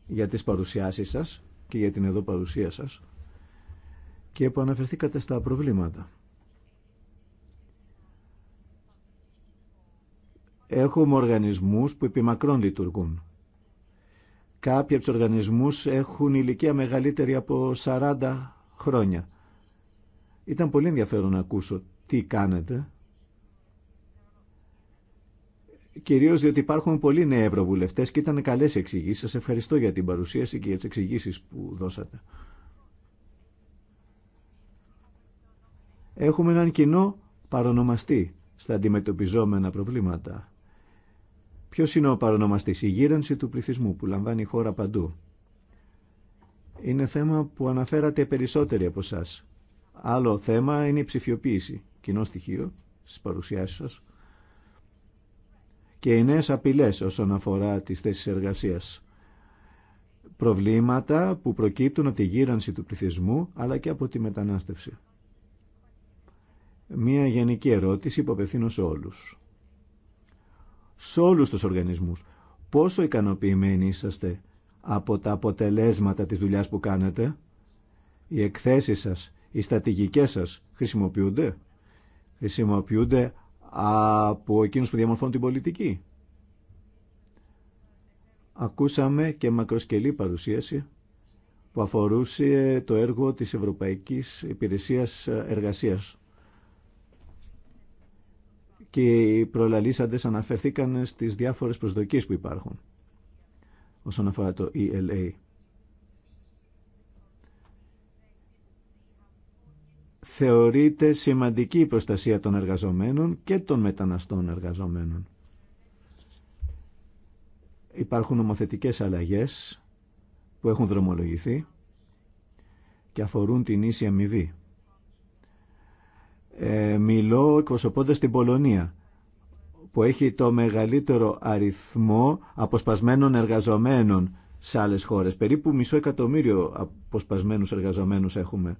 για τις παρουσιάσεις σας και για την εδώ παρουσία σας και που αναφερθήκατε στα προβλήματα Έχουμε οργανισμούς που επιμακρών λειτουργούν. Κάποιοι από τους οργανισμούς έχουν ηλικία μεγαλύτερη από 40 χρόνια. Ήταν πολύ ενδιαφέρον να ακούσω τι κάνετε. Κυρίως διότι υπάρχουν πολλοί νέοι ευρωβουλευτές και ήταν καλές εξηγήσεις. Σας ευχαριστώ για την παρουσίαση και για τις εξηγήσεις που δώσατε. Έχουμε έναν κοινό παρονομαστή στα αντιμετωπιζόμενα προβλήματα. Ποιο είναι ο παρονομαστή, η γύρανση του πληθυσμού που λαμβάνει η χώρα παντού. Είναι θέμα που αναφέρατε περισσότεροι από εσά. Άλλο θέμα είναι η ψηφιοποίηση, κοινό στοιχείο στι παρουσιάσει σα. Και οι νέε απειλέ όσον αφορά τι θέσει εργασία. Προβλήματα που προκύπτουν από τη γύρανση του πληθυσμού αλλά και από τη μετανάστευση. Μία γενική ερώτηση που απευθύνω σε όλους σε όλους τους οργανισμούς. Πόσο ικανοποιημένοι είσαστε από τα αποτελέσματα της δουλειάς που κάνετε, οι εκθέσεις σας, οι στατηγικές σας χρησιμοποιούνται, χρησιμοποιούνται από εκείνους που διαμορφώνουν την πολιτική. Ακούσαμε και μακροσκελή παρουσίαση που αφορούσε το έργο της Ευρωπαϊκής Υπηρεσίας Εργασίας και οι προλαλήσαντες αναφερθήκαν στις διάφορες προσδοκίες που υπάρχουν όσον αφορά το ELA. Θεωρείται σημαντική η προστασία των εργαζομένων και των μεταναστών εργαζομένων. Υπάρχουν νομοθετικές αλλαγές που έχουν δρομολογηθεί και αφορούν την ίση αμοιβή. Ε, μιλώ εκπροσωπώντας την Πολωνία που έχει το μεγαλύτερο αριθμό αποσπασμένων εργαζομένων σε άλλες χώρες. Περίπου μισό εκατομμύριο αποσπασμένους εργαζομένους έχουμε.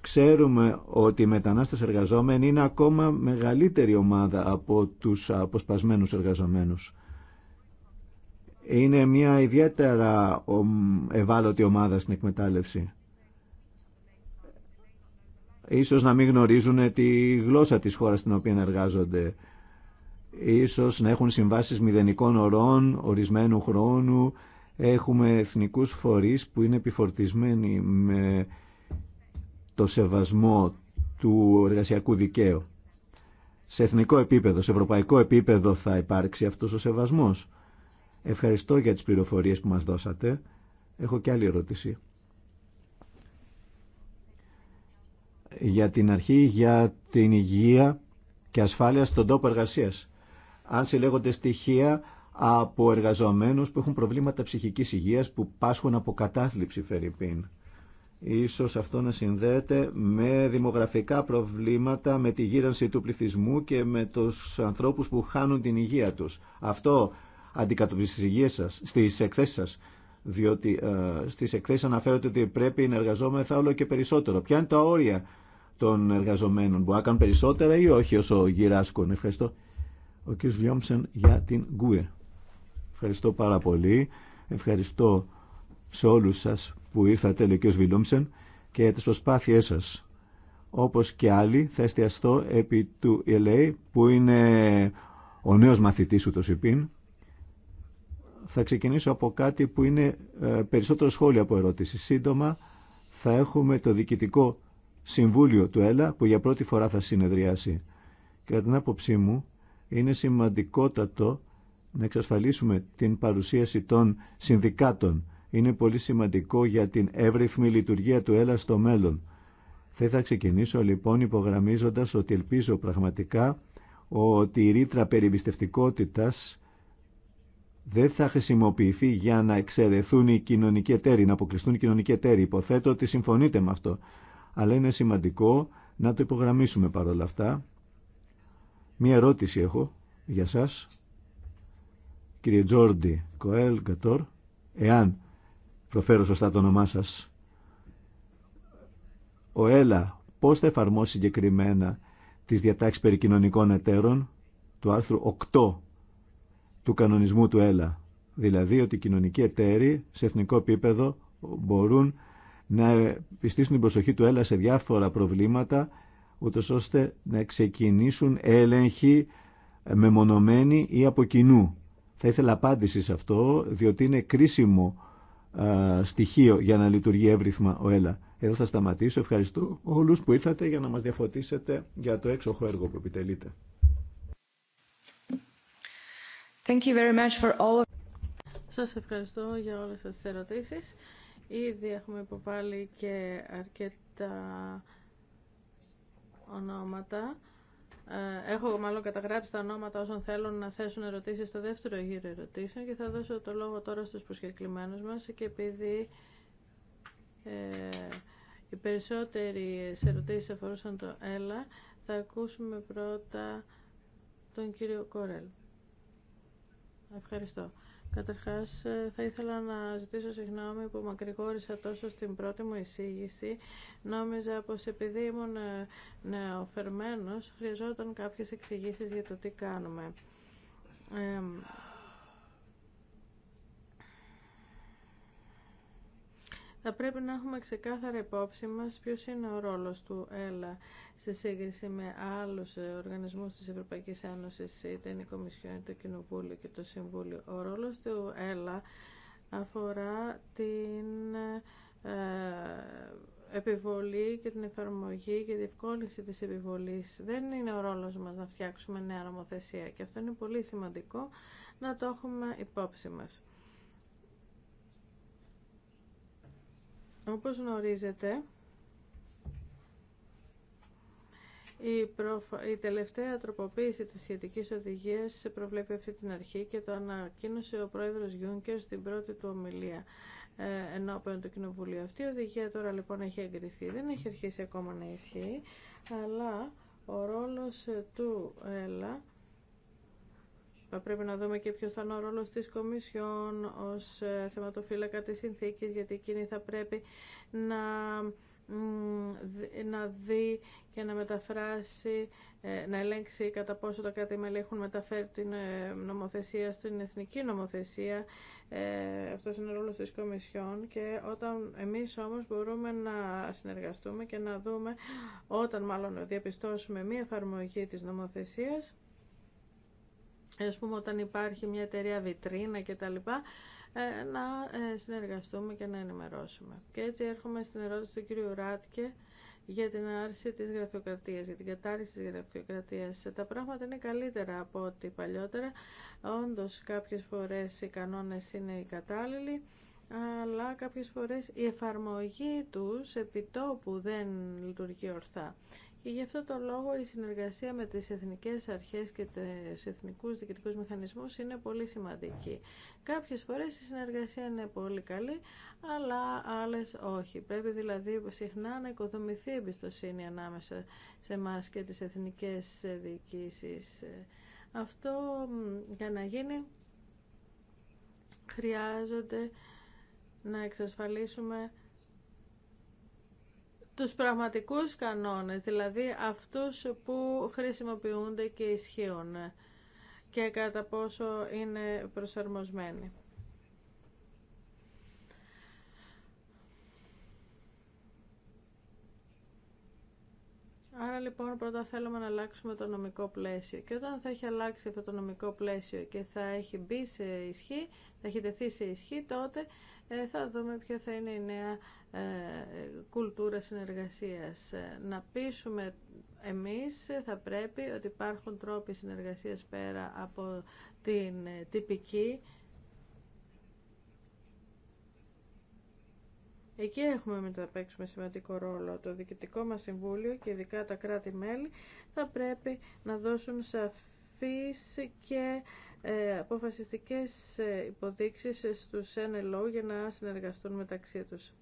Ξέρουμε ότι οι μετανάστες εργαζόμενοι είναι ακόμα μεγαλύτερη ομάδα από τους αποσπασμένους εργαζομένους. Είναι μια ιδιαίτερα ευάλωτη ομάδα στην εκμετάλλευση ίσως να μην γνωρίζουν τη γλώσσα της χώρας στην οποία εργάζονται. Ίσως να έχουν συμβάσεις μηδενικών ωρών, ορισμένου χρόνου. Έχουμε εθνικούς φορείς που είναι επιφορτισμένοι με το σεβασμό του εργασιακού δικαίου. Σε εθνικό επίπεδο, σε ευρωπαϊκό επίπεδο θα υπάρξει αυτός ο σεβασμός. Ευχαριστώ για τις πληροφορίες που μας δώσατε. Έχω και άλλη ερώτηση. για την αρχή για την υγεία και ασφάλεια στον τόπο εργασία. Αν συλλέγονται στοιχεία από εργαζομένους που έχουν προβλήματα ψυχικής υγείας που πάσχουν από κατάθλιψη φερρυπίν. Ίσως αυτό να συνδέεται με δημογραφικά προβλήματα, με τη γύρανση του πληθυσμού και με τους ανθρώπους που χάνουν την υγεία τους. Αυτό αντικατοπτρίζει στις υγείες σα, εκθέσεις σας. Διότι ε, στις εκθέσεις αναφέρεται ότι πρέπει να εργαζόμεθα όλο και περισσότερο. Ποια είναι τα όρια των εργαζομένων. που να περισσότερα ή όχι όσο γυράσκουν. Ευχαριστώ. Ο κ. Βιόμψεν για την Γκουε. Ευχαριστώ πάρα πολύ. Ευχαριστώ σε όλους σας που ήρθατε, λέει ο κ. Βιόμψεν και τις προσπάθειές σας. Όπως και άλλοι, θα εστιαστώ επί του ΕΛΕ, που είναι ο νέος μαθητής του ΣΥΠΗΝ. Θα ξεκινήσω από κάτι που είναι ε, περισσότερο σχόλιο από ερώτηση. Σύντομα, θα έχουμε το διοικητικό Συμβούλιο του ΕΛΑ που για πρώτη φορά θα συνεδριάσει. Κατά την άποψή μου είναι σημαντικότατο να εξασφαλίσουμε την παρουσίαση των συνδικάτων. Είναι πολύ σημαντικό για την εύρυθμη λειτουργία του ΕΛΑ στο μέλλον. Θα ήθελα ξεκινήσω λοιπόν υπογραμμίζοντας ότι ελπίζω πραγματικά ότι η ρήτρα περιεμπιστευτικότητας δεν θα χρησιμοποιηθεί για να εξαιρεθούν οι κοινωνικοί εταίροι, να αποκλειστούν οι κοινωνικοί εταίροι. Υποθέτω ότι συμφωνείτε με αυτό αλλά είναι σημαντικό να το υπογραμμίσουμε παρόλα αυτά. Μία ερώτηση έχω για σας, κύριε Τζόρντι Κοέλ Γκατόρ, εάν προφέρω σωστά το όνομά σας, ο ΕΛΑ πώς θα εφαρμόσει συγκεκριμένα τις διατάξεις περί κοινωνικών εταίρων του άρθρου 8 του κανονισμού του ΕΛΑ. Δηλαδή ότι οι κοινωνικοί εταίροι σε εθνικό επίπεδο μπορούν να πιστήσουν την προσοχή του ΕΛΑ σε διάφορα προβλήματα, ούτω ώστε να ξεκινήσουν έλεγχοι μεμονωμένοι ή από κοινού. Θα ήθελα απάντηση σε αυτό, διότι είναι κρίσιμο στοιχείο για να λειτουργεί εύρυθμα ο ΕΛΑ. Εδώ θα σταματήσω. Ευχαριστώ όλους που ήρθατε για να μας διαφωτίσετε για το έξοχο έργο που επιτελείτε. Thank Σας ευχαριστώ για όλες τις ερωτήσεις. Ήδη έχουμε υποβάλει και αρκετά ονόματα. Ε, έχω μάλλον καταγράψει τα ονόματα όσων θέλουν να θέσουν ερωτήσεις στο δεύτερο γύρο ερωτήσεων και θα δώσω το λόγο τώρα στους προσκεκλημένους μας και επειδή ε, οι περισσότεροι ερωτήσεις αφορούσαν το ΕΛΑ θα ακούσουμε πρώτα τον κύριο Κορέλ. Ευχαριστώ. Καταρχάς, ε, θα ήθελα να ζητήσω συγγνώμη που μακρηγόρησα τόσο στην πρώτη μου εισήγηση. Νόμιζα πως επειδή ήμουν ε, νεοφερμένος, χρειαζόταν κάποιες εξηγήσεις για το τι κάνουμε. θα πρέπει να έχουμε ξεκάθαρα υπόψη μας ποιος είναι ο ρόλος του ΕΛΑ σε σύγκριση με άλλους οργανισμούς της Ευρωπαϊκής Ένωσης, είτε είναι η Κομισιόν, το Κοινοβούλιο και το Συμβούλιο. Ο ρόλος του ΕΛΑ αφορά την ε, επιβολή και την εφαρμογή και διευκόλυνση της επιβολής. Δεν είναι ο ρόλος μας να φτιάξουμε νέα νομοθεσία και αυτό είναι πολύ σημαντικό να το έχουμε υπόψη μας. Όπως γνωρίζετε, η, η τελευταία τροποποίηση της σχετικής οδηγίας προβλέπει αυτή την αρχή και το ανακοίνωσε ο πρόεδρος Γιούνκερ στην πρώτη του ομιλία ε, ενώπιον του Κοινοβουλίου. Αυτή η οδηγία τώρα λοιπόν έχει εγκριθεί, δεν έχει αρχίσει ακόμα να ισχύει, αλλά ο ρόλος του ΕΛΑ Πρέπει να δούμε και ποιος θα είναι ο ρόλος της Κομισιόν ως ε, θεματοφύλακα της συνθήκης, γιατί εκείνη θα πρέπει να να δει και να μεταφράσει, ε, να ελέγξει κατά πόσο τα κράτη μέλη έχουν μεταφέρει την ε, νομοθεσία στην εθνική νομοθεσία. Αυτός είναι ο ρόλος της Κομισιόν και όταν εμείς όμως μπορούμε να συνεργαστούμε και να δούμε, όταν μάλλον διαπιστώσουμε μία εφαρμογή της νομοθεσίας, ε, ας πούμε όταν υπάρχει μια εταιρεία βιτρίνα και τα λοιπά, ε, να ε, συνεργαστούμε και να ενημερώσουμε. Και έτσι έρχομαι στην ερώτηση του κύριου Ράτκε για την άρση της γραφειοκρατίας, για την κατάρριση της γραφειοκρατίας. Τα πράγματα είναι καλύτερα από ό,τι παλιότερα. Όντως κάποιες φορές οι κανόνες είναι οι κατάλληλοι, αλλά κάποιες φορές η εφαρμογή τους επιτόπου δεν λειτουργεί ορθά. Και γι' αυτό το λόγο η συνεργασία με τις εθνικές αρχές και τους εθνικούς διοικητικούς μηχανισμούς είναι πολύ σημαντική. Κάποιες φορές η συνεργασία είναι πολύ καλή, αλλά άλλες όχι. Πρέπει δηλαδή συχνά να οικοδομηθεί εμπιστοσύνη ανάμεσα σε εμά και τις εθνικές διοικήσεις. Αυτό για να γίνει χρειάζονται να εξασφαλίσουμε τους πραγματικούς κανόνες, δηλαδή αυτούς που χρησιμοποιούνται και ισχύουν και κατά πόσο είναι προσαρμοσμένοι. Άρα λοιπόν πρώτα θέλουμε να αλλάξουμε το νομικό πλαίσιο και όταν θα έχει αλλάξει αυτό το νομικό πλαίσιο και θα έχει μπει σε ισχύ, θα έχει τεθεί σε ισχύ, τότε ε, θα δούμε ποια θα είναι η νέα ε, κουλτούρα συνεργασίας. Ε, να πείσουμε εμείς θα πρέπει ότι υπάρχουν τρόποι συνεργασίας πέρα από την τυπική. Εκεί έχουμε μετά να παίξουμε σημαντικό ρόλο. Το Διοικητικό μας Συμβούλιο και ειδικά τα κράτη-μέλη θα πρέπει να δώσουν σαφείς και ε, αποφασιστικές ε, υποδείξεις ε, στους NLO για να συνεργαστούν μεταξύ τους.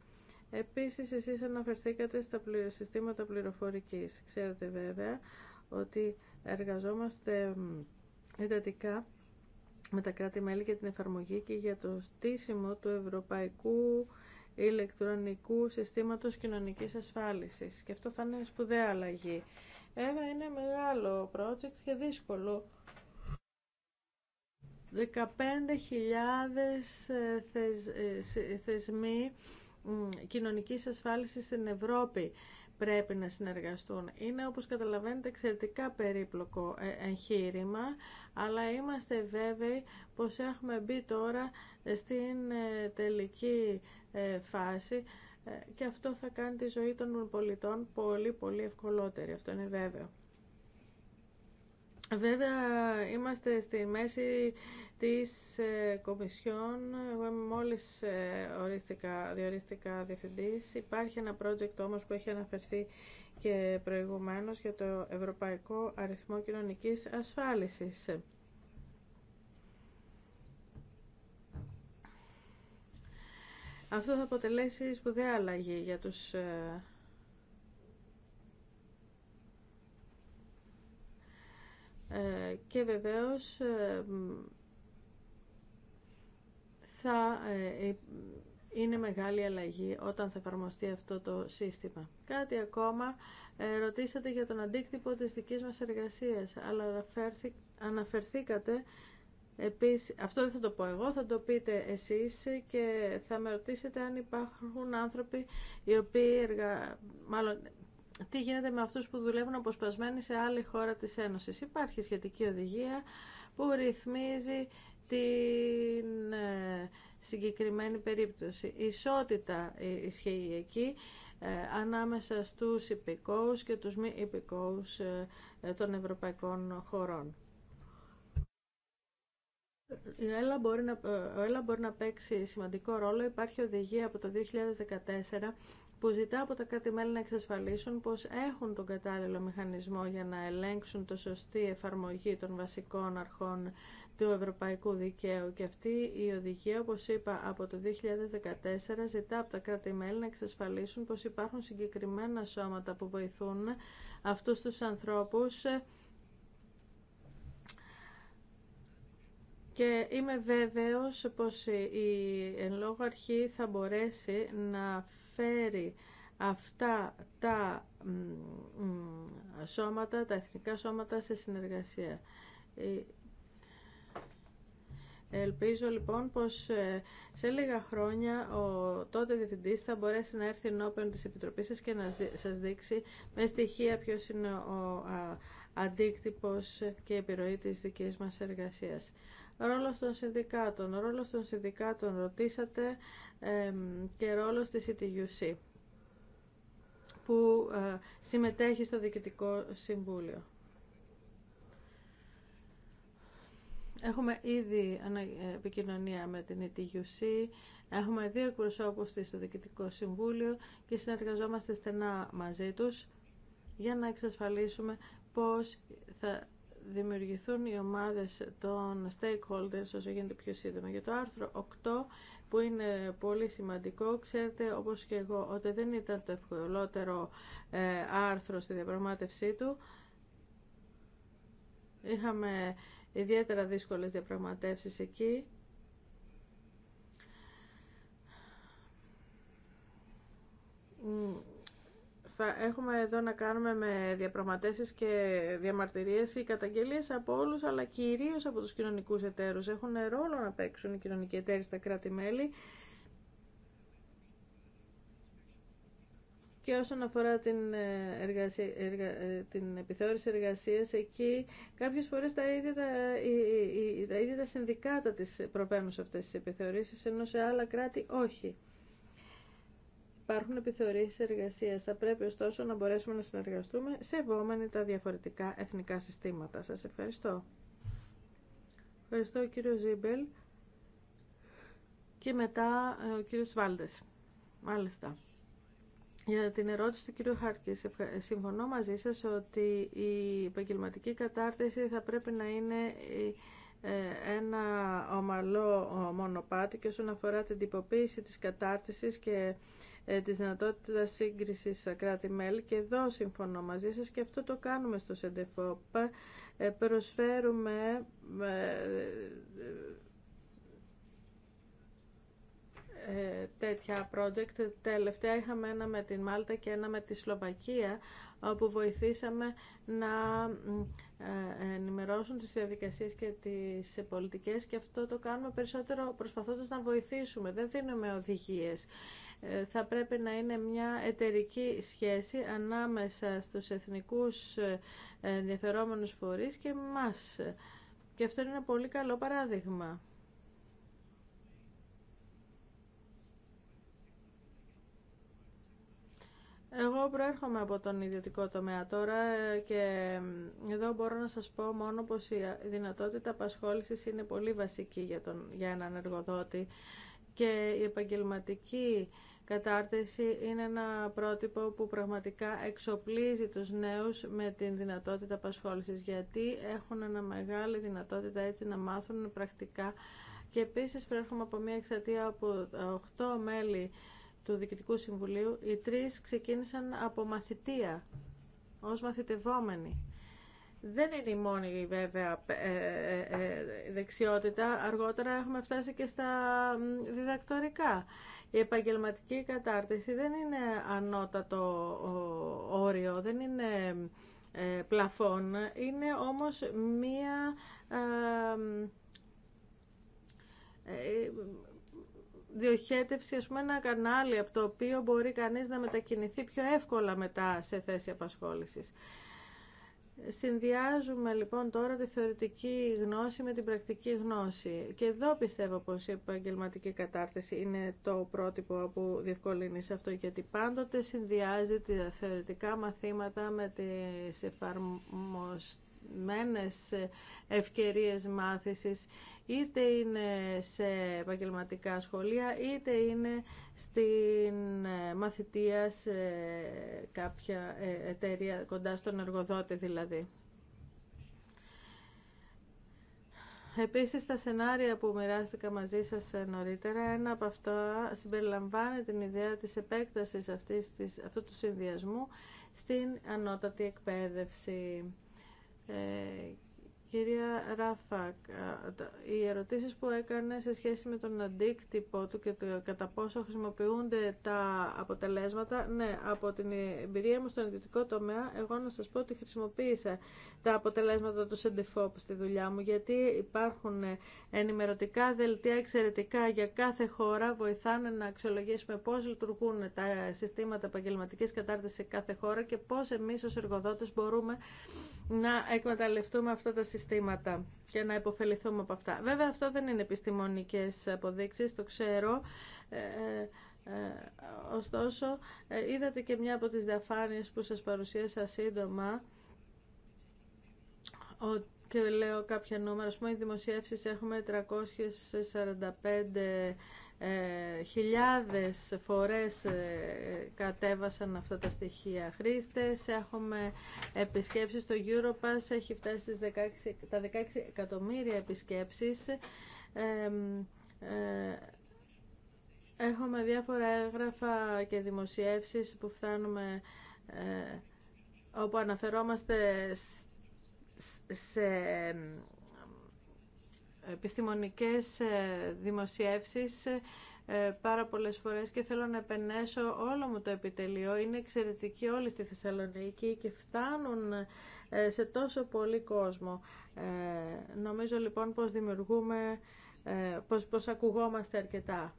Επίσης, εσείς αναφερθήκατε στα συστήματα πληροφορικής. Ξέρετε βέβαια ότι εργαζόμαστε εντατικά με τα κράτη-μέλη για την εφαρμογή και για το στήσιμο του Ευρωπαϊκού ηλεκτρονικού συστήματος κοινωνικής ασφάλισης. Και αυτό θα είναι σπουδαία αλλαγή. Ένα είναι μεγάλο project και δύσκολο 15.000 ε, ε, θεσμοί κοινωνικής ασφάλισης στην Ευρώπη πρέπει να συνεργαστούν. Είναι, όπως καταλαβαίνετε, εξαιρετικά περίπλοκο ε, εγχείρημα, αλλά είμαστε βέβαιοι πως έχουμε μπει τώρα στην τελική φάση και αυτό θα κάνει τη ζωή των πολιτών πολύ, πολύ ευκολότερη. Αυτό είναι βέβαιο. Βέβαια, είμαστε στη μέση της ε, Κομισιόν. Εγώ μόλις ε, ορίστηκα, διορίστηκα διευθυντής. Υπάρχει ένα project όμως που έχει αναφερθεί και προηγουμένως για το Ευρωπαϊκό Αριθμό Κοινωνικής Ασφάλισης. Αυτό θα αποτελέσει σπουδαία αλλαγή για τους ε, Ε, και βεβαίως ε, θα ε, είναι μεγάλη αλλαγή όταν θα εφαρμοστεί αυτό το σύστημα. Κάτι ακόμα, ρωτήσατε για τον αντίκτυπο της δικής μας εργασίας, αλλά αναφερθήκατε Επίσης, αυτό δεν θα το πω εγώ, θα το πείτε εσείς και θα με ρωτήσετε αν υπάρχουν άνθρωποι οι οποίοι εργα... μάλλον τι γίνεται με αυτούς που δουλεύουν αποσπασμένοι σε άλλη χώρα της Ένωσης. Υπάρχει σχετική οδηγία που ρυθμίζει την ε, συγκεκριμένη περίπτωση. Η ισότητα ε, ισχύει εκεί ε, ανάμεσα στους υπηκόους και τους μη υπηκόους των ευρωπαϊκών χωρών. Η να, ο ΕΛΑ μπορεί να παίξει σημαντικό ρόλο. Υπάρχει οδηγία από το 2014 που ζητά από τα κράτη-μέλη να εξασφαλίσουν πως έχουν τον κατάλληλο μηχανισμό για να ελέγξουν το σωστή εφαρμογή των βασικών αρχών του Ευρωπαϊκού Δικαίου και αυτή η οδηγία, όπως είπα, από το 2014 ζητά από τα κράτη-μέλη να εξασφαλίσουν πως υπάρχουν συγκεκριμένα σώματα που βοηθούν αυτούς τους ανθρώπους και είμαι βέβαιος πως η εν λόγω αρχή θα μπορέσει να φέρει αυτά τα σώματα, τα εθνικά σώματα σε συνεργασία. Ε, ελπίζω λοιπόν πως ε, σε λίγα χρόνια ο τότε διευθυντής θα μπορέσει να έρθει ενώπιον της Επιτροπής σας και να σας δείξει με στοιχεία ποιος είναι ο αντίκτυπος και επιρροή της δικής μας εργασίας. Ρόλος των συνδικάτων. Ρόλος των συνδικάτων ρωτήσατε και ρόλος της ETUC που ε, συμμετέχει στο Διοικητικό Συμβούλιο. Έχουμε ήδη ε, επικοινωνία με την ETUC, έχουμε δύο εκπροσώπους της στο Διοικητικό Συμβούλιο και συνεργαζόμαστε στενά μαζί τους για να εξασφαλίσουμε πώς θα δημιουργηθούν οι ομάδες των stakeholders όσο γίνεται πιο σύντομα. Για το άρθρο 8 που είναι πολύ σημαντικό, ξέρετε όπως και εγώ ότι δεν ήταν το ευκολότερο ε, άρθρο στη διαπραγμάτευσή του. Είχαμε ιδιαίτερα δύσκολες διαπραγματεύσεις εκεί θα έχουμε εδώ να κάνουμε με διαπραγματεύσεις και διαμαρτυρίες ή καταγγελίες από όλους, αλλά κυρίως από τους κοινωνικούς εταίρους. Έχουν ρόλο να παίξουν οι κοινωνικοί εταίροι στα κράτη-μέλη. Και όσον αφορά την, ε, εργασία, ε, την επιθεώρηση εργασίας, εκεί κάποιες φορές τα ίδια τα, τα, τα συνδικάτα της προβαίνουν σε αυτές τις επιθεωρήσεις, ενώ σε άλλα κράτη όχι υπάρχουν επιθεωρήσεις εργασίας. Θα πρέπει ωστόσο να μπορέσουμε να συνεργαστούμε σεβόμενοι τα διαφορετικά εθνικά συστήματα. Σας ευχαριστώ. Ευχαριστώ κύριο Ζίμπελ και μετά ε, ο κύριος Βάλτες. Μάλιστα. Για την ερώτηση του κύριου Χάρκη, συμφωνώ μαζί σας ότι η επαγγελματική κατάρτιση θα πρέπει να είναι ε, ένα ομαλό μονοπάτι και όσον αφορά την τυποποίηση της κατάρτισης και ε, της δυνατότητας σύγκρισης κράτη-μέλη και εδώ συμφωνώ μαζί σας και αυτό το κάνουμε στο ΣΕΝΤΕΦΟΠ. Ε, προσφέρουμε τέτοια project. Τελευταία είχαμε ένα με την Μάλτα και ένα με τη Σλοβακία, όπου βοηθήσαμε να ε, ενημερώσουν τις διαδικασίες και τις πολιτικές και αυτό το κάνουμε περισσότερο προσπαθώντας να βοηθήσουμε. Δεν δίνουμε οδηγίες. Ε, θα πρέπει να είναι μια εταιρική σχέση ανάμεσα στους εθνικούς ε, ενδιαφερόμενους φορείς και μας. Και αυτό είναι ένα πολύ καλό παράδειγμα. Εγώ προέρχομαι από τον ιδιωτικό τομέα τώρα και εδώ μπορώ να σας πω μόνο πως η δυνατότητα απασχόλησης είναι πολύ βασική για, τον, για έναν εργοδότη και η επαγγελματική κατάρτιση είναι ένα πρότυπο που πραγματικά εξοπλίζει τους νέους με την δυνατότητα απασχόλησης γιατί έχουν ένα μεγάλη δυνατότητα έτσι να μάθουν πρακτικά και επίσης προέρχομαι από μια εξατία από 8 μέλη του Διοικητικού Συμβουλίου, οι τρεις ξεκίνησαν από μαθητεία, ως μαθητευόμενοι. Δεν είναι η μόνη βέβαια ε, ε, ε, δεξιότητα. Αργότερα έχουμε φτάσει και στα διδακτορικά. Η επαγγελματική κατάρτιση δεν είναι ανώτατο όριο, δεν είναι πλαφόν. Είναι όμως μία διοχέτευση, ας πούμε, ένα κανάλι από το οποίο μπορεί κανείς να μετακινηθεί πιο εύκολα μετά σε θέση απασχόλησης. Συνδυάζουμε λοιπόν τώρα τη θεωρητική γνώση με την πρακτική γνώση και εδώ πιστεύω πως η επαγγελματική κατάρτιση είναι το πρότυπο που διευκολύνει σε αυτό γιατί πάντοτε συνδυάζει τα θεωρητικά μαθήματα με τις εφαρμοστές μένες ευκαιρίες μάθησης είτε είναι σε επαγγελματικά σχολεία είτε είναι στην ε, μαθητεία σε κάποια ε, εταιρεία κοντά στον εργοδότη δηλαδή. Επίσης, τα σενάρια που μοιράστηκα μαζί σας νωρίτερα, ένα από αυτά συμπεριλαμβάνει την ιδέα της επέκτασης αυτής, της, αυτού του συνδυασμού στην ανώτατη εκπαίδευση ε, κυρία Ράφακ, ε, οι ερωτήσει που έκανε σε σχέση με τον αντίκτυπο του και το κατά πόσο χρησιμοποιούνται τα αποτελέσματα, ναι, από την εμπειρία μου στον ιδιωτικό τομέα, εγώ να σας πω ότι χρησιμοποίησα τα αποτελέσματα του ΣΕΝΤΕΦΟΠ στη δουλειά μου, γιατί υπάρχουν ενημερωτικά δελτία εξαιρετικά για κάθε χώρα, βοηθάνε να αξιολογήσουμε πώς λειτουργούν τα συστήματα επαγγελματική κατάρτισης σε κάθε χώρα και πώς εμείς ως εργοδότες μπορούμε να εκμεταλλευτούμε αυτά τα συστήματα συστήματα και να υποφεληθούμε από αυτά. Βέβαια αυτό δεν είναι επιστημονικές αποδείξεις, το ξέρω. Ε, ε, ε, ωστόσο, είδατε και μια από τις διαφάνειες που σας παρουσίασα σύντομα, και λέω κάποια νούμερα, ας πούμε, οι δημοσιεύσεις έχουμε 345 ε, χιλιάδες φορές ε, κατέβασαν αυτά τα στοιχεία χρήστες. Έχουμε επισκέψεις στο Europass, έχει φτάσει στις 16, τα 16 εκατομμύρια επισκέψεις. Ε, έχουμε διάφορα έγγραφα και δημοσιεύσεις που φτάνουμε ε, όπου αναφερόμαστε σε επιστημονικές ε, δημοσιεύσεις ε, πάρα πολλές φορές και θέλω να επενέσω όλο μου το επιτελείο. Είναι εξαιρετική όλη στη Θεσσαλονίκη και φτάνουν ε, σε τόσο πολύ κόσμο. Νομίζω λοιπόν πως δημιουργούμε, πως, πως ακουγόμαστε αρκετά.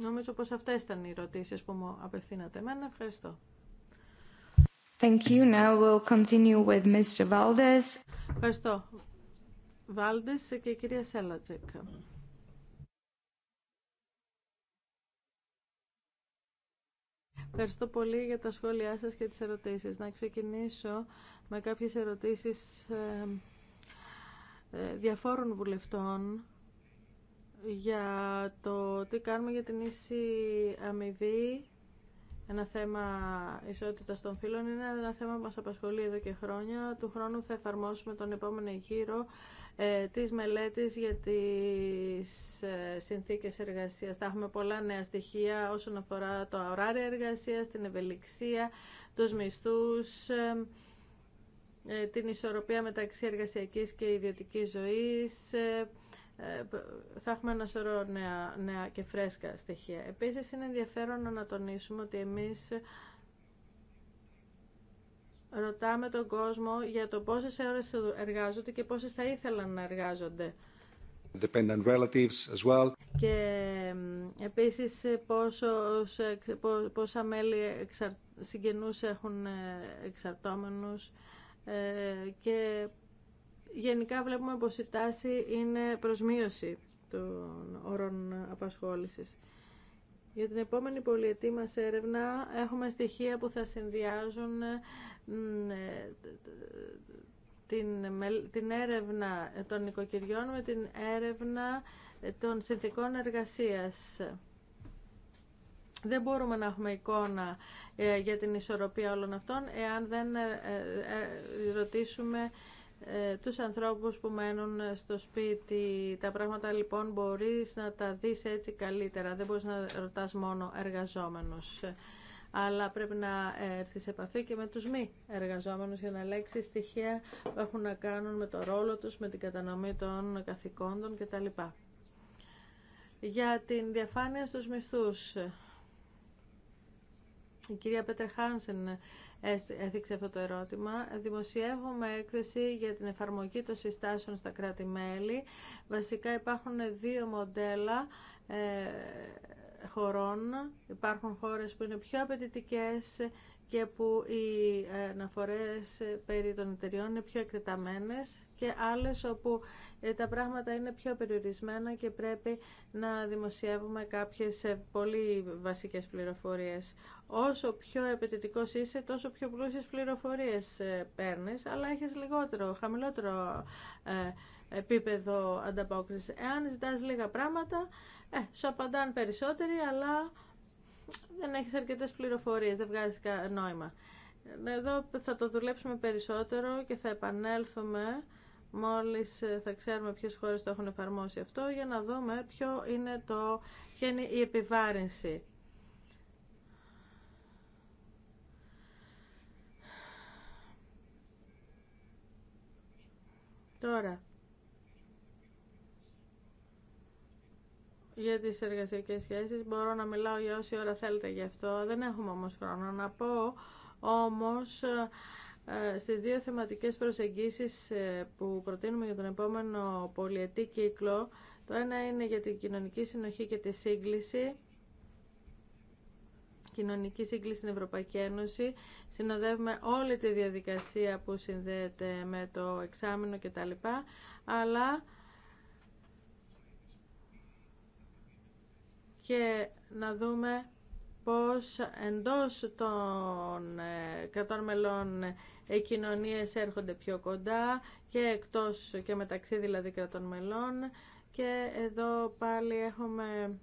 Νομίζω πως αυτές ήταν οι ερωτήσεις που μου απευθύνατε εμένα. Ευχαριστώ. Ευχαριστώ. και κυρία Ευχαριστώ πολύ για τα σχόλιά σας και τις ερωτήσεις. Να ξεκινήσω με κάποιες ερωτήσεις ε, ε, διαφόρων βουλευτών για το τι κάνουμε για την ίση αμοιβή ένα θέμα ισότητας των φύλων είναι ένα θέμα που μας απασχολεί εδώ και χρόνια. Του χρόνου θα εφαρμόσουμε τον επόμενο γύρο ε, της μελέτης για τις ε, συνθήκες εργασίας. Θα έχουμε πολλά νέα στοιχεία όσον αφορά το ωράριο εργασίας, την ευελιξία, τους μισθούς, ε, ε, την ισορροπία μεταξύ εργασιακής και ιδιωτικής ζωής, ε, θα έχουμε ένα σωρό νέα, και φρέσκα στοιχεία. Επίσης είναι ενδιαφέρον να τονίσουμε ότι εμείς ρωτάμε τον κόσμο για το πόσες ώρες εργάζονται και πόσες θα ήθελαν να εργάζονται. Και επίσης πόσο, πόσα μέλη εξαρ, έχουν ε, εξαρτώμενους ε, και γενικά βλέπουμε πως η τάση είναι προσμείωση των όρων απασχόλησης. Για την επόμενη πολιετή μας έρευνα έχουμε στοιχεία που θα συνδυάζουν ε, την έρευνα των οικοκυριών με την έρευνα ε, των συνθηκών εργασίας. Δεν μπορούμε να έχουμε εικόνα ε, για την ισορροπία όλων αυτών εάν δεν ρωτήσουμε ε, τους ανθρώπους που μένουν στο σπίτι. Τα πράγματα λοιπόν μπορείς να τα δεις έτσι καλύτερα. Δεν μπορείς να ρωτάς μόνο εργαζόμενους. Αλλά πρέπει να ε, έρθει σε επαφή και με τους μη εργαζόμενους για να λέξει στοιχεία που έχουν να κάνουν με το ρόλο τους, με την κατανομή των καθηκόντων κτλ. Για την διαφάνεια στους μισθούς. Η κυρία Πέτρε Χάνσεν Έθιξε αυτό το ερώτημα. Δημοσιεύουμε έκθεση για την εφαρμογή των συστάσεων στα κράτη-μέλη. Βασικά υπάρχουν δύο μοντέλα ε, χωρών. Υπάρχουν χώρες που είναι πιο απαιτητικέ και που οι αναφορές περί των εταιριών είναι πιο εκτεταμένες και άλλες όπου ε, τα πράγματα είναι πιο περιορισμένα και πρέπει να δημοσιεύουμε κάποιες ε, πολύ βασικές πληροφορίες. Όσο πιο επαιτητικός είσαι, τόσο πιο πλούσιες πληροφορίες ε, παίρνει, αλλά έχεις λιγότερο, χαμηλότερο ε, επίπεδο ανταπόκριση. Εάν ζητά λίγα πράγματα, ε, σου απαντάνε περισσότεροι, αλλά δεν έχεις αρκετές πληροφορίες, δεν βγάζει νόημα. Εδώ θα το δουλέψουμε περισσότερο και θα επανέλθουμε μόλις ε, θα ξέρουμε ποιες χώρες το έχουν εφαρμόσει αυτό για να δούμε ποιο είναι είναι η επιβάρυνση. Τώρα, για τις εργασιακές σχέσεις μπορώ να μιλάω για όση ώρα θέλετε γι' αυτό. Δεν έχουμε όμως χρόνο να πω όμως ε, στις δύο θεματικές προσεγγίσεις ε, που προτείνουμε για τον επόμενο πολιετή κύκλο. Το ένα είναι για την κοινωνική συνοχή και τη σύγκληση κοινωνική σύγκληση στην Ευρωπαϊκή Ένωση. Συνοδεύουμε όλη τη διαδικασία που συνδέεται με το εξάμεινο κτλ. Αλλά και να δούμε πως εντός των ε, κρατών μελών οι κοινωνίες έρχονται πιο κοντά και εκτός και μεταξύ δηλαδή κρατών μελών και εδώ πάλι έχουμε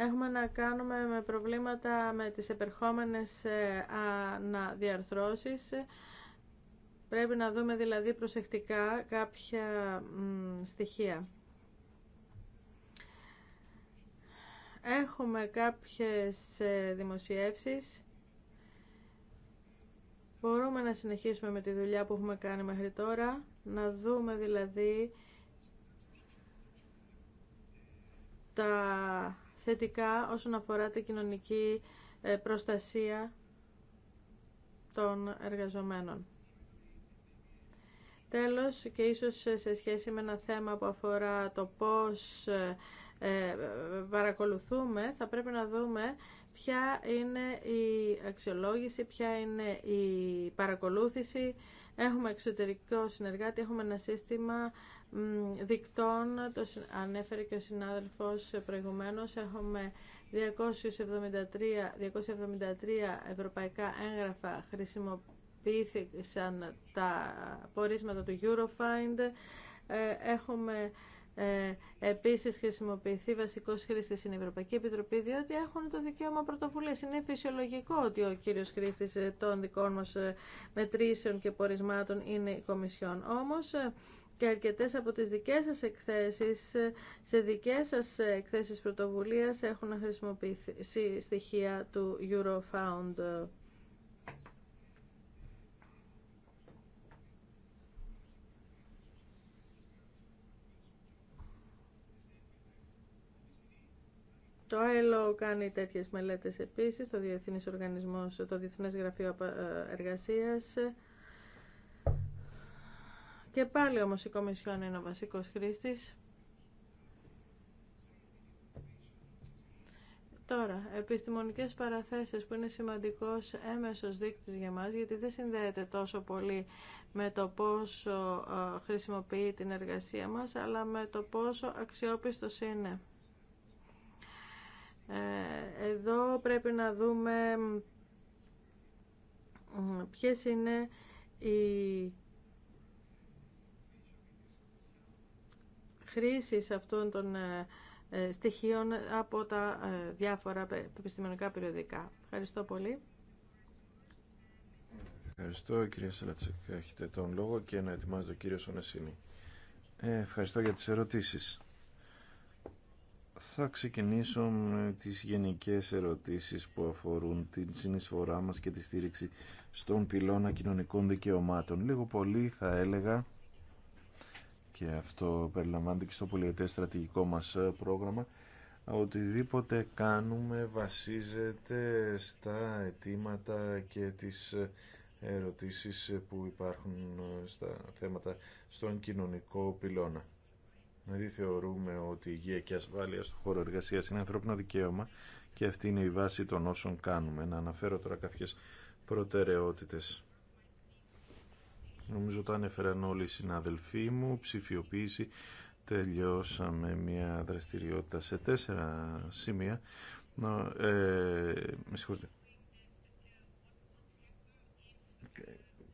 Έχουμε να κάνουμε με προβλήματα με τις επερχόμενες ε, αναδιαρθρώσεις. Πρέπει να δούμε δηλαδή προσεκτικά κάποια στοιχεία. Έχουμε κάποιες ε, δημοσιεύσεις. Μπορούμε να συνεχίσουμε με τη δουλειά που έχουμε κάνει μέχρι τώρα, να δούμε δηλαδή τα θετικά όσον αφορά την κοινωνική ε, προστασία των εργαζομένων. Τέλος, και ίσως σε σχέση με ένα θέμα που αφορά το πώς ε, ε, παρακολουθούμε, θα πρέπει να δούμε ποια είναι η αξιολόγηση, ποια είναι η παρακολούθηση. Έχουμε εξωτερικό συνεργάτη, έχουμε ένα σύστημα δικτών, το ανέφερε και ο συνάδελφος προηγουμένως, έχουμε 273, 273 ευρωπαϊκά έγγραφα χρησιμοποιήθηκαν τα πορίσματα του Eurofind. Ε, έχουμε ε, επίσης χρησιμοποιηθεί βασικός χρήστης στην Ευρωπαϊκή Επιτροπή διότι έχουν το δικαίωμα πρωτοβουλίας. Είναι φυσιολογικό ότι ο κύριος χρήστης των δικών μας μετρήσεων και πορισμάτων είναι η Κομισιόν. Όμως και αρκετές από τις δικές σας εκθέσεις, σε δικές σας εκθέσεις πρωτοβουλίας έχουν χρησιμοποιήσει στοιχεία του Eurofound. Το ΑΕΛΟ κάνει τέτοιες μελέτες επίσης, το Διεθνής Οργανισμός, το Διεθνές Γραφείο ε, Εργασίας. Και πάλι όμως η Κομισιόν είναι ο βασικός χρήστης. Τώρα, επιστημονικές παραθέσεις που είναι σημαντικός έμεσος δείκτης για μας, γιατί δεν συνδέεται τόσο πολύ με το πόσο ε, χρησιμοποιεί την εργασία μας, αλλά με το πόσο αξιόπιστος είναι. Ε, εδώ πρέπει να δούμε ποιες είναι οι χρήσης αυτών των ε, ε, στοιχείων από τα ε, διάφορα επιστημονικά περιοδικά. Ευχαριστώ πολύ. Ευχαριστώ κυρία Σελατσεκ. Έχετε τον λόγο και να ετοιμάζετε ο κύριος Ωνεσίνη. Ε, ευχαριστώ για τις ερωτήσεις. Θα ξεκινήσω με τις γενικές ερωτήσεις που αφορούν την συνεισφορά μας και τη στήριξη στον πυλώνα κοινωνικών δικαιωμάτων. Λίγο πολύ θα έλεγα και αυτό περιλαμβάνεται και στο πολυετές στρατηγικό μας ε, πρόγραμμα οτιδήποτε κάνουμε βασίζεται στα αιτήματα και τις ε, ερωτήσεις ε, που υπάρχουν στα θέματα στον κοινωνικό πυλώνα. Δηλαδή θεωρούμε ότι η υγεία και η ασφάλεια στον χώρο εργασίας είναι ανθρώπινο δικαίωμα και αυτή είναι η βάση των όσων κάνουμε. Να αναφέρω τώρα κάποιες προτεραιότητες Νομίζω το ανέφεραν όλοι οι συναδελφοί μου. Ψηφιοποίηση τελειώσαμε μια δραστηριότητα σε τέσσερα σημεία. Ε, με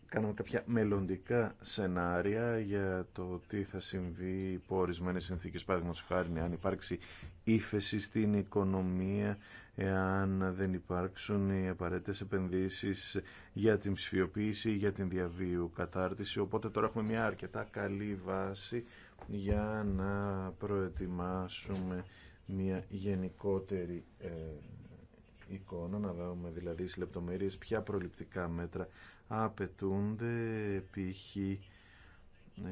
Κάναμε κάποια μελλοντικά σενάρια για το τι θα συμβεί υπό ορισμένε συνθήκε. Παραδείγματο χάρη, αν υπάρξει ύφεση στην οικονομία, εάν δεν υπάρξουν οι απαραίτητες επενδύσεις για την ψηφιοποίηση, ή για την διαβίου κατάρτιση. Οπότε τώρα έχουμε μια αρκετά καλή βάση για να προετοιμάσουμε μια γενικότερη ε, εικόνα, να δούμε δηλαδή στις λεπτομέρειες ποια προληπτικά μέτρα απαιτούνται, π.χ. Ναι,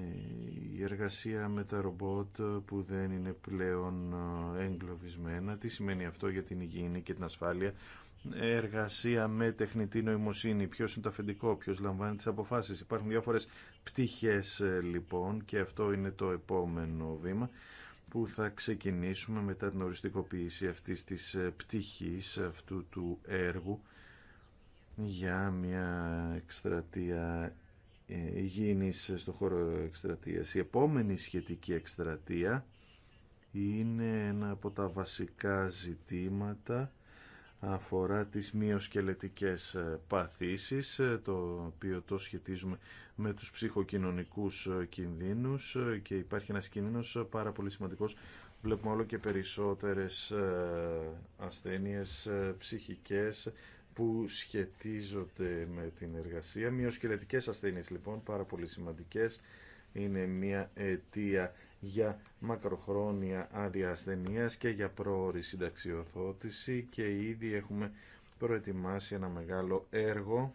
η εργασία με τα ρομπότ που δεν είναι πλέον ε, εγκλωβισμένα. Τι σημαίνει αυτό για την υγιεινή και την ασφάλεια. Εργασία με τεχνητή νοημοσύνη. Ποιο είναι το αφεντικό, ποιο λαμβάνει τι αποφάσει. Υπάρχουν διάφορε πτυχέ ε, λοιπόν και αυτό είναι το επόμενο βήμα που θα ξεκινήσουμε μετά την οριστικοποίηση αυτή της ε, πτυχής αυτού του έργου για μια εκστρατεία ε, γίνεις στο χώρο εκστρατείας. Η επόμενη σχετική εκστρατεία είναι ένα από τα βασικά ζητήματα αφορά τις μειοσκελετικές ε, παθήσεις, ε, το οποίο το σχετίζουμε με τους ψυχοκοινωνικούς κινδύνους και υπάρχει ένας κίνδυνος πάρα πολύ σημαντικός. Βλέπουμε όλο και περισσότερες ασθένειες ψυχικές που σχετίζονται με την εργασία. Μειοσκελετικές ασθένειες λοιπόν, πάρα πολύ σημαντικές, είναι μια αιτία για μακροχρόνια άδεια και για πρόορη συνταξιοδότηση και ήδη έχουμε προετοιμάσει ένα μεγάλο έργο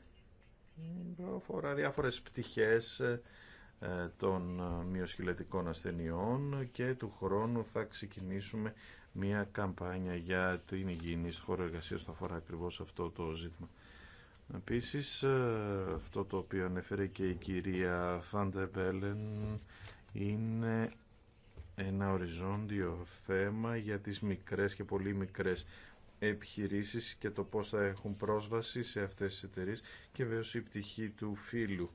που αφορά διάφορες πτυχές ε, των μειοσχηλετικών ασθενειών και του χρόνου θα ξεκινήσουμε μια καμπάνια για την υγιεινή στο χώρο εργασίας που αφορά ακριβώς αυτό το ζήτημα. Επίση, ε, αυτό το οποίο ανέφερε και η κυρία Φαντεμπέλεν είναι ένα οριζόντιο θέμα για τις μικρές και πολύ μικρές επιχειρήσεις και το πώς θα έχουν πρόσβαση σε αυτές τις εταιρείες και βέβαια η πτυχή του φύλου.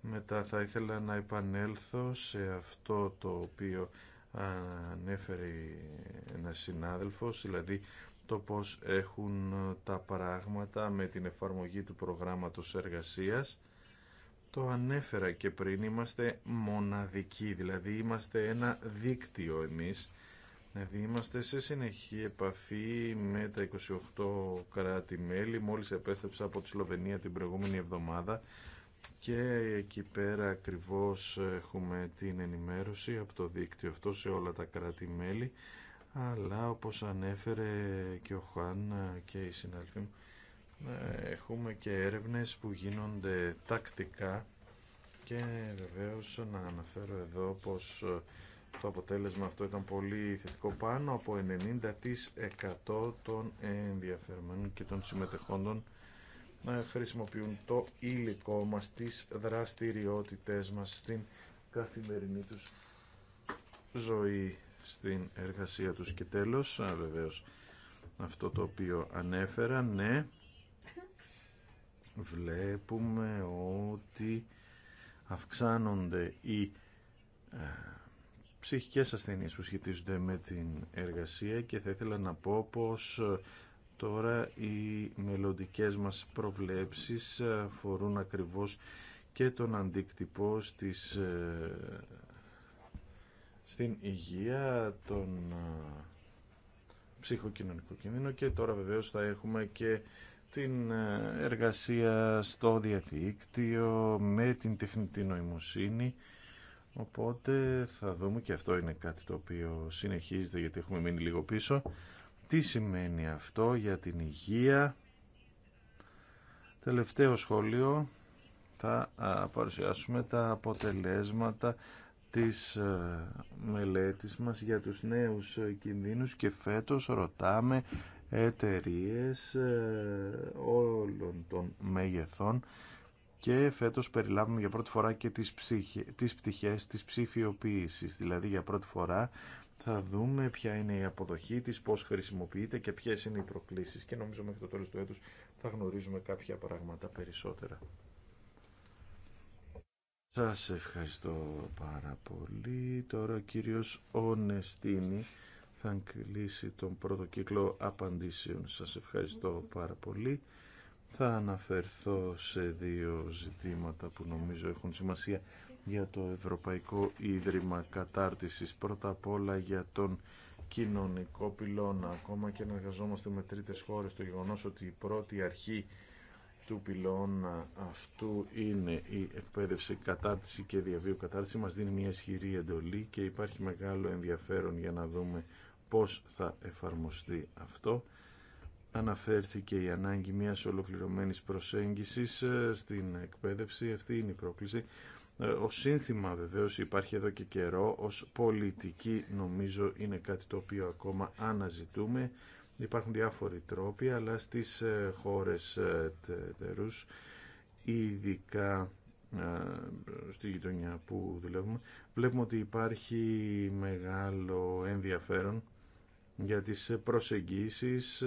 Μετά θα ήθελα να επανέλθω σε αυτό το οποίο ανέφερε ένας συνάδελφος, δηλαδή το πώς έχουν τα πράγματα με την εφαρμογή του προγράμματος εργασίας. Το ανέφερα και πριν, είμαστε μοναδικοί, δηλαδή είμαστε ένα δίκτυο εμείς, δηλαδή είμαστε σε συνεχή επαφή με τα 28 κράτη-μέλη, μόλις επέστρεψα από τη Σλοβενία την προηγούμενη εβδομάδα, και εκεί πέρα ακριβώς έχουμε την ενημέρωση από το δίκτυο αυτό σε όλα τα κράτη-μέλη αλλά όπως ανέφερε και ο Χάν και οι συνάδελφοί ε, έχουμε και έρευνες που γίνονται τακτικά και βεβαίως να αναφέρω εδώ πως ε, το αποτέλεσμα αυτό ήταν πολύ θετικό πάνω από 90% των ενδιαφερμένων και των συμμετεχόντων να χρησιμοποιούν το υλικό μας, τις δραστηριότητές μας στην καθημερινή τους ζωή, στην εργασία τους. Και τέλος, α, βεβαίως, αυτό το οποίο ανέφερα, ναι, βλέπουμε ότι αυξάνονται οι ψυχικές ασθένειες που σχετίζονται με την εργασία και θα ήθελα να πω πως Τώρα οι μελλοντικέ μας προβλέψεις ε, αφορούν ακριβώς και τον αντίκτυπο ε, στην υγεία, τον ε, ψυχοκοινωνικό κίνδυνο και τώρα βεβαίως θα έχουμε και την εργασία στο διαδίκτυο με την τεχνητή νοημοσύνη οπότε θα δούμε και αυτό είναι κάτι το οποίο συνεχίζεται γιατί έχουμε μείνει λίγο πίσω τι σημαίνει αυτό για την υγεία. Τελευταίο σχόλιο θα παρουσιάσουμε τα αποτελέσματα της ε, μελέτης μας για τους νέους κινδύνους και φέτος ρωτάμε εταιρείες ε, όλων των μεγεθών και φέτος περιλάβουμε για πρώτη φορά και τις, ψυχε, τις πτυχές της ψηφιοποίησης. Δηλαδή για πρώτη φορά θα δούμε ποια είναι η αποδοχή της, πώς χρησιμοποιείται και ποιες είναι οι προκλήσεις και νομίζω μέχρι το τέλος του έτους θα γνωρίζουμε κάποια πράγματα περισσότερα. Σας ευχαριστώ πάρα πολύ. Τώρα ο κύριος Ωνεστίνη θα κλείσει τον πρώτο κύκλο απαντήσεων. Σας ευχαριστώ πάρα πολύ. Θα αναφερθώ σε δύο ζητήματα που νομίζω έχουν σημασία για το Ευρωπαϊκό Ίδρυμα Κατάρτισης. Πρώτα απ' όλα για τον κοινωνικό πυλώνα. Ακόμα και να εργαζόμαστε με τρίτες χώρες, το γεγονός ότι η πρώτη αρχή του πυλώνα αυτού είναι η εκπαίδευση, κατάρτιση και διαβίου κατάρτιση μας δίνει μια ισχυρή εντολή και υπάρχει μεγάλο ενδιαφέρον για να δούμε πώς θα εφαρμοστεί αυτό. Αναφέρθηκε η ανάγκη μιας ολοκληρωμένης προσέγγισης ε, στην εκπαίδευση, αυτή είναι η πρόκληση ε, ο σύνθημα βεβαίως υπάρχει εδώ και καιρό ως πολιτική νομίζω είναι κάτι το οποίο ακόμα αναζητούμε. Υπάρχουν διάφοροι τρόποι αλλά στις ε, χώρες ε, τερούς ειδικά στη γειτονιά που δουλεύουμε βλέπουμε ότι υπάρχει μεγάλο ενδιαφέρον για τις προσεγγίσεις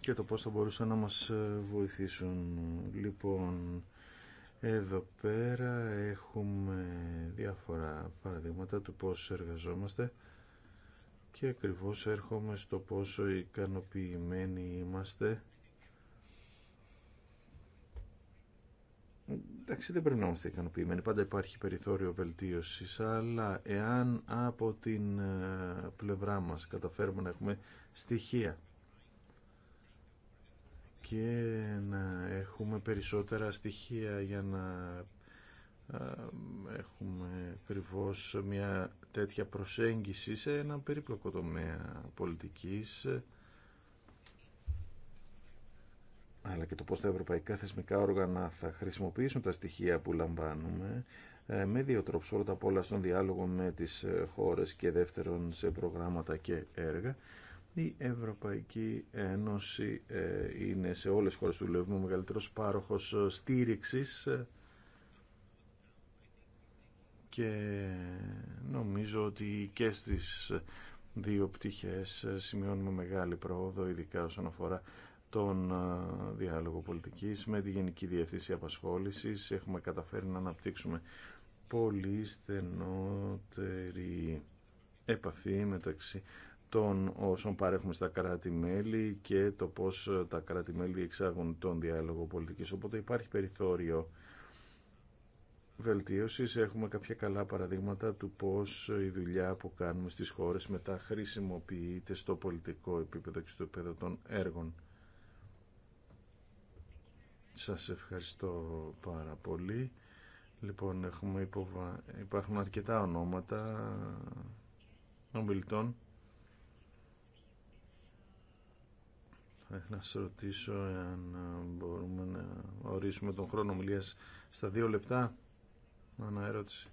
και το πώς θα μπορούσαν να μας βοηθήσουν. Λοιπόν, εδώ πέρα έχουμε διάφορα παραδείγματα του πώς εργαζόμαστε και ακριβώς έρχομαι στο πόσο ικανοποιημένοι είμαστε. Εντάξει, δεν πρέπει να είμαστε ικανοποιημένοι. Πάντα υπάρχει περιθώριο βελτίωσης, αλλά εάν από την ε, πλευρά μας καταφέρουμε να έχουμε στοιχεία και να έχουμε περισσότερα στοιχεία για να έχουμε ακριβώ μια τέτοια προσέγγιση σε ένα περίπλοκο τομέα πολιτικής αλλά και το πώς τα ευρωπαϊκά θεσμικά όργανα θα χρησιμοποιήσουν τα στοιχεία που λαμβάνουμε ε, με δύο τρόπους. Πρώτα απ' όλα στον διάλογο με τις ε, χώρες και δεύτερον σε προγράμματα και έργα η Ευρωπαϊκή Ένωση ε, είναι σε όλες τις χώρες του δουλεύουμε ο μεγαλύτερος πάροχος ε, στήριξης ε, και νομίζω ότι και στις δύο πτυχές σημειώνουμε μεγάλη πρόοδο ειδικά όσον αφορά τον διάλογο πολιτικής με τη Γενική Διευθύνση Απασχόλησης έχουμε καταφέρει να αναπτύξουμε πολύ στενότερη επαφή μεταξύ των όσων παρέχουμε στα κράτη-μέλη και το πώς ε, τα κράτη-μέλη εξάγουν τον διάλογο πολιτικής. Οπότε υπάρχει περιθώριο βελτίωσης. Έχουμε κάποια καλά παραδείγματα του πώς ε, η δουλειά που κάνουμε στις χώρες μετά χρησιμοποιείται στο πολιτικό επίπεδο και στο επίπεδο των έργων. Σας ευχαριστώ πάρα πολύ. Λοιπόν, έχουμε υπάρχουν αρκετά ονόματα ομιλητών. να σε ρωτήσω αν μπορούμε να ορίσουμε τον χρόνο ομιλίας στα δύο λεπτά. Ανά ερώτηση.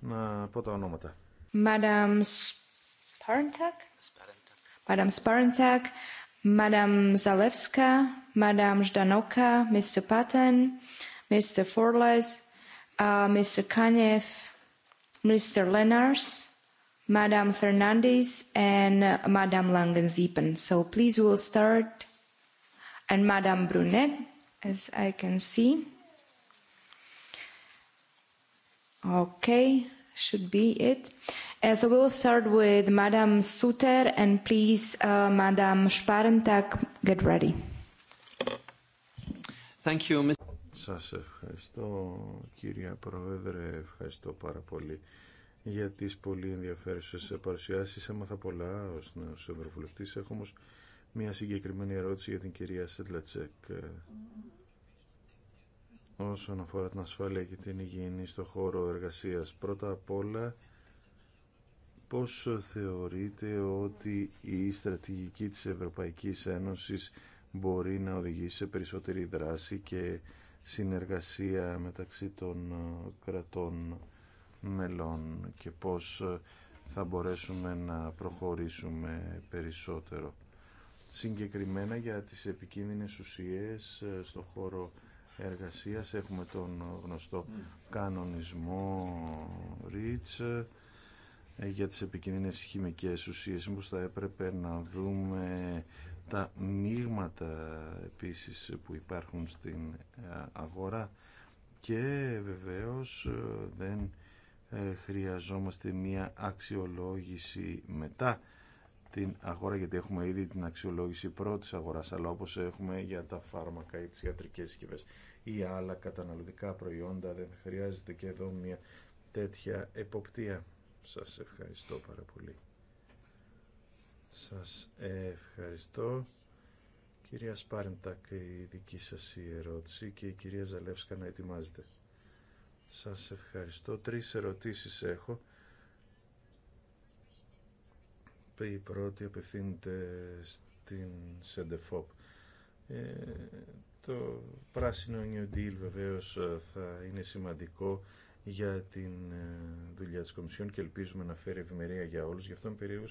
Να πω τα ονόματα. Madam Sparentak, Madam Sparentak, Madam Zalewska, Madam Zdanoka, Mr. Patton, Mr. Forles, uh, Mr. Kanev, Mr. Lenars, Madame Fernandez and Madame Langenziepen. So please we'll start. And Madame Brunet, as I can see. Okay, should be it. So we'll start with Madame Suter and please Madame Sparentak, get ready. Thank you, Σας ευχαριστώ, κυρία Πρόεδρε, ευχαριστώ πάρα πολύ για τι πολύ ενδιαφέρουσε παρουσιάσει. Έμαθα πολλά ω νέο ευρωβουλευτή. Έχω όμως μια συγκεκριμένη ερώτηση για την κυρία Σέντλατσεκ όσον αφορά την ασφάλεια και την υγιεινή στο χώρο εργασίας. Πρώτα απ' όλα, πώς θεωρείτε ότι η στρατηγική της Ευρωπαϊκής Ένωσης μπορεί να οδηγήσει σε περισσότερη δράση και συνεργασία μεταξύ των ε, κρατών μελών και πώς ε, θα μπορέσουμε να προχωρήσουμε περισσότερο. Συγκεκριμένα για τις επικίνδυνες ουσίες ε, στο χώρο εργασίας έχουμε τον γνωστό κανονισμό REACH ε, για τις επικίνδυνες χημικές ουσίες που θα έπρεπε να δούμε τα μείγματα επίσης που υπάρχουν στην αγορά και βεβαίως δεν ε, χρειαζόμαστε μια αξιολόγηση μετά την αγορά γιατί έχουμε ήδη την αξιολόγηση πρώτης αγοράς αλλά όπως έχουμε για τα φάρμακα ή τις ιατρικές συσκευές ή άλλα καταναλωτικά προϊόντα δεν χρειάζεται και εδώ μια τέτοια εποπτεία. Σας ευχαριστώ πάρα πολύ. Σας ευχαριστώ. Κυρία Σπάρντακ, η δική σας ερώτηση και η κυρία Ζαλεύσκα να ετοιμάζεται. Σας ευχαριστώ. Τρεις ερωτήσεις έχω. Η πρώτη απευθύνεται στην Σεντεφόπ. Ε, το πράσινο New Deal βεβαίως ε, θα είναι σημαντικό για την ε, δουλειά της Κομισιόν και ελπίζουμε να φέρει ευημερία για όλους. Γι' αυτό είμαι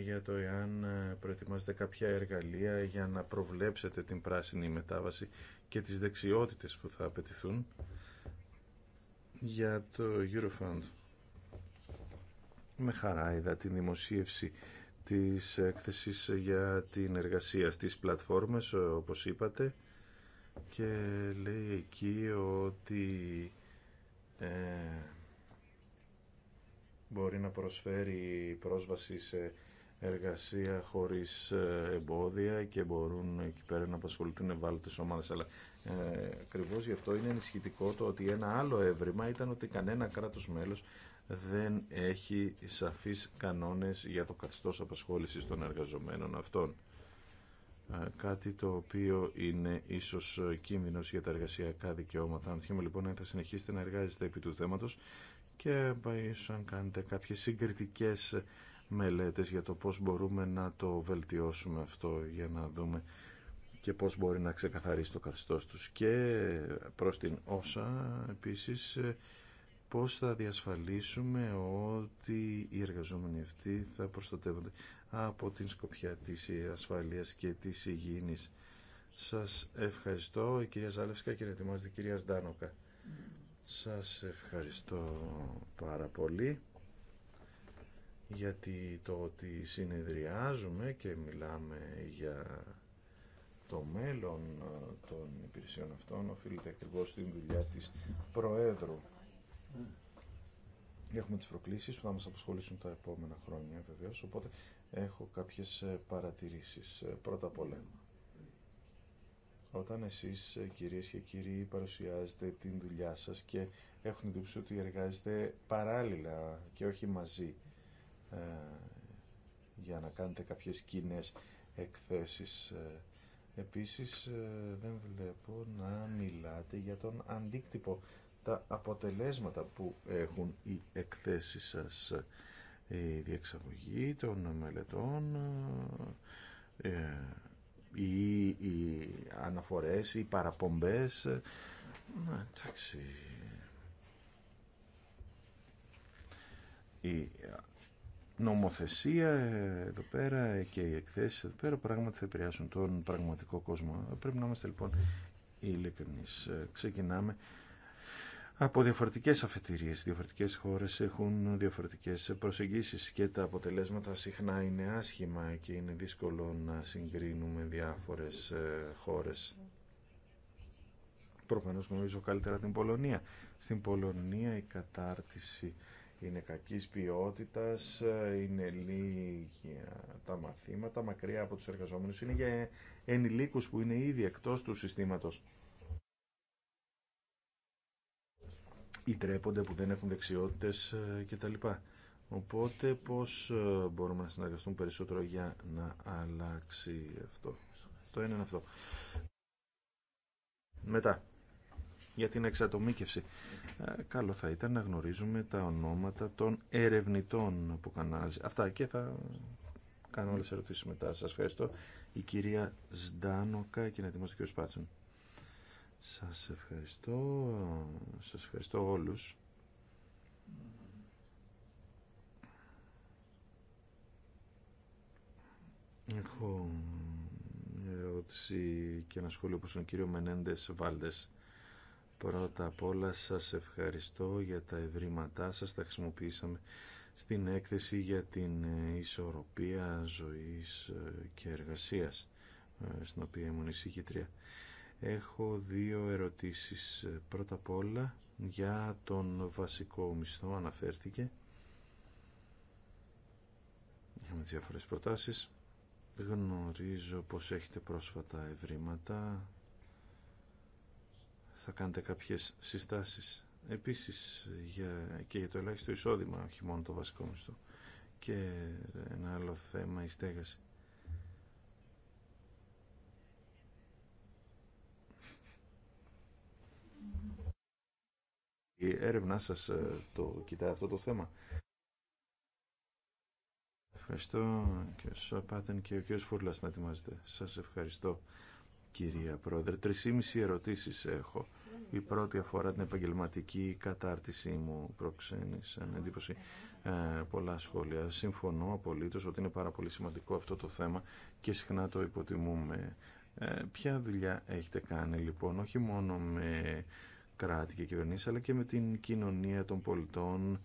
για το εάν προετοιμάζετε κάποια εργαλεία για να προβλέψετε την πράσινη μετάβαση και τις δεξιότητες που θα απαιτηθούν για το Eurofund. Με χαρά είδα την δημοσίευση της έκθεσης για την εργασία στις πλατφόρμες, όπως είπατε, και λέει εκεί ότι ε, μπορεί να προσφέρει πρόσβαση σε εργασία χωρίς ε, εμπόδια και μπορούν εκεί πέρα να απασχοληθούν ευάλωτες ομάδες. Αλλά ε, ακριβώς γι' αυτό είναι ενισχυτικό το ότι ένα άλλο έβριμα ήταν ότι κανένα κράτος μέλος δεν έχει σαφείς κανόνες για το καθεστώ απασχόληση των εργαζομένων αυτών. Ε, κάτι το οποίο είναι ίσως ε, κίνδυνο για τα εργασιακά δικαιώματα. Αναρωτιέμαι λοιπόν να θα συνεχίσετε να εργάζεστε επί του θέματος και ε, ίσω αν κάνετε κάποιε συγκριτικέ μελέτες για το πώς μπορούμε να το βελτιώσουμε αυτό για να δούμε και πώς μπορεί να ξεκαθαρίσει το καθεστώς τους και προς την όσα επίσης πώς θα διασφαλίσουμε ότι οι εργαζόμενοι αυτοί θα προστατεύονται από την σκοπιά της ασφαλείας και της υγιεινής. Σας ευχαριστώ η κυρία Ζάλευσκα και ετοιμάζεται η κυρία Σντάνοκα. Σας ευχαριστώ πάρα πολύ γιατί το ότι συνεδριάζουμε και μιλάμε για το μέλλον ε, των υπηρεσιών αυτών οφείλεται ακριβώ στην δουλειά της Προέδρου. Έχουμε τις προκλήσεις που θα μας απασχολήσουν τα επόμενα χρόνια βεβαίω. οπότε έχω κάποιες ε, παρατηρήσεις. Ε, πρώτα απ' όλα, όταν εσείς κυρίες και κύριοι παρουσιάζετε την δουλειά σας και έχουν εντύπωση ότι εργάζεστε παράλληλα και όχι μαζί για να κάνετε κάποιες κοινέ εκθέσεις Επίσης ε, δεν βλέπω να μιλάτε για τον αντίκτυπο, τα αποτελέσματα που έχουν οι εκθέσεις σας. Η διεξαγωγή των μελετών, ε, ε, οι, οι αναφορές, οι παραπομπές. εντάξει νομοθεσία ε, εδώ πέρα και οι εκθέσεις εδώ πέρα πράγματι θα επηρεάσουν τον πραγματικό κόσμο. Πρέπει να είμαστε λοιπόν ειλικρινείς. Ε, ξεκινάμε από διαφορετικές αφετηρίες. Διαφορετικές χώρες έχουν διαφορετικές προσεγγίσεις και τα αποτελέσματα συχνά είναι άσχημα και είναι δύσκολο να συγκρίνουμε διάφορες ε, χώρες. Προφανώς γνωρίζω καλύτερα την Πολωνία. Στην Πολωνία η κατάρτιση είναι κακής ποιότητας, είναι λίγα τα μαθήματα, μακριά από τους εργαζόμενους, είναι για ενηλίκους που είναι ήδη εκτός του συστήματος. Ή τρέπονται που δεν έχουν δεξιότητες ε, κτλ. Οπότε πώς ε, μπορούμε να συνεργαστούμε περισσότερο για να αλλάξει αυτό. Το ένα είναι αυτό. Μετά, για την εξατομίκευση. Ε, καλό θα ήταν να γνωρίζουμε τα ονόματα των ερευνητών που κανάζει. Αυτά και θα κάνω όλες τις ερωτήσεις μετά. Σας ευχαριστώ. Η κυρία Σντάνοκα και να ετοιμάσω κύριο Σπάτσον. Σας ευχαριστώ. Σας ευχαριστώ όλους. Έχω ερώτηση και ένα σχόλιο προς τον κύριο Μενέντες Βάλτες. Πρώτα απ' όλα σας ευχαριστώ για τα ευρήματά σας, τα χρησιμοποιήσαμε στην έκθεση για την ε, ισορροπία ζωής ε, και εργασίας, ε, στην οποία ήμουν εισηγητρία. Έχω δύο ερωτήσεις. Πρώτα απ' όλα για τον βασικό μισθό αναφέρθηκε. Είχαμε διάφορες προτάσεις. Γνωρίζω πως έχετε πρόσφατα ευρήματα θα κάνετε κάποιες συστάσεις επίσης για, και για το ελάχιστο εισόδημα, όχι μόνο το βασικό μισθό και ένα άλλο θέμα η στέγαση. Η έρευνά σας ε, το κοιτάει αυτό το θέμα. Ευχαριστώ και ο Σαπάτεν και ο κ. Φούρλας να ετοιμάζετε. Σας ευχαριστώ κυρία Πρόεδρε. Τρεις ερωτήσεις έχω η πρώτη αφορά την επαγγελματική κατάρτιση μου προξένησε. εντύπωση ε, πολλά σχόλια. Συμφωνώ απολύτως ότι είναι πάρα πολύ σημαντικό αυτό το θέμα και συχνά το υποτιμούμε. Ε, ποια δουλειά έχετε κάνει λοιπόν, όχι μόνο με κράτη και κυβερνήσει, αλλά και με την κοινωνία των πολιτών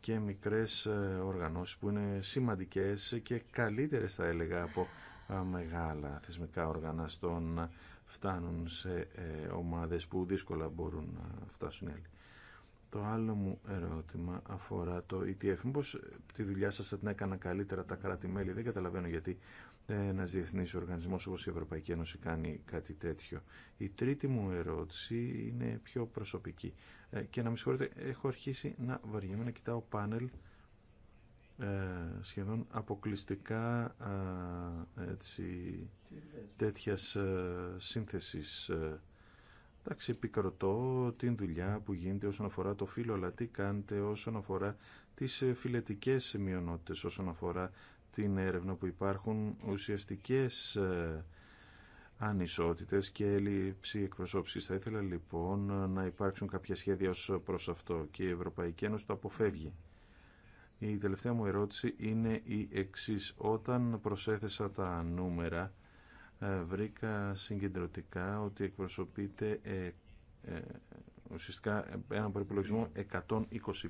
και μικρές ε, οργανώσεις που είναι σημαντικές και καλύτερες θα έλεγα από ε, μεγάλα θεσμικά οργανά στον φτάνουν σε ε, ομάδες που δύσκολα μπορούν να φτάσουν άλλοι. Το άλλο μου ερώτημα αφορά το ETF. Μήπω ε, τη δουλειά σας θα την έκανα καλύτερα τα κράτη-μέλη. Δεν καταλαβαίνω γιατί ένα διεθνή οργανισμός όπω η Ευρωπαϊκή Ένωση κάνει κάτι τέτοιο. Η τρίτη μου ερώτηση είναι πιο προσωπική. Ε, και να με συγχωρείτε, έχω αρχίσει να βαριέμαι να κοιτάω πάνελ ε, σχεδόν αποκλειστικά έτσι, τέτοιας ε, σύνθεσης. Ε, εντάξει, επικροτώ την δουλειά που γίνεται όσον αφορά το φύλλο, αλλά τι κάνετε όσον αφορά τις φιλετικές μειονότητες, όσον αφορά την έρευνα που υπάρχουν ουσιαστικές ανισότητες και έλλειψη εκπροσώψης. Θα ήθελα λοιπόν να υπάρξουν κάποια σχέδια ως προς αυτό και η Ευρωπαϊκή Ένωση το αποφεύγει. Η τελευταία μου ερώτηση είναι η εξής. Όταν προσέθεσα τα νούμερα, ε, βρήκα συγκεντρωτικά ότι εκπροσωπείται ε, ε ουσιαστικά έναν προπολογισμό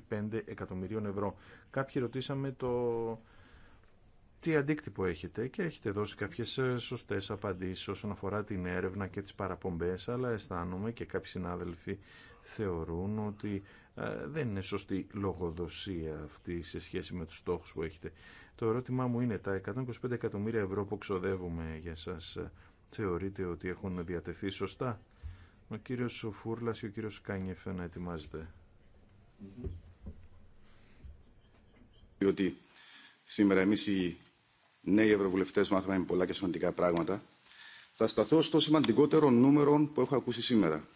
125 εκατομμυρίων ευρώ. Κάποιοι ρωτήσαμε το τι αντίκτυπο έχετε και έχετε δώσει κάποιες ε, σωστές απαντήσεις όσον αφορά την έρευνα και τις παραπομπές, αλλά αισθάνομαι και κάποιοι συνάδελφοι θεωρούν ότι ε, δεν είναι σωστή λογοδοσία αυτή σε σχέση με τους στόχους που έχετε. Το ερώτημά μου είναι τα 125 εκατομμύρια ευρώ που ξοδεύουμε για σας ε, θεωρείτε ότι έχουν διατεθεί σωστά. Ο κύριος Φούρλας και ο κύριος Κάνιεφ να ετοιμάζεται. Διότι σήμερα εμείς οι νέοι ευρωβουλευτές μάθαμε πολλά και σημαντικά πράγματα. Θα σταθώ στο σημαντικότερο νούμερο που έχω ακούσει σήμερα.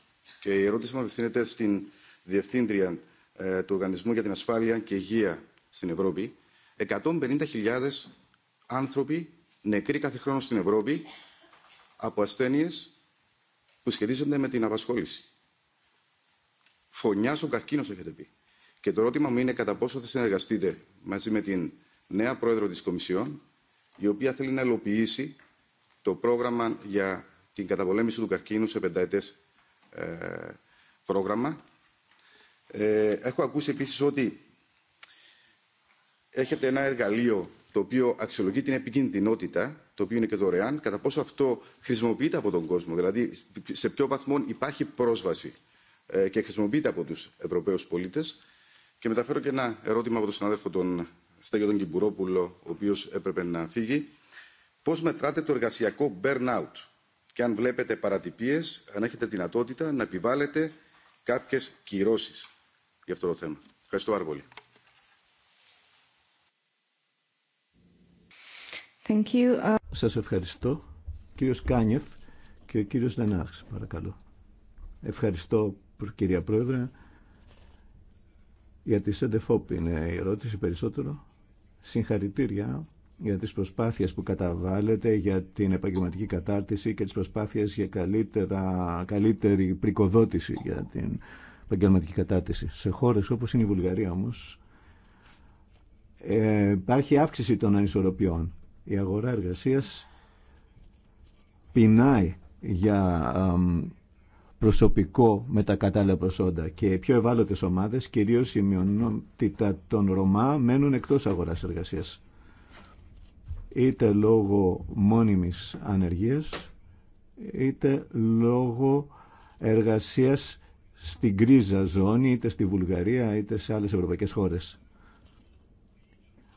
Και η ερώτηση μου απευθύνεται στην διευθύντρια ε, του Οργανισμού για την Ασφάλεια και Υγεία στην Ευρώπη, 150.000 άνθρωποι νεκροί κάθε χρόνο στην Ευρώπη από ασθένειε που σχετίζονται με την απασχόληση. Φωνιά ο καρκίνο, έχετε πει. Και το ερώτημα μου είναι κατά πόσο θα συνεργαστείτε μαζί με την νέα πρόεδρο τη Κομισιόν, η οποία θέλει να ελοποιήσει το πρόγραμμα για την καταπολέμηση του καρκίνου σε πενταετέ ε, πρόγραμμα ε, έχω ακούσει επίσης ότι έχετε ένα εργαλείο το οποίο αξιολογεί την επικίνδυνοτητα, το οποίο είναι και δωρεάν, κατά πόσο αυτό χρησιμοποιείται από τον κόσμο, δηλαδή σε ποιο βαθμό υπάρχει πρόσβαση ε, και χρησιμοποιείται από τους Ευρωπαίους πολίτες. Και μεταφέρω και ένα ερώτημα από τον συνάδελφο τον Στέγιο τον Κιμπουρόπουλο, ο οποίος έπρεπε να φύγει. Πώς μετράτε το εργασιακό burnout και αν βλέπετε παρατυπίες, αν έχετε δυνατότητα να επιβάλλετε κάποιες κυρώσεις για αυτό το θέμα. Ευχαριστώ πάρα πολύ. Thank uh, Σας ευχαριστώ. Κύριος Κάνιεφ και ο κύριος Λενάρχς, παρακαλώ. Ευχαριστώ, κυρία Πρόεδρε. Για τη ΣΕΝΤΕΦΟΠ είναι η ερώτηση περισσότερο. Συγχαρητήρια για τις προσπάθειες που καταβάλλετε για την επαγγελματική κατάρτιση και τις προσπάθειες για καλύτερα, καλύτερη πρικοδότηση για την επαγγελματική Σε χώρες όπως είναι η Βουλγαρία όμω ε, υπάρχει αύξηση των ανισορροπιών. Η αγορά εργασία πεινάει για προσωπικό με τα κατάλληλα προσόντα και πιο ευάλωτες ομάδες, κυρίως η μειονότητα των Ρωμά, μένουν εκτός αγοράς εργασίας. Είτε λόγω μόνιμης ανεργίας, είτε λόγω εργασίας στην κρίζα ζώνη, είτε στη Βουλγαρία, είτε σε άλλες ευρωπαϊκές χώρες.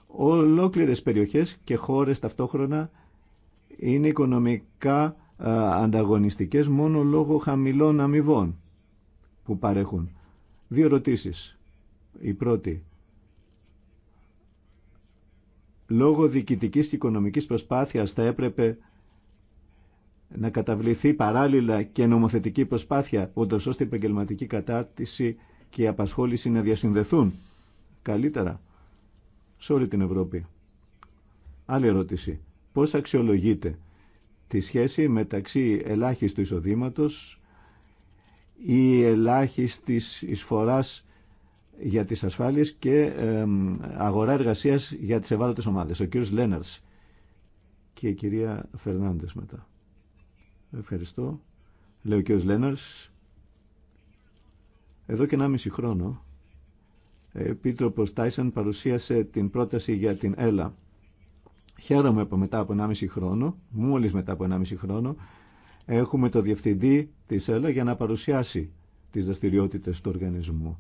Ολόκληρες περιοχές και χώρες ταυτόχρονα είναι οικονομικά ανταγωνιστικές μόνο λόγω χαμηλών αμοιβών που παρέχουν. Δύο ρωτήσεις. Η πρώτη. Λόγω διοικητικής και οικονομικής προσπάθειας θα έπρεπε να καταβληθεί παράλληλα και νομοθετική προσπάθεια, όντως ώστε η επαγγελματική κατάρτιση και η απασχόληση να διασυνδεθούν καλύτερα σε όλη την Ευρώπη. Άλλη ερώτηση. Πώς αξιολογείτε τη σχέση μεταξύ ελάχιστου εισοδήματος ή ελάχιστης εισφοράς για τις ασφάλειες και αγορά εργασίας για τις ευάλωτες ομάδες. Ο κύριος Λέναρς και η κυρία Φερνάντες μετά. Ευχαριστώ. Λέει ο κ. Εδώ και ένα μισή χρόνο, Επίτροπο Τάισαν παρουσίασε την πρόταση για την ΕΛΑ. Χαίρομαι που μετά από 1,5 χρόνο, μόλις μετά από 1,5 χρόνο, έχουμε το διευθυντή της ΕΛΑ για να παρουσιάσει τις δραστηριότητε του οργανισμού.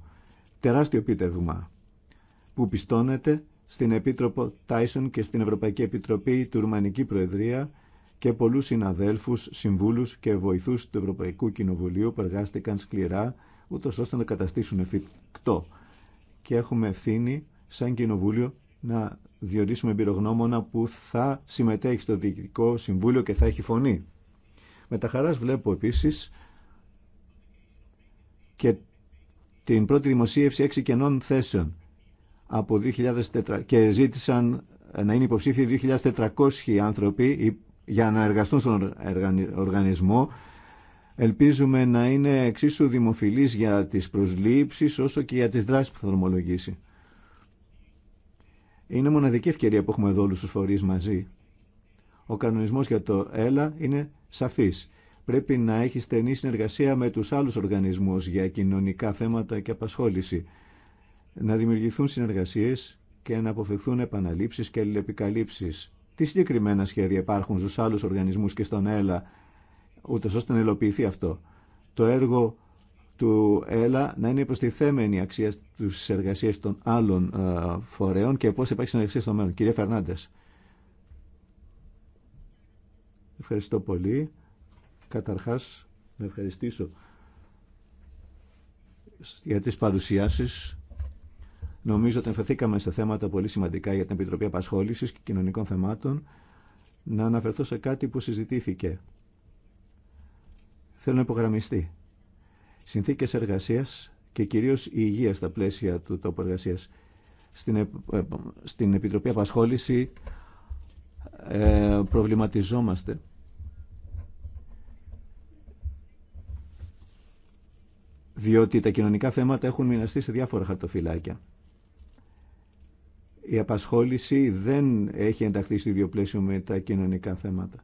Τεράστιο πίτευμα που πιστώνεται στην Επίτροπο Τάισον και στην Ευρωπαϊκή Επιτροπή του Ρουμανική Προεδρία και πολλούς συναδέλφους, συμβούλους και βοηθούς του Ευρωπαϊκού Κοινοβουλίου που εργάστηκαν σκληρά ούτω ώστε να καταστήσουν εφικτό. Και έχουμε ευθύνη σαν Κοινοβούλιο να διορίσουμε εμπειρογνώμονα που θα συμμετέχει στο Διοικητικό Συμβούλιο και θα έχει φωνή. Με τα χαράς βλέπω επίσης και την πρώτη δημοσίευση έξι κενών θέσεων από 2004 και ζήτησαν να είναι υποψήφιοι 2.400 άνθρωποι για να εργαστούν στον οργανισμό. Ελπίζουμε να είναι εξίσου δημοφιλής για τις προσλήψεις όσο και για τις δράσεις που θα δρομολογήσει. Είναι μοναδική ευκαιρία που έχουμε εδώ όλους τους φορείς μαζί. Ο κανονισμός για το ΕΛΑ είναι σαφής. Πρέπει να έχει στενή συνεργασία με τους άλλους οργανισμούς για κοινωνικά θέματα και απασχόληση. Να δημιουργηθούν συνεργασίες και να αποφευθούν επαναλήψεις και αλληλεπικαλήψεις. Τι συγκεκριμένα σχέδια υπάρχουν στους άλλους οργανισμούς και στον ΕΛΑ, ούτως ώστε να υλοποιηθεί αυτό. Το έργο του ΕΛΑ να είναι προστιθέμενη αξία στις εργασίες των άλλων ε, φορέων και πώς υπάρχει συνεργασία στο μέλλον. Κύριε Φερνάντες. Ευχαριστώ πολύ. Καταρχάς, να ευχαριστήσω για τις παρουσιάσεις Νομίζω ότι εμφεθήκαμε σε θέματα πολύ σημαντικά για την Επιτροπή Απασχόλησης και Κοινωνικών Θεμάτων. Να αναφερθώ σε κάτι που συζητήθηκε. Θέλω να υπογραμμιστεί. Συνθήκες εργασίας και κυρίως η υγεία στα πλαίσια του τόπου εργασίας. Στην, ε, στην Επιτροπή Απασχόληση ε, προβληματιζόμαστε. διότι τα κοινωνικά θέματα έχουν μοιραστεί σε διάφορα χαρτοφυλάκια η απασχόληση δεν έχει ενταχθεί στο ίδιο με τα κοινωνικά θέματα.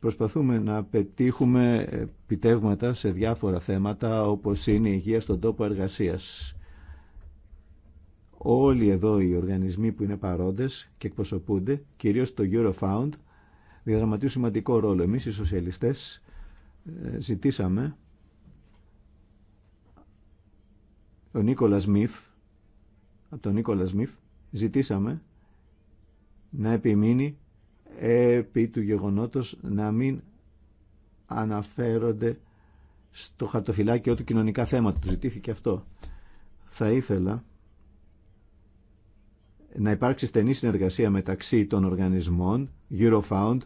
Προσπαθούμε να πετύχουμε επιτεύγματα σε διάφορα θέματα όπως είναι η υγεία στον τόπο εργασίας. Όλοι εδώ οι οργανισμοί που είναι παρόντες και εκπροσωπούνται, κυρίως το Eurofound, διαδραματίζουν σημαντικό ρόλο. Εμείς οι σοσιαλιστές ε, ζητήσαμε ο Νίκολας Μιφ, από τον Νίκολα Σμιφ ζητήσαμε να επιμείνει επί του γεγονότος να μην αναφέρονται στο χαρτοφυλάκιο του κοινωνικά θέματα. Του ζητήθηκε αυτό. Θα ήθελα να υπάρξει στενή συνεργασία μεταξύ των οργανισμών Eurofound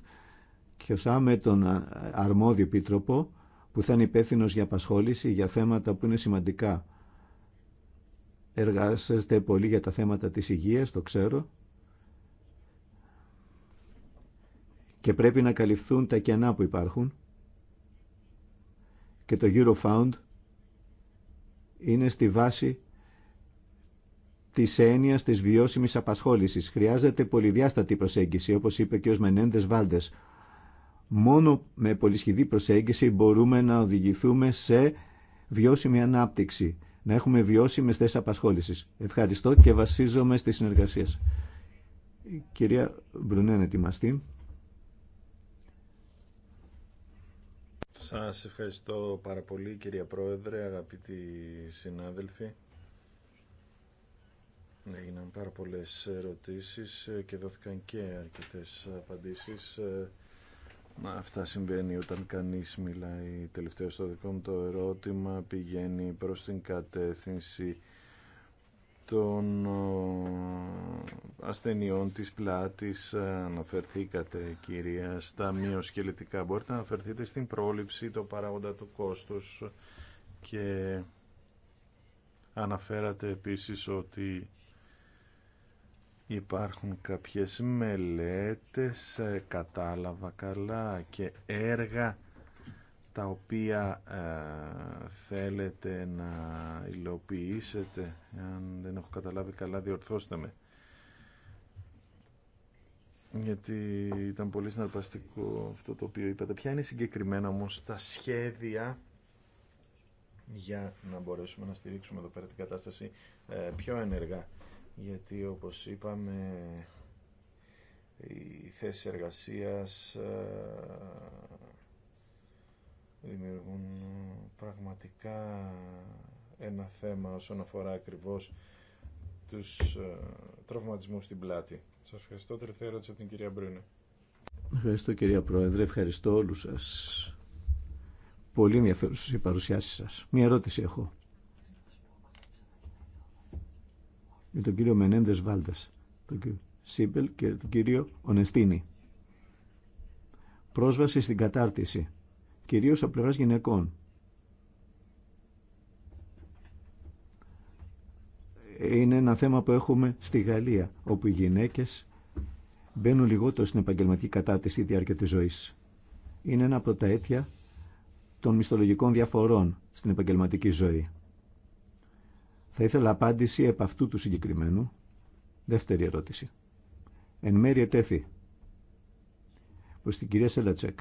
και οσά με τον αρμόδιο πίτροπο που θα είναι υπεύθυνο για απασχόληση για θέματα που είναι σημαντικά εργάζεστε πολύ για τα θέματα της υγείας, το ξέρω. Και πρέπει να καλυφθούν τα κενά που υπάρχουν. Και το Eurofound είναι στη βάση της έννοιας της βιώσιμης απασχόλησης. Χρειάζεται πολυδιάστατη προσέγγιση, όπως είπε και ο Μενέντες Βάλτες. Μόνο με πολυσχηδή προσέγγιση μπορούμε να οδηγηθούμε σε βιώσιμη ανάπτυξη να έχουμε βιώσει με στέσεις απασχόλησης. Ευχαριστώ και βασίζομαι στη συνεργασία κυρία Μπρουνέν, ετοιμαστή. Σας ευχαριστώ πάρα πολύ κυρία Πρόεδρε, αγαπητοί συνάδελφοι. Έγιναν πάρα πολλές ερωτήσεις και δόθηκαν και αρκετές απαντήσεις. Αυτά συμβαίνει όταν κανείς μιλάει τελευταίο στο δικό μου το ερώτημα πηγαίνει προς την κατεύθυνση των ασθενειών της πλάτης αναφερθήκατε κυρία στα μειοσκελετικά μπορείτε να αναφερθείτε στην πρόληψη το παράγοντα του κόστους και αναφέρατε επίσης ότι Υπάρχουν κάποιες μελέτες, ε, κατάλαβα καλά, και έργα τα οποία ε, θέλετε να υλοποιήσετε. Αν δεν έχω καταλάβει καλά, διορθώστε με. Γιατί ήταν πολύ συναρπαστικό αυτό το οποίο είπατε. Ποια είναι συγκεκριμένα όμως τα σχέδια για να μπορέσουμε να στηρίξουμε εδώ πέρα την κατάσταση ε, πιο ενεργά γιατί όπως είπαμε οι θέσεις εργασίας ε, δημιουργούν πραγματικά ένα θέμα όσον αφορά ακριβώς τους ε, τραυματισμούς στην πλάτη. Σας ευχαριστώ. Τελευταία ερώτηση από την κυρία Μπρούνε. Ευχαριστώ κυρία Πρόεδρε, ευχαριστώ όλους σας. Πολύ ενδιαφέρουσες οι παρουσιάσεις σας. Μία ερώτηση έχω. με τον κύριο Μενέντε Βάλτας, τον κύριο Σίπελ και τον κύριο Ονεστίνη. Πρόσβαση στην κατάρτιση, κυρίως από πλευράς γυναικών. Είναι ένα θέμα που έχουμε στη Γαλλία, όπου οι γυναίκες μπαίνουν λιγότερο στην επαγγελματική κατάρτιση τη διάρκεια της ζωής. Είναι ένα από τα αίτια των μισθολογικών διαφορών στην επαγγελματική ζωή. Θα ήθελα απάντηση επ' αυτού του συγκεκριμένου. Δεύτερη ερώτηση. Εν μέρει ετέθη προς την κυρία Σελατσέκ.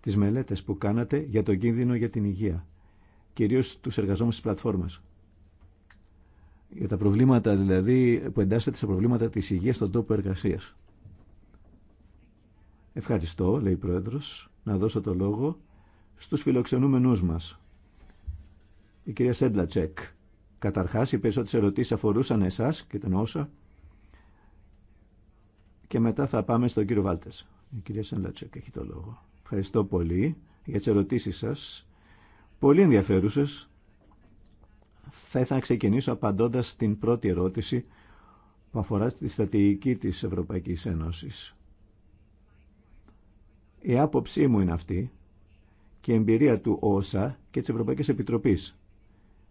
Τις μελέτες που κάνατε για τον κίνδυνο για την υγεία, κυρίως τους εργαζόμενους της πλατφόρμας. Για τα προβλήματα δηλαδή που εντάσσεται στα προβλήματα της υγείας στον τόπο εργασίας. Ευχαριστώ, λέει η Πρόεδρος, να δώσω το λόγο στους φιλοξενούμενούς μας. Η κυρία Σέντλατσεκ. Καταρχάς, οι περισσότερε ερωτήσει αφορούσαν εσά και την όσα. Και μετά θα πάμε στον κύριο Βάλτε. Η κυρία Σέντλατσεκ έχει το λόγο. Ευχαριστώ πολύ για τι ερωτήσει σας. Πολύ ενδιαφέρουσε, Θα ήθελα να ξεκινήσω απαντώντας την πρώτη ερώτηση που αφορά στη στρατηγική της Ευρωπαϊκής Ένωση. Η άποψή μου είναι αυτή και η εμπειρία του ΩΣΑ και της Ευρωπαϊκής Επιτροπής.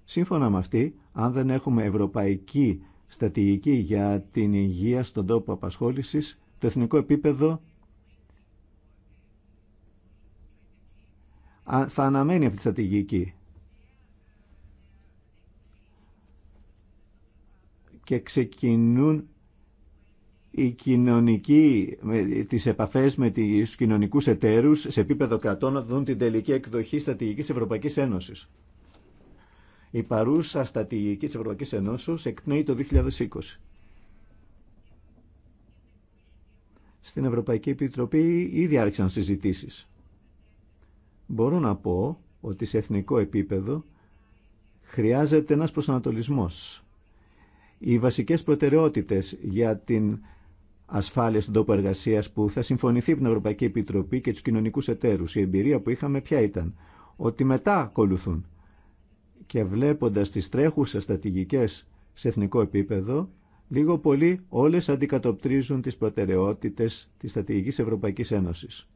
Σύμφωνα με αυτή, αν δεν έχουμε ευρωπαϊκή στρατηγική για την υγεία στον τόπο απασχόλησης, το εθνικό επίπεδο θα αναμένει αυτή τη στρατηγική. Και ξεκινούν οι κοινωνικοί, τις επαφές με τους κοινωνικούς εταίρους σε επίπεδο κρατών να δουν την τελική εκδοχή στρατηγικής Ευρωπαϊκής Ένωσης. Η παρούσα στατηγική της ευρωπαϊκή Ενώσεως εκπνέει το 2020. Στην Ευρωπαϊκή Επιτροπή ήδη άρχισαν συζητήσεις. Μπορώ να πω ότι σε εθνικό επίπεδο χρειάζεται ένας προσανατολισμός. Οι βασικές προτεραιότητες για την ασφάλεια στον τόπο εργασία που θα συμφωνηθεί από την Ευρωπαϊκή Επιτροπή και του κοινωνικού εταίρου. Η εμπειρία που είχαμε ποια ήταν. Ότι μετά ακολουθούν και βλέποντας τις τρέχουσες στρατηγικές σε εθνικό επίπεδο, λίγο πολύ όλες αντικατοπτρίζουν τις προτεραιότητες της στρατηγικής Ευρωπαϊκής Ένωσης.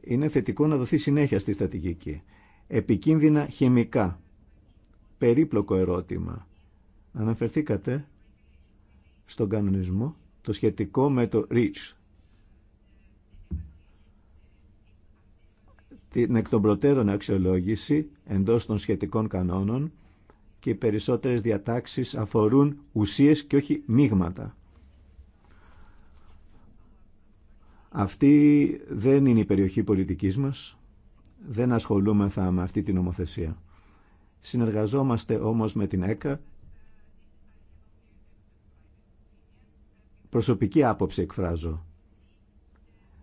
Είναι θετικό να δοθεί συνέχεια στη στρατηγική. Επικίνδυνα χημικά. Περίπλοκο ερώτημα. Αναφερθήκατε στον κανονισμό το σχετικό με το REACH, την εκ των προτέρων αξιολόγηση εντός των σχετικών κανόνων και οι περισσότερες διατάξεις αφορούν ουσίες και όχι μείγματα. Αυτή δεν είναι η περιοχή πολιτικής μας. Δεν ασχολούμεθα με αυτή την νομοθεσία. Συνεργαζόμαστε όμως με την ΕΚΑ. Προσωπική άποψη εκφράζω.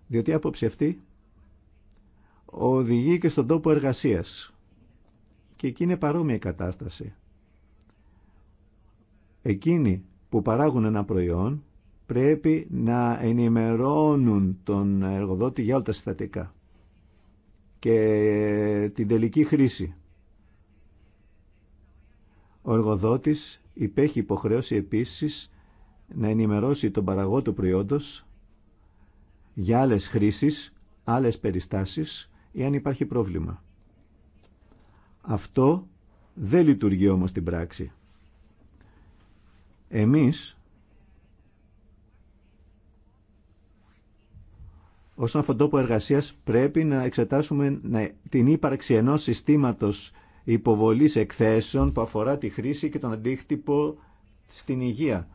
Διότι η άποψη αυτή οδηγεί και στον τόπο εργασίας. Και εκεί είναι παρόμοια η κατάσταση. Εκείνοι που παράγουν ένα προϊόν πρέπει να ενημερώνουν τον εργοδότη για όλα τα συστατικά και την τελική χρήση. Ο εργοδότης υπέχει υποχρέωση επίσης να ενημερώσει τον παραγό του προϊόντος για άλλες χρήσεις, άλλες περιστάσεις ή υπάρχει πρόβλημα. Αυτό δεν λειτουργεί όμως στην πράξη. Εμείς, όσον αφορά τόπο εργασίας, πρέπει να εξετάσουμε την ύπαρξη ενός συστήματος υποβολής εκθέσεων που αφορά τη χρήση και τον αντίκτυπο στην υγεία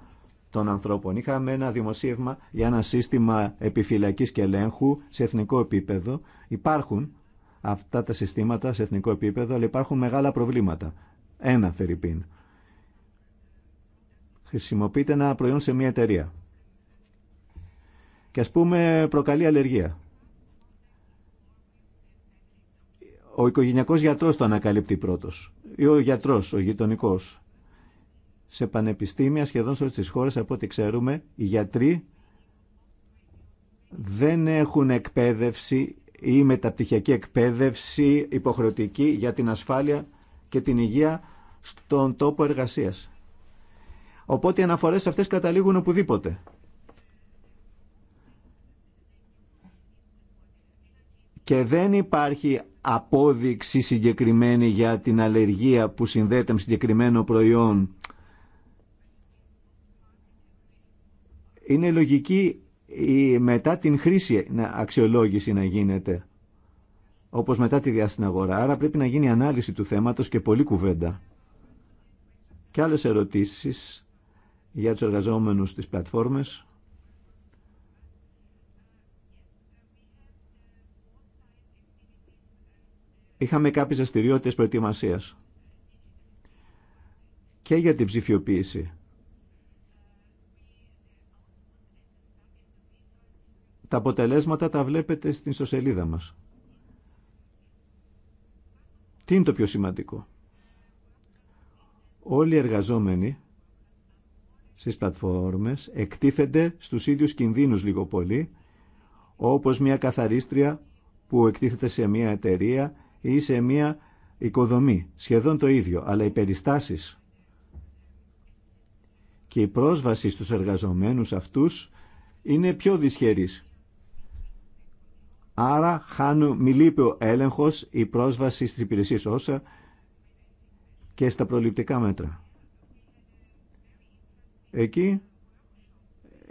των ανθρώπων. Είχαμε ένα δημοσίευμα για ένα σύστημα επιφυλακής και ελέγχου σε εθνικό επίπεδο. Υπάρχουν αυτά τα συστήματα σε εθνικό επίπεδο, αλλά υπάρχουν μεγάλα προβλήματα. Ένα φερρυπίν. Χρησιμοποιείται ένα προϊόν σε μια εταιρεία. Και ας πούμε προκαλεί αλλεργία. Ο οικογενειακός γιατρός το ανακαλύπτει πρώτος. Ή ο γιατρός, ο γειτονικός σε πανεπιστήμια σχεδόν σε όλες τις χώρες από ό,τι ξέρουμε οι γιατροί δεν έχουν εκπαίδευση ή μεταπτυχιακή εκπαίδευση υποχρεωτική για την ασφάλεια και την υγεία στον τόπο εργασίας. Οπότε οι αναφορές αυτές καταλήγουν οπουδήποτε. Και δεν υπάρχει απόδειξη συγκεκριμένη για την αλλεργία που συνδέεται με συγκεκριμένο προϊόν είναι λογική η, μετά την χρήση να, αξιολόγηση να γίνεται, όπως μετά τη διάστηση αγορά. Άρα πρέπει να γίνει ανάλυση του θέματος και πολλή κουβέντα. Και άλλες ερωτήσεις για τους εργαζόμενους στις πλατφόρμες. Είχαμε κάποιες αστηριότητες προετοιμασίας και για την ψηφιοποίηση Τα αποτελέσματα τα βλέπετε στην ιστοσελίδα μας. Τι είναι το πιο σημαντικό. Όλοι οι εργαζόμενοι στις πλατφόρμες εκτίθενται στους ίδιους κινδύνους λίγο πολύ, όπως μια καθαρίστρια που εκτίθεται σε μια εταιρεία ή σε μια οικοδομή. Σχεδόν το ίδιο, αλλά οι περιστάσεις και η πρόσβαση στους εργαζομένους αυτούς είναι πιο δυσχερής. Άρα χάνουν, μη λείπει ο έλεγχος, η πρόσβαση στις υπηρεσίες όσα και στα προληπτικά μέτρα. Εκεί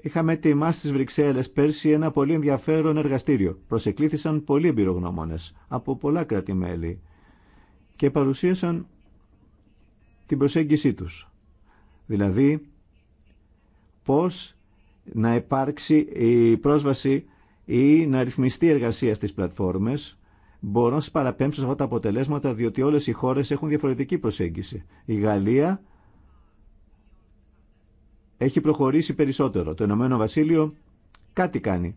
είχαμε ετοιμάσει στις Βρυξέλλες πέρσι ένα πολύ ενδιαφέρον εργαστήριο. Προσεκλήθησαν πολλοί εμπειρογνώμονες από πολλά κράτη-μέλη και παρουσίασαν την προσέγγιση τους. Δηλαδή, πώς να υπάρξει η πρόσβαση ή να ρυθμιστεί η εργασία στις πλατφόρμες, μπορώ να σας παραπέμψω σε αυτά τα αποτελέσματα, διότι όλες οι χώρες έχουν διαφορετική προσέγγιση. Η Γαλλία έχει προχωρήσει περισσότερο. Το Ηνωμένο Βασίλειο κάτι κάνει,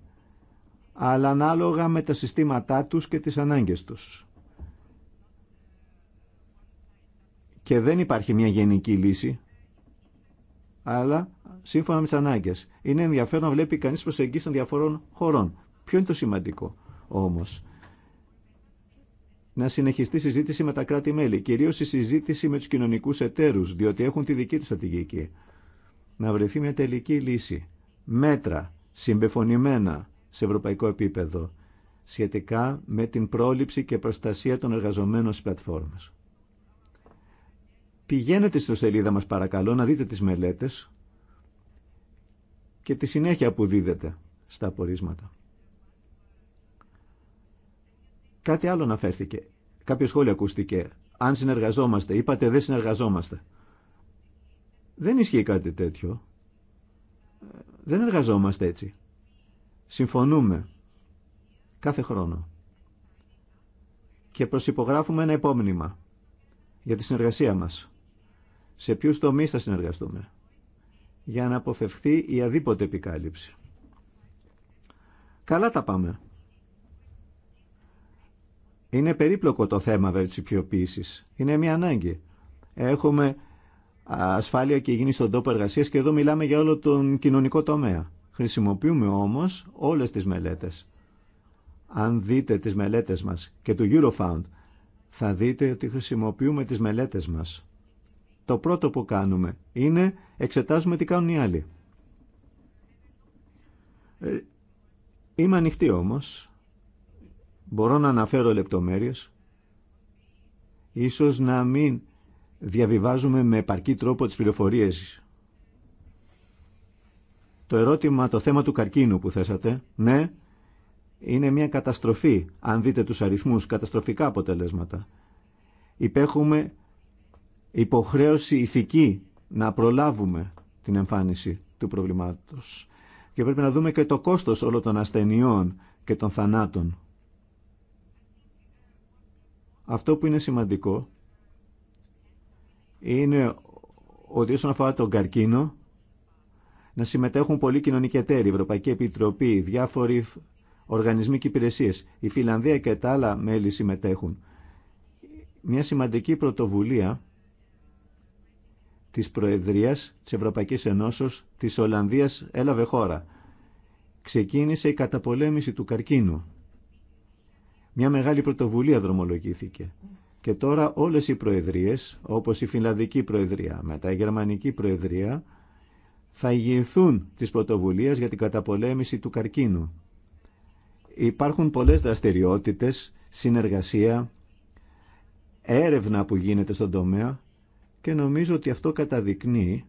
αλλά ανάλογα με τα συστήματά τους και τις ανάγκες τους. Και δεν υπάρχει μια γενική λύση αλλά σύμφωνα με τι ανάγκε. Είναι ενδιαφέρον να βλέπει κανεί προσεγγίσει των διαφορών χωρών. Ποιο είναι το σημαντικό όμω, να συνεχιστεί η συζήτηση με τα κράτη-μέλη, κυρίω η συζήτηση με του κοινωνικού εταίρου, διότι έχουν τη δική του στρατηγική. Να βρεθεί μια τελική λύση. Μέτρα συμπεφωνημένα σε ευρωπαϊκό επίπεδο σχετικά με την πρόληψη και προστασία των εργαζομένων στις πλατφόρμες. Πηγαίνετε στο σελίδα μας παρακαλώ να δείτε τις μελέτες και τη συνέχεια που δίδεται στα απορίσματα. Κάτι άλλο αναφέρθηκε. Κάποιο σχόλιο ακούστηκε. Αν συνεργαζόμαστε, είπατε δεν συνεργαζόμαστε. Δεν ισχύει κάτι τέτοιο. Δεν εργαζόμαστε έτσι. Συμφωνούμε κάθε χρόνο. Και προσυπογράφουμε ένα υπόμνημα για τη συνεργασία μας σε ποιους τομείς θα συνεργαστούμε για να αποφευχθεί η αδίποτε επικάλυψη. Καλά τα πάμε. Είναι περίπλοκο το θέμα υπιοποίησης. Είναι μια ανάγκη. Έχουμε ασφάλεια και γίνει στον τόπο εργασίας και εδώ μιλάμε για όλο τον κοινωνικό τομέα. Χρησιμοποιούμε όμως όλες τις μελέτες. Αν δείτε τις μελέτες μας και του Eurofound, θα δείτε ότι χρησιμοποιούμε τις μελέτες μας το πρώτο που κάνουμε είναι εξετάζουμε τι κάνουν οι άλλοι. Ε, είμαι ανοιχτή όμως. Μπορώ να αναφέρω λεπτομέρειες. Ίσως να μην διαβιβάζουμε με επαρκή τρόπο τις πληροφορίες. Το ερώτημα, το θέμα του καρκίνου που θέσατε, ναι, είναι μια καταστροφή, αν δείτε τους αριθμούς, καταστροφικά αποτελέσματα. Υπέχουμε υποχρέωση ηθική να προλάβουμε την εμφάνιση του προβλημάτος. Και πρέπει να δούμε και το κόστος όλων των ασθενειών και των θανάτων. Αυτό που είναι σημαντικό είναι ότι όσον αφορά τον καρκίνο, να συμμετέχουν πολλοί κοινωνικοί εταίροι, η Ευρωπαϊκή Επιτροπή, διάφοροι οργανισμοί και υπηρεσίε. Η Φιλανδία και τα άλλα μέλη συμμετέχουν. Μια σημαντική πρωτοβουλία της Προεδρίας της Ευρωπαϊκής Ενώσεως της Ολλανδίας έλαβε χώρα. Ξεκίνησε η καταπολέμηση του καρκίνου. Μια μεγάλη πρωτοβουλία δρομολογήθηκε. Και τώρα όλες οι προεδρίες, όπως η Φινλανδική Προεδρία, μετά η Γερμανική Προεδρία, θα ηγηθούν της πρωτοβουλίας για την καταπολέμηση του καρκίνου. Υπάρχουν πολλές δραστηριότητες, συνεργασία, έρευνα που γίνεται στον τομέα και νομίζω ότι αυτό καταδεικνύει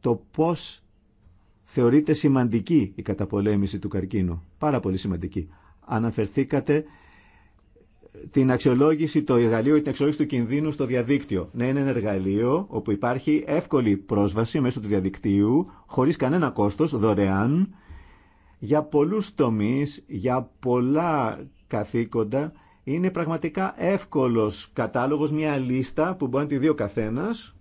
το πώς θεωρείται σημαντική η καταπολέμηση του καρκίνου. Πάρα πολύ σημαντική. Αναφερθήκατε την αξιολόγηση, το εργαλείο ή την αξιολόγηση του κινδύνου στο διαδίκτυο. Ναι, είναι ένα εργαλείο όπου υπάρχει εύκολη πρόσβαση μέσω του διαδικτύου, χωρίς κανένα κόστος, δωρεάν, για πολλούς τομείς, για πολλά καθήκοντα είναι πραγματικά εύκολος κατάλογος, μια λίστα που μπορεί να τη δει ο καθένας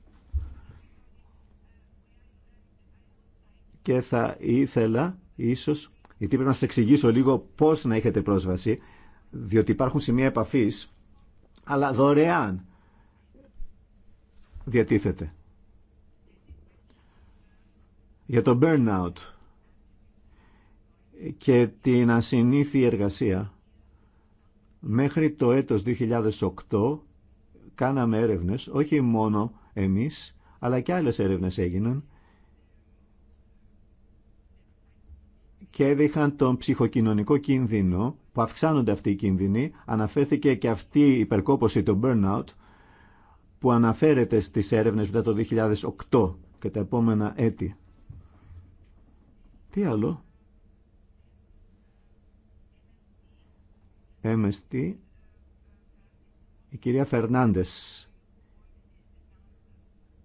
και θα ήθελα ίσως, γιατί πρέπει να σας εξηγήσω λίγο πώς να έχετε πρόσβαση, διότι υπάρχουν σημεία επαφής, αλλά δωρεάν διατίθεται. Για το burnout και την ασυνήθιη εργασία Μέχρι το έτος 2008 κάναμε έρευνες, όχι μόνο εμείς, αλλά και άλλες έρευνες έγιναν και έδειχαν τον ψυχοκοινωνικό κίνδυνο που αυξάνονται αυτοί οι κίνδυνοι. Αναφέρθηκε και αυτή η υπερκόπωση, το burnout, που αναφέρεται στις έρευνες μετά το 2008 και τα επόμενα έτη. Τι άλλο. Έμεστη, η κυρία Φερνάντες.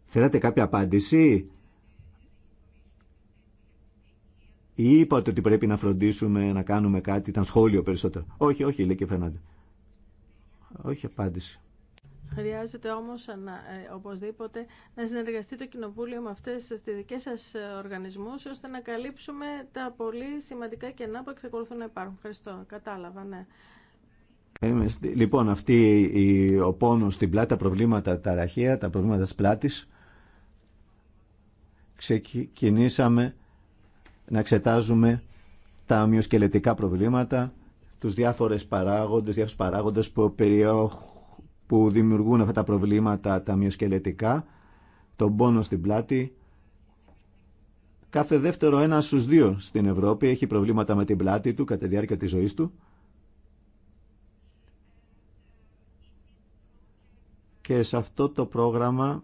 Θέλατε κάποια απάντηση ή είπατε ότι πρέπει να φροντίσουμε να κάνουμε κάτι, ήταν σχόλιο περισσότερο. Όχι, όχι, λέει και Φερνάντες. Όχι απάντηση. Χρειάζεται όμως να, ε, οπωσδήποτε να συνεργαστεί το Κοινοβούλιο με αυτές τις δικές σας ε, οργανισμούς ώστε να καλύψουμε τα πολύ σημαντικά κενά που εξακολουθούν να υπάρχουν. Ευχαριστώ. Κατάλαβα, ναι. Λοιπόν, αυτή η, ο πόνος στην πλάτη, τα προβλήματα τα ραχεία, τα προβλήματα της πλάτης, ξεκινήσαμε να εξετάζουμε τα μειοσκελετικά προβλήματα, τους διάφορες παράγοντες, διάφορες παράγοντες που, που δημιουργούν αυτά τα προβλήματα τα μυοσκελετικά, τον πόνο στην πλάτη. Κάθε δεύτερο ένα στους δύο στην Ευρώπη έχει προβλήματα με την πλάτη του κατά τη διάρκεια της ζωής του. και σε αυτό το πρόγραμμα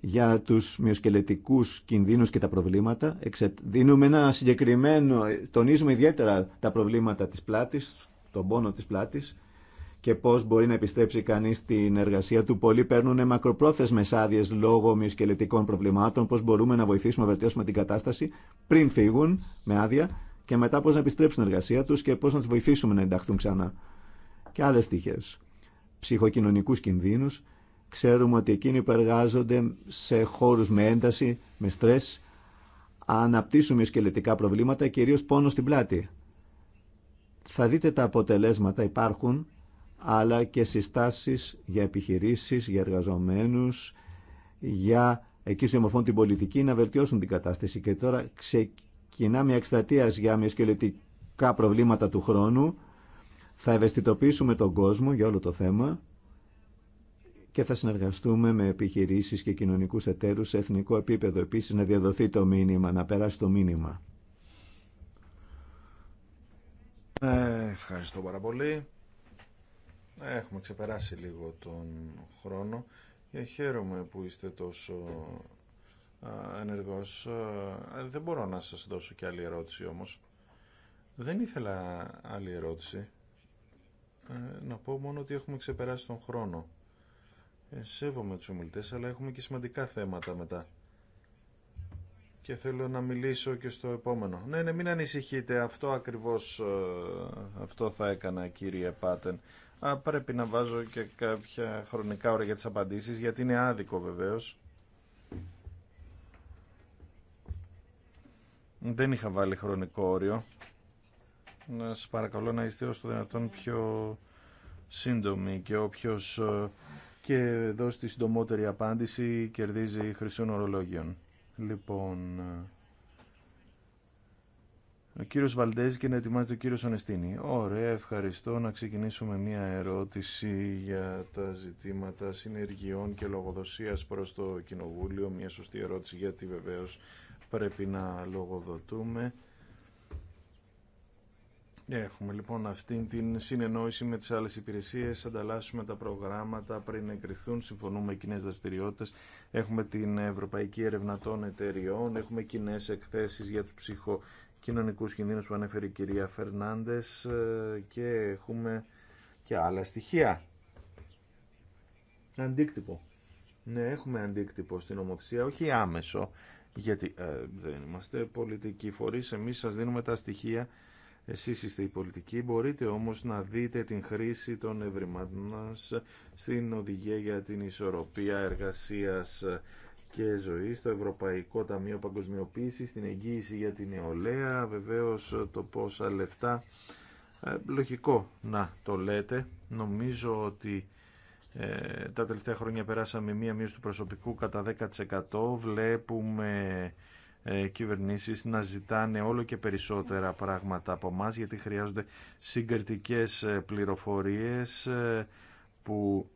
για τους μειοσκελετικούς κινδύνους και τα προβλήματα. Δίνουμε ένα συγκεκριμένο, τονίζουμε ιδιαίτερα τα προβλήματα της πλάτης, τον πόνο της πλάτης και πώς μπορεί να επιστρέψει κανείς την εργασία του. Πολλοί παίρνουν μακροπρόθεσμες άδειες λόγω μειοσκελετικών προβλημάτων, πώς μπορούμε να βοηθήσουμε να βελτιώσουμε την κατάσταση πριν φύγουν με άδεια και μετά πώς να επιστρέψουν την εργασία τους και πώς να τους βοηθήσουμε να ενταχθούν ξανά. Και άλλες τυχές ψυχοκοινωνικούς κινδύνους. Ξέρουμε ότι εκείνοι που εργάζονται σε χώρους με ένταση, με στρες, αναπτύσσουμε σκελετικά προβλήματα, κυρίως πόνο στην πλάτη. Θα δείτε τα αποτελέσματα υπάρχουν, αλλά και συστάσεις για επιχειρήσεις, για εργαζομένους, για εκεί που την πολιτική να βελτιώσουν την κατάσταση. Και τώρα ξεκινά μια εκστρατεία για μυοσκελετικά προβλήματα του χρόνου θα ευαισθητοποιήσουμε τον κόσμο για όλο το θέμα και θα συνεργαστούμε με επιχειρήσεις και κοινωνικούς εταίρους σε εθνικό επίπεδο επίσης να διαδοθεί το μήνυμα, να περάσει το μήνυμα. Ε, ευχαριστώ πάρα πολύ. Έχουμε ξεπεράσει λίγο τον χρόνο και χαίρομαι που είστε τόσο ε, ενεργός. Ε, δεν μπορώ να σας δώσω και άλλη ερώτηση όμως. Δεν ήθελα άλλη ερώτηση. Ε, να πω μόνο ότι έχουμε ξεπεράσει τον χρόνο. Ε, σέβομαι τους ομιλητές, αλλά έχουμε και σημαντικά θέματα μετά. Και θέλω να μιλήσω και στο επόμενο. Ναι, ναι, μην ανησυχείτε. Αυτό ακριβώς ε, αυτό θα έκανα, κύριε Πάτεν. Α, πρέπει να βάζω και κάποια χρονικά ώρα για τις απαντήσεις, γιατί είναι άδικο βεβαίως. Δεν είχα βάλει χρονικό όριο να σας παρακαλώ να είστε ως το δυνατόν πιο σύντομοι και όποιος ε, και δώσει τη συντομότερη απάντηση κερδίζει χρυσών ορολόγιων. Λοιπόν, ε, ο κύριος Βαλντέζη και να ετοιμάζεται ο κύριος Ανεστίνη. Ωραία, ευχαριστώ. Να ξεκινήσουμε μια ερώτηση για τα ζητήματα συνεργειών και λογοδοσίας προς το Κοινοβούλιο. Μια σωστή ερώτηση γιατί βεβαίως πρέπει να λογοδοτούμε. Έχουμε λοιπόν αυτή την συνεννόηση με τις άλλες υπηρεσίες, ανταλλάσσουμε τα προγράμματα πριν εγκριθούν, συμφωνούμε με κοινέ δραστηριότητες, έχουμε την Ευρωπαϊκή Ερευνατών Εταιριών, έχουμε κοινέ εκθέσεις για τους ψυχοκοινωνικούς κινδύνους που ανέφερε η κυρία Φερνάντες και έχουμε και άλλα στοιχεία. Αντίκτυπο. Ναι, έχουμε αντίκτυπο στην ομοθεσία, όχι άμεσο, γιατί ε, δεν είμαστε πολιτικοί φορείς, εμείς σας δίνουμε τα στοιχεία εσείς είστε οι πολιτικοί, μπορείτε όμως να δείτε την χρήση των ευρημάτων μας στην οδηγία για την ισορροπία εργασίας και ζωή, στο Ευρωπαϊκό Ταμείο Παγκοσμιοποίησης, στην εγγύηση για την νεολαία, βεβαίως το πόσα λεφτά. Ε, λογικό να το λέτε. Νομίζω ότι ε, τα τελευταία χρόνια περάσαμε μία μείωση του προσωπικού κατά 10%. Βλέπουμε ε, κυβερνήσεις να ζητάνε όλο και περισσότερα πράγματα από εμά γιατί χρειάζονται συγκριτικές ε, πληροφορίες ε, που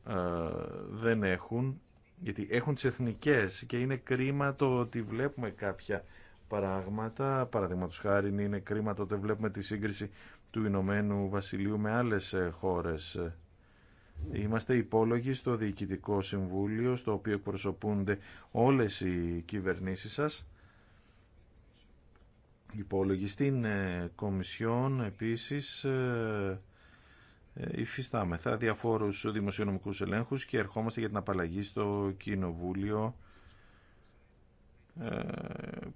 δεν έχουν γιατί έχουν τις εθνικές και είναι κρίμα το ότι βλέπουμε κάποια πράγματα παραδείγματο χάρη είναι κρίμα το ότι βλέπουμε τη σύγκριση του Ηνωμένου Βασιλείου με άλλες χώρες Είμαστε υπόλογοι στο Διοικητικό Συμβούλιο, στο οποίο εκπροσωπούνται όλες οι κυβερνήσεις σας υπολογιστήν ε, κομισιόν επίσης ε, ε, υφιστάμεθα διαφόρους δημοσιονομικούς ελέγχους και ερχόμαστε για την απαλλαγή στο Κοινοβούλιο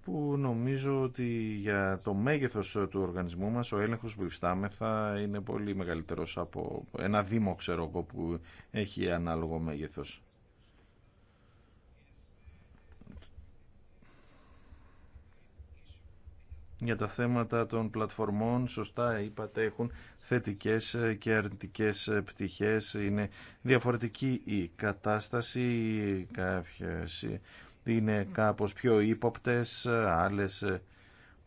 που νομίζω ότι για το μέγεθος του οργανισμού μας ο έλεγχος που υφιστάμεθα είναι πολύ μεγαλύτερος από ένα δήμο ξέρω που έχει ανάλογο μέγεθος. για τα θέματα των πλατφορμών, σωστά είπατε, έχουν θετικές και αρνητικές πτυχές. Είναι διαφορετική η κατάσταση, κάποιες είναι κάπως πιο ύποπτες, άλλες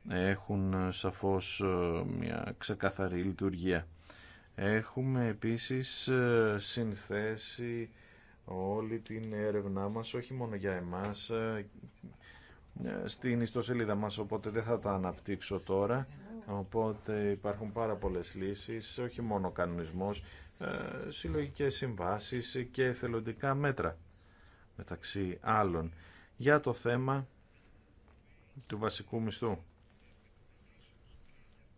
έχουν σαφώς μια ξεκαθαρή λειτουργία. Έχουμε επίσης συνθέσει όλη την έρευνά μας, όχι μόνο για εμάς στην ιστοσελίδα μας, οπότε δεν θα τα αναπτύξω τώρα. Οπότε υπάρχουν πάρα πολλές λύσεις, όχι μόνο κανονισμός, ε, συλλογικές συμβάσεις και εθελοντικά μέτρα, μεταξύ άλλων, για το θέμα του βασικού μισθού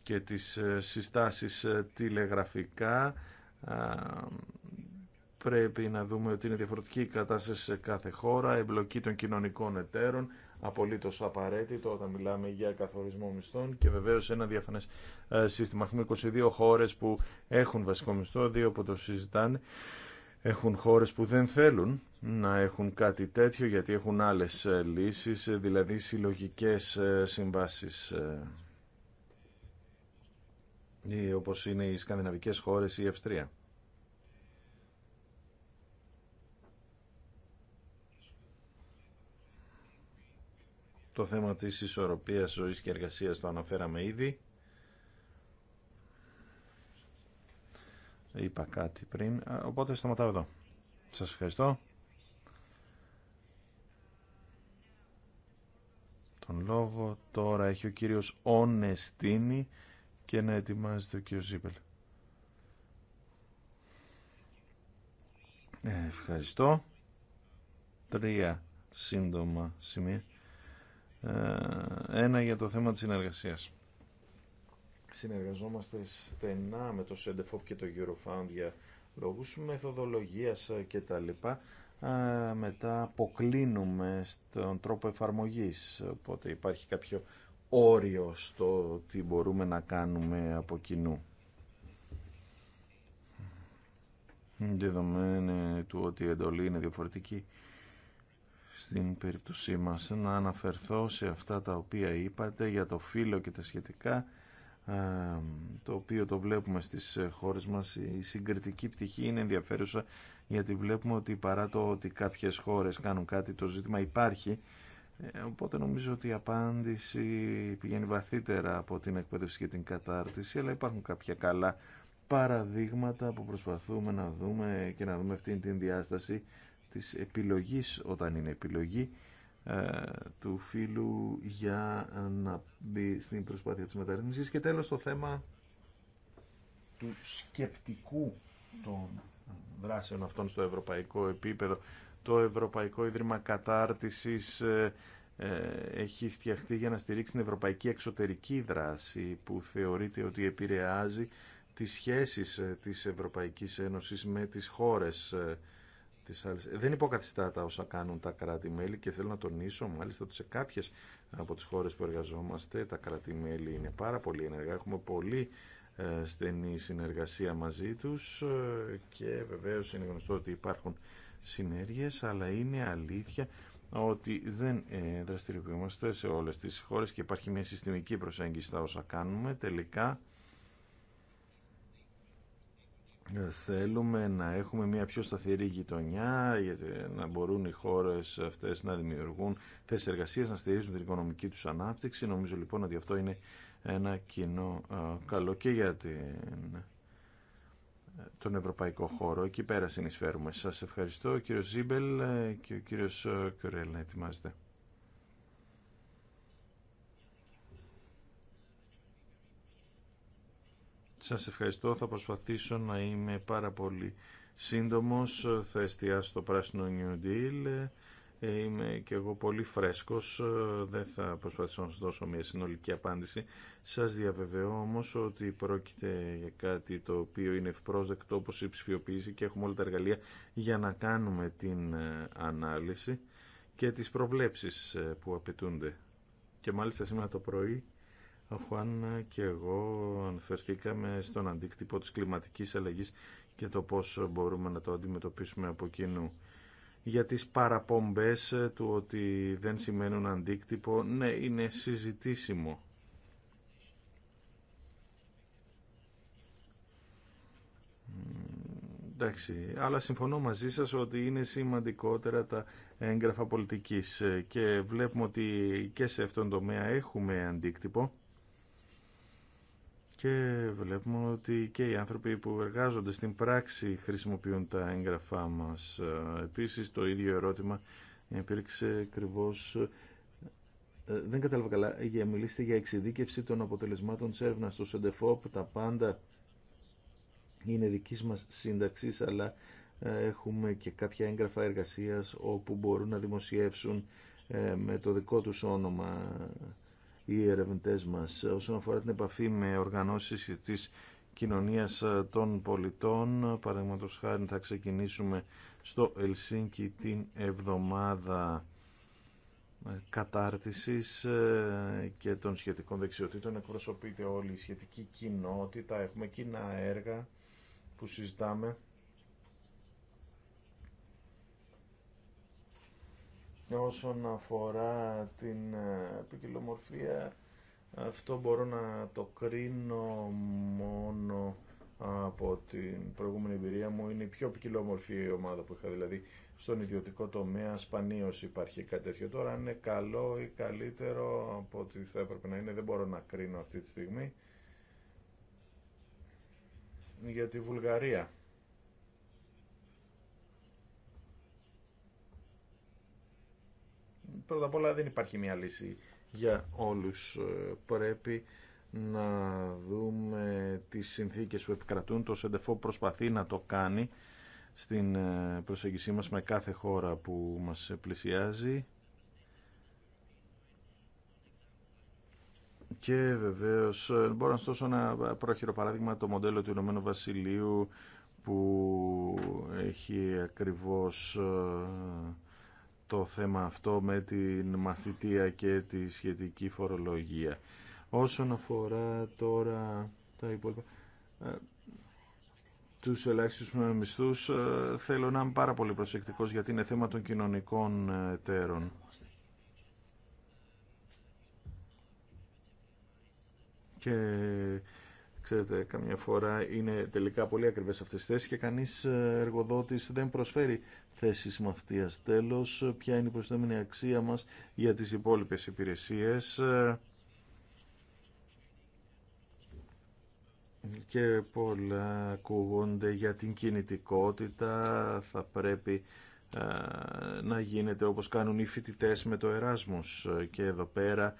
και τις ε, συστάσεις ε, τηλεγραφικά πρέπει να δούμε ότι είναι διαφορετική η κατάσταση σε κάθε χώρα, εμπλοκή των κοινωνικών εταίρων, Απολύτω απαραίτητο όταν μιλάμε για καθορισμό μισθών και βεβαίω ένα διαφανέ ε, σύστημα. Έχουμε 22 χώρε που έχουν βασικό μισθό, δύο που το συζητάνε. Έχουν χώρες που δεν θέλουν να έχουν κάτι τέτοιο γιατί έχουν άλλες ε, λύσεις, ε, δηλαδή συλλογικέ συμβάσεις όπως είναι οι σκανδιναβικές χώρες ή η Αυστρία. Το θέμα της ισορροπίας ζωής και εργασίας το αναφέραμε ήδη. Είπα κάτι πριν, οπότε σταματάω εδώ. Σας ευχαριστώ. Τον λόγο τώρα έχει ο κύριος Ωνεστίνη και να ετοιμάζεται ο κύριος Ζίπελ. Ε, ευχαριστώ. Τρία σύντομα σημεία. Ε, ένα για το θέμα της συνεργασίας. Συνεργαζόμαστε στενά με το Σεντεφόπ και το Eurofound για λόγους μεθοδολογίας και τα λοιπά. Ε, μετά αποκλίνουμε στον τρόπο εφαρμογής, οπότε υπάρχει κάποιο όριο στο τι μπορούμε να κάνουμε από κοινού. Δεδομένου του ότι η εντολή είναι διαφορετική στην περίπτωσή μας να αναφερθώ σε αυτά τα οποία είπατε για το φύλλο και τα σχετικά το οποίο το βλέπουμε στις χώρες μας η συγκριτική πτυχή είναι ενδιαφέρουσα γιατί βλέπουμε ότι παρά το ότι κάποιες χώρες κάνουν κάτι το ζήτημα υπάρχει ε, οπότε νομίζω ότι η απάντηση πηγαίνει βαθύτερα από την εκπαίδευση και την κατάρτιση αλλά υπάρχουν κάποια καλά παραδείγματα που προσπαθούμε να δούμε και να δούμε αυτή την διάσταση της επιλογής όταν είναι επιλογή ε, του φίλου για να μπει στην προσπάθεια της μεταρρύθμισης και τέλος το θέμα του σκεπτικού των δράσεων αυτών στο ευρωπαϊκό επίπεδο. Το Ευρωπαϊκό Ίδρυμα Κατάρτισης ε, ε, έχει φτιαχτεί για να στηρίξει την ευρωπαϊκή εξωτερική δράση που θεωρείται ότι επηρεάζει τις σχέσεις της Ευρωπαϊκής Ένωσης με τις χώρες τις άλλες. Ε, δεν υποκαθιστά τα όσα κάνουν τα κράτη-μέλη και θέλω να τονίσω μάλιστα ότι σε κάποιες από τις χώρες που εργαζόμαστε τα κράτη-μέλη είναι πάρα πολύ ενεργά. Έχουμε πολύ ε, στενή συνεργασία μαζί τους ε, και βεβαίω είναι γνωστό ότι υπάρχουν συνέργειες αλλά είναι αλήθεια ότι δεν δραστηριοποιούμαστε σε όλες τις χώρες και υπάρχει μια συστημική προσέγγιση στα όσα κάνουμε τελικά ε, θέλουμε να έχουμε μια πιο σταθερή γειτονιά, γιατί να μπορούν οι χώρες αυτές να δημιουργούν θέσεις εργασίας, να στηρίζουν την οικονομική τους ανάπτυξη. Νομίζω λοιπόν ότι αυτό είναι ένα κοινό ε, καλό και για τον ευρωπαϊκό χώρο. Εκεί πέρα συνεισφέρουμε. Σας ευχαριστώ. κύριο Ζίμπελ ε, και ο κύριος Κορέλ να ετοιμάζεται. Σας ευχαριστώ. Θα προσπαθήσω να είμαι πάρα πολύ σύντομος. Θα εστιάσω το πράσινο New Deal. Ε, είμαι και εγώ πολύ φρέσκος. Ε, δεν θα προσπαθήσω να σας δώσω μια συνολική απάντηση. Σας διαβεβαιώ όμως ότι πρόκειται για κάτι το οποίο είναι ευπρόσδεκτο όπως η ψηφιοποίηση και έχουμε όλα τα εργαλεία για να κάνουμε την ε, ανάλυση και τις προβλέψεις που απαιτούνται. Και μάλιστα σήμερα το πρωί ο Χουάννα και εγώ αναφερθήκαμε στον αντίκτυπο της κλιματικής αλλαγής και το πώς μπορούμε να το αντιμετωπίσουμε από κοινού. Για τις παραπομπές του ότι δεν σημαίνουν αντίκτυπο, ναι, είναι συζητήσιμο. Εντάξει, αλλά συμφωνώ μαζί σας ότι είναι σημαντικότερα τα έγγραφα πολιτικής και βλέπουμε ότι και σε αυτόν τον τομέα έχουμε αντίκτυπο και βλέπουμε ότι και οι άνθρωποι που εργάζονται στην πράξη χρησιμοποιούν τα έγγραφά μας. Επίσης το ίδιο ερώτημα υπήρξε ακριβώ. Ε, δεν κατάλαβα καλά, για μιλήστε για εξειδίκευση των αποτελεσμάτων της έρευνας στο ΣΕΝΤΕΦΟΠ, τα πάντα είναι δικής μας σύνταξης, αλλά ε, έχουμε και κάποια έγγραφα εργασίας όπου μπορούν να δημοσιεύσουν ε, με το δικό τους όνομα οι ερευνητές μας. Όσον αφορά την επαφή με οργανώσεις της κοινωνίας των πολιτών, παραδείγματο χάρη θα ξεκινήσουμε στο Ελσίνκι την εβδομάδα κατάρτισης ε, και των σχετικών δεξιοτήτων. Εκπροσωπείται όλη η σχετική κοινότητα, έχουμε κοινά έργα που συζητάμε Όσον αφορά την ε, ποικιλομορφία, αυτό μπορώ να το κρίνω μόνο από την προηγούμενη εμπειρία μου. Είναι η πιο ποικιλομορφή η ομάδα που είχα, δηλαδή στον ιδιωτικό τομέα σπανίως υπάρχει κάτι τέτοιο. Τώρα αν είναι καλό ή καλύτερο από ό,τι θα έπρεπε να είναι, δεν μπορώ να κρίνω αυτή τη στιγμή. Για τη Βουλγαρία. πρώτα απ' όλα δεν υπάρχει μια λύση για όλους. Ε, πρέπει να δούμε τις συνθήκες που επικρατούν. Το ΣΕΝΤΕΦΟ προσπαθεί να το κάνει στην ε, προσέγγισή μας με κάθε χώρα που μας πλησιάζει. Και βεβαίως ε, μπορώ να στώσω ένα πρόχειρο παράδειγμα το μοντέλο του Ηνωμένου Βασιλείου που έχει ακριβώς το θέμα αυτό με την μαθητεία και τη σχετική φορολογία. Όσον αφορά τώρα τα υπόλοιπα, ε, τους ελάχιστους μισθούς ε, θέλω να είμαι πάρα πολύ προσεκτικός γιατί είναι θέμα των κοινωνικών τέρων. Και Ξέρετε, καμιά φορά είναι τελικά πολύ ακριβές αυτές τι θέσεις και κανείς ε, εργοδότης δεν προσφέρει θέσεις μαθητείας. τέλο. ποια είναι η προσθέμενη αξία μας για τις υπόλοιπε υπηρεσίες ε, και πολλά ακούγονται για την κινητικότητα. Θα πρέπει ε, να γίνεται όπως κάνουν οι φοιτητές με το Εράσμους και εδώ πέρα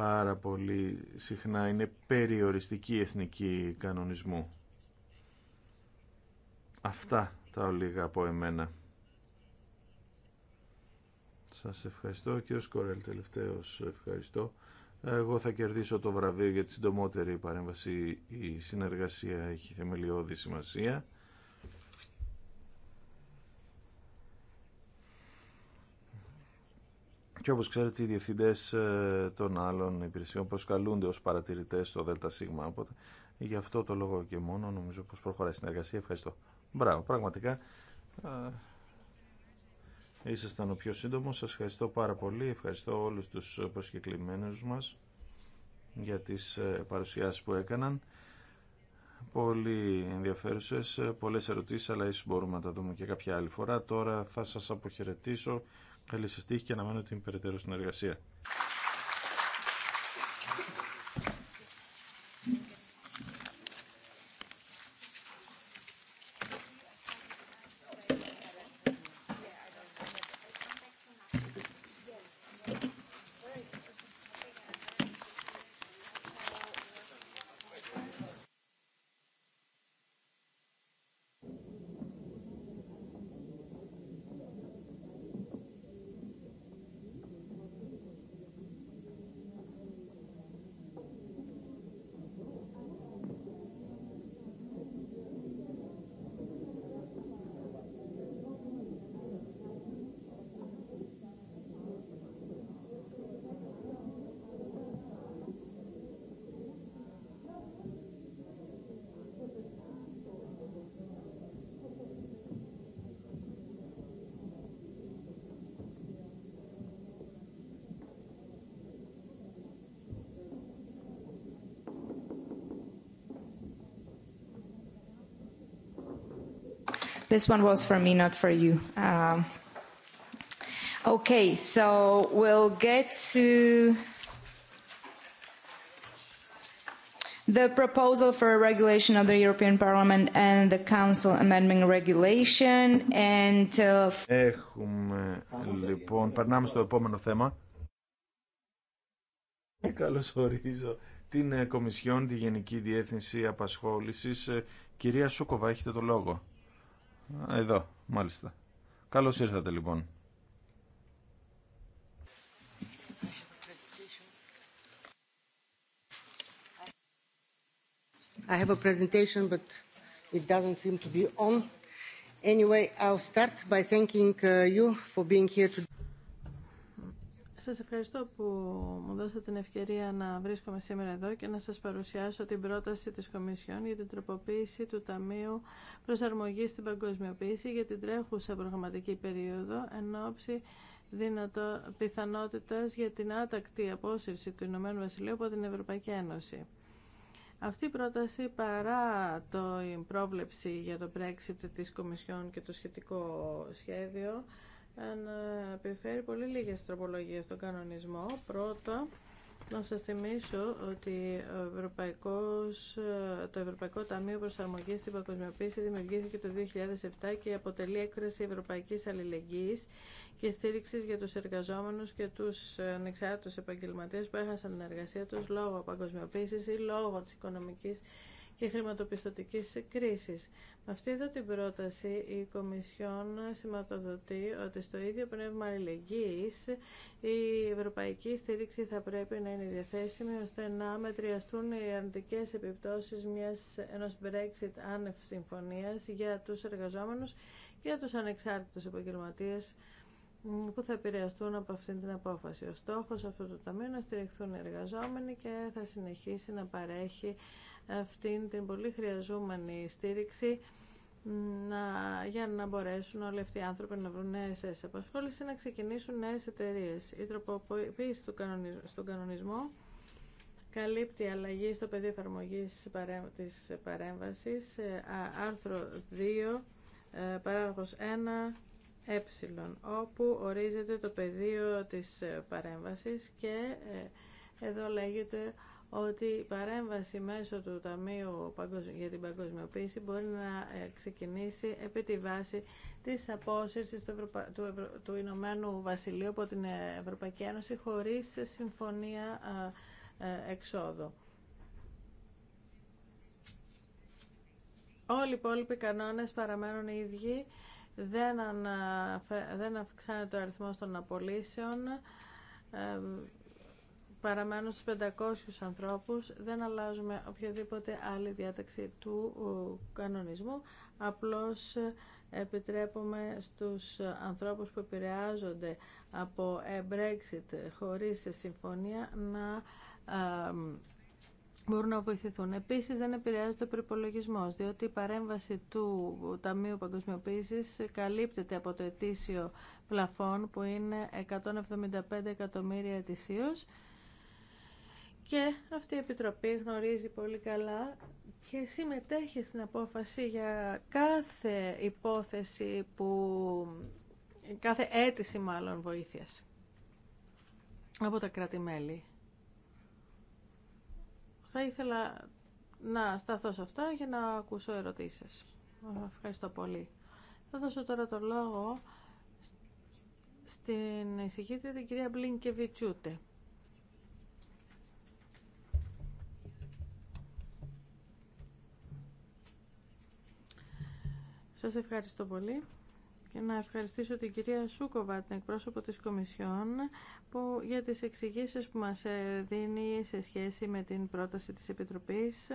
πάρα πολύ συχνά είναι περιοριστική εθνική κανονισμού. Αυτά τα ολίγα από εμένα. Σας ευχαριστώ και ως κορέλ τελευταίος ευχαριστώ. Εγώ θα κερδίσω το βραβείο για τη συντομότερη παρέμβαση. Η συνεργασία έχει θεμελιώδη σημασία. Και όπως ξέρετε οι διευθυντές ε, των άλλων υπηρεσιών προσκαλούνται ως παρατηρητές στο ΔΣ. Οπότε γι' αυτό το λόγο και μόνο νομίζω πως προχωράει η συνεργασία. Ευχαριστώ. Μπράβο, πραγματικά ε, ήσασταν ο πιο σύντομο. Σας ευχαριστώ πάρα πολύ. Ευχαριστώ όλους τους προσκεκλημένους μας για τις ε, παρουσιάσεις που έκαναν. Πολύ ενδιαφέρουσε, πολλές ερωτήσεις, αλλά ίσως μπορούμε να τα δούμε και κάποια άλλη φορά. Τώρα θα σας αποχαιρετήσω Καλή σας τύχη και αναμένω την περαιτέρω συνεργασία. This one was for me, not for you. Okay, so we'll get to the proposal for a regulation of the European Parliament and the Council amending regulation and... Έχουμε, λοιπόν, περνάμε στο επόμενο θέμα. Καλωσορίζω την Κομισιόν, τη Γενική Διεύθυνση Απασχόλησης. Κυρία Σούκοβα, έχετε το λόγο. Εδώ, μάλιστα. Καλώς ήρθατε λοιπόν. I have a presentation, but it doesn't seem to be on. Anyway, I'll start by thanking you for being here today. Σας ευχαριστώ που μου δώσατε την ευκαιρία να βρίσκομαι σήμερα εδώ και να σας παρουσιάσω την πρόταση της Κομισιόν για την τροποποίηση του Ταμείου Προσαρμογής στην Παγκοσμιοποίηση για την τρέχουσα προγραμματική περίοδο εν ώψη δυνατό, πιθανότητας για την άτακτη απόσυρση του Ηνωμένου Βασιλείου από την Ευρωπαϊκή Ένωση. Αυτή η πρόταση παρά το πρόβλεψη για το Brexit της Κομισιόν και το σχετικό σχέδιο επιφέρει πολύ λίγες τροπολογίες στον κανονισμό. Πρώτα, να σας θυμίσω ότι ο Ευρωπαϊκός, το Ευρωπαϊκό Ταμείο Προσαρμογής στην Παγκοσμιοποίηση δημιουργήθηκε το 2007 και αποτελεί έκφραση ευρωπαϊκής αλληλεγγύης και στήριξης για τους εργαζόμενους και τους ανεξάρτητους επαγγελματίες που έχασαν την εργασία τους λόγω παγκοσμιοποίησης ή λόγω της οικονομικής και χρηματοπιστωτικής κρίσης. Με αυτή εδώ την πρόταση η Κομισιόν σηματοδοτεί ότι στο ίδιο πνεύμα αλληλεγγύης η ευρωπαϊκή στήριξη θα πρέπει να είναι διαθέσιμη ώστε να μετριαστούν οι αρνητικές επιπτώσεις μιας, ενός Brexit άνευ συμφωνίας για τους εργαζόμενους και τους ανεξάρτητους επαγγελματίες που θα επηρεαστούν από αυτή την απόφαση. Ο στόχος αυτού του ταμείου να στηριχθούν οι εργαζόμενοι και θα συνεχίσει να παρέχει αυτήν την πολύ χρειαζόμενη στήριξη να, για να μπορέσουν όλοι αυτοί οι άνθρωποι να βρουν νέε θέσει απασχόληση να ξεκινήσουν νέε εταιρείε. Η τροποποίηση του κανονισ... στον κανονισμό καλύπτει αλλαγή στο πεδίο εφαρμογή τη παρέμβαση, ε, άρθρο 2, ε, παράγραφος 1, ε, όπου ορίζεται το πεδίο της ε, παρέμβασης και εδώ λέγεται ότι η παρέμβαση μέσω του Ταμείου για την Παγκοσμιοποίηση μπορεί να ε, ξεκινήσει επί τη βάση της απόσυρσης του, του, Ευρω... Ηνωμένου Βασιλείου από την ε, Ευρωπαϊκή Ένωση χωρίς συμφωνία ε, εξόδου. Όλοι οι υπόλοιποι κανόνες παραμένουν οι ίδιοι. Δεν, ανα... δεν αυξάνεται ο αριθμός των απολύσεων παραμένουν στους 500 ανθρώπους, δεν αλλάζουμε οποιαδήποτε άλλη διάταξη του κανονισμού, απλώς ε, επιτρέπουμε στους ανθρώπους που επηρεάζονται από ε, Brexit χωρίς συμφωνία να ε, μπορούν να βοηθηθούν. Επίσης δεν επηρεάζεται ο προπολογισμό, διότι η παρέμβαση του Ταμείου Παγκοσμιοποίησης καλύπτεται από το ετήσιο πλαφόν που είναι 175 εκατομμύρια ετησίως και αυτή η Επιτροπή γνωρίζει πολύ καλά και συμμετέχει στην απόφαση για κάθε υπόθεση που, κάθε αίτηση μάλλον βοήθειας από τα κράτη-μέλη. Θα ήθελα να σταθώ σε αυτά για να ακούσω ερωτήσεις. Ευχαριστώ πολύ. Θα δώσω τώρα το λόγο στην εισηγήτρια την κυρία Μπλίνκεβιτσούτε. Σας ευχαριστώ πολύ και να ευχαριστήσω την κυρία Σούκοβα, την εκπρόσωπο της Κομισιόν, που, για τις εξηγήσει που μας δίνει σε σχέση με την πρόταση της Επιτροπής.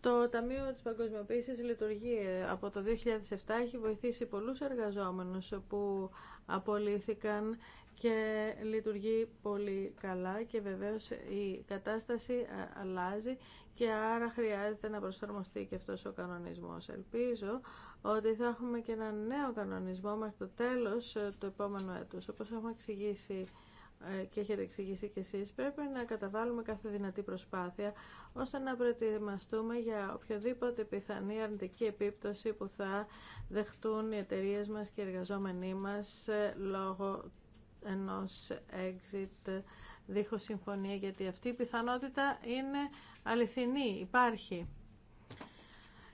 Το Ταμείο της Παγκοσμιοποίησης λειτουργεί ε, από το 2007, έχει βοηθήσει πολλούς εργαζόμενους που απολύθηκαν και λειτουργεί πολύ καλά και βεβαίως η κατάσταση ε, αλλάζει και άρα χρειάζεται να προσαρμοστεί και αυτός ο κανονισμός. Ελπίζω ότι θα έχουμε και ένα νέο κανονισμό μέχρι το τέλος ε, του επόμενου έτους. Όπως έχουμε εξηγήσει ε, και έχετε εξηγήσει και εσείς, πρέπει να καταβάλουμε κάθε δυνατή προσπάθεια ώστε να προετοιμαστούμε για οποιοδήποτε πιθανή αρνητική επίπτωση που θα δεχτούν οι εταιρείε μας και οι εργαζόμενοι μας λόγω ενός exit δίχως συμφωνία γιατί αυτή η πιθανότητα είναι αληθινή, υπάρχει.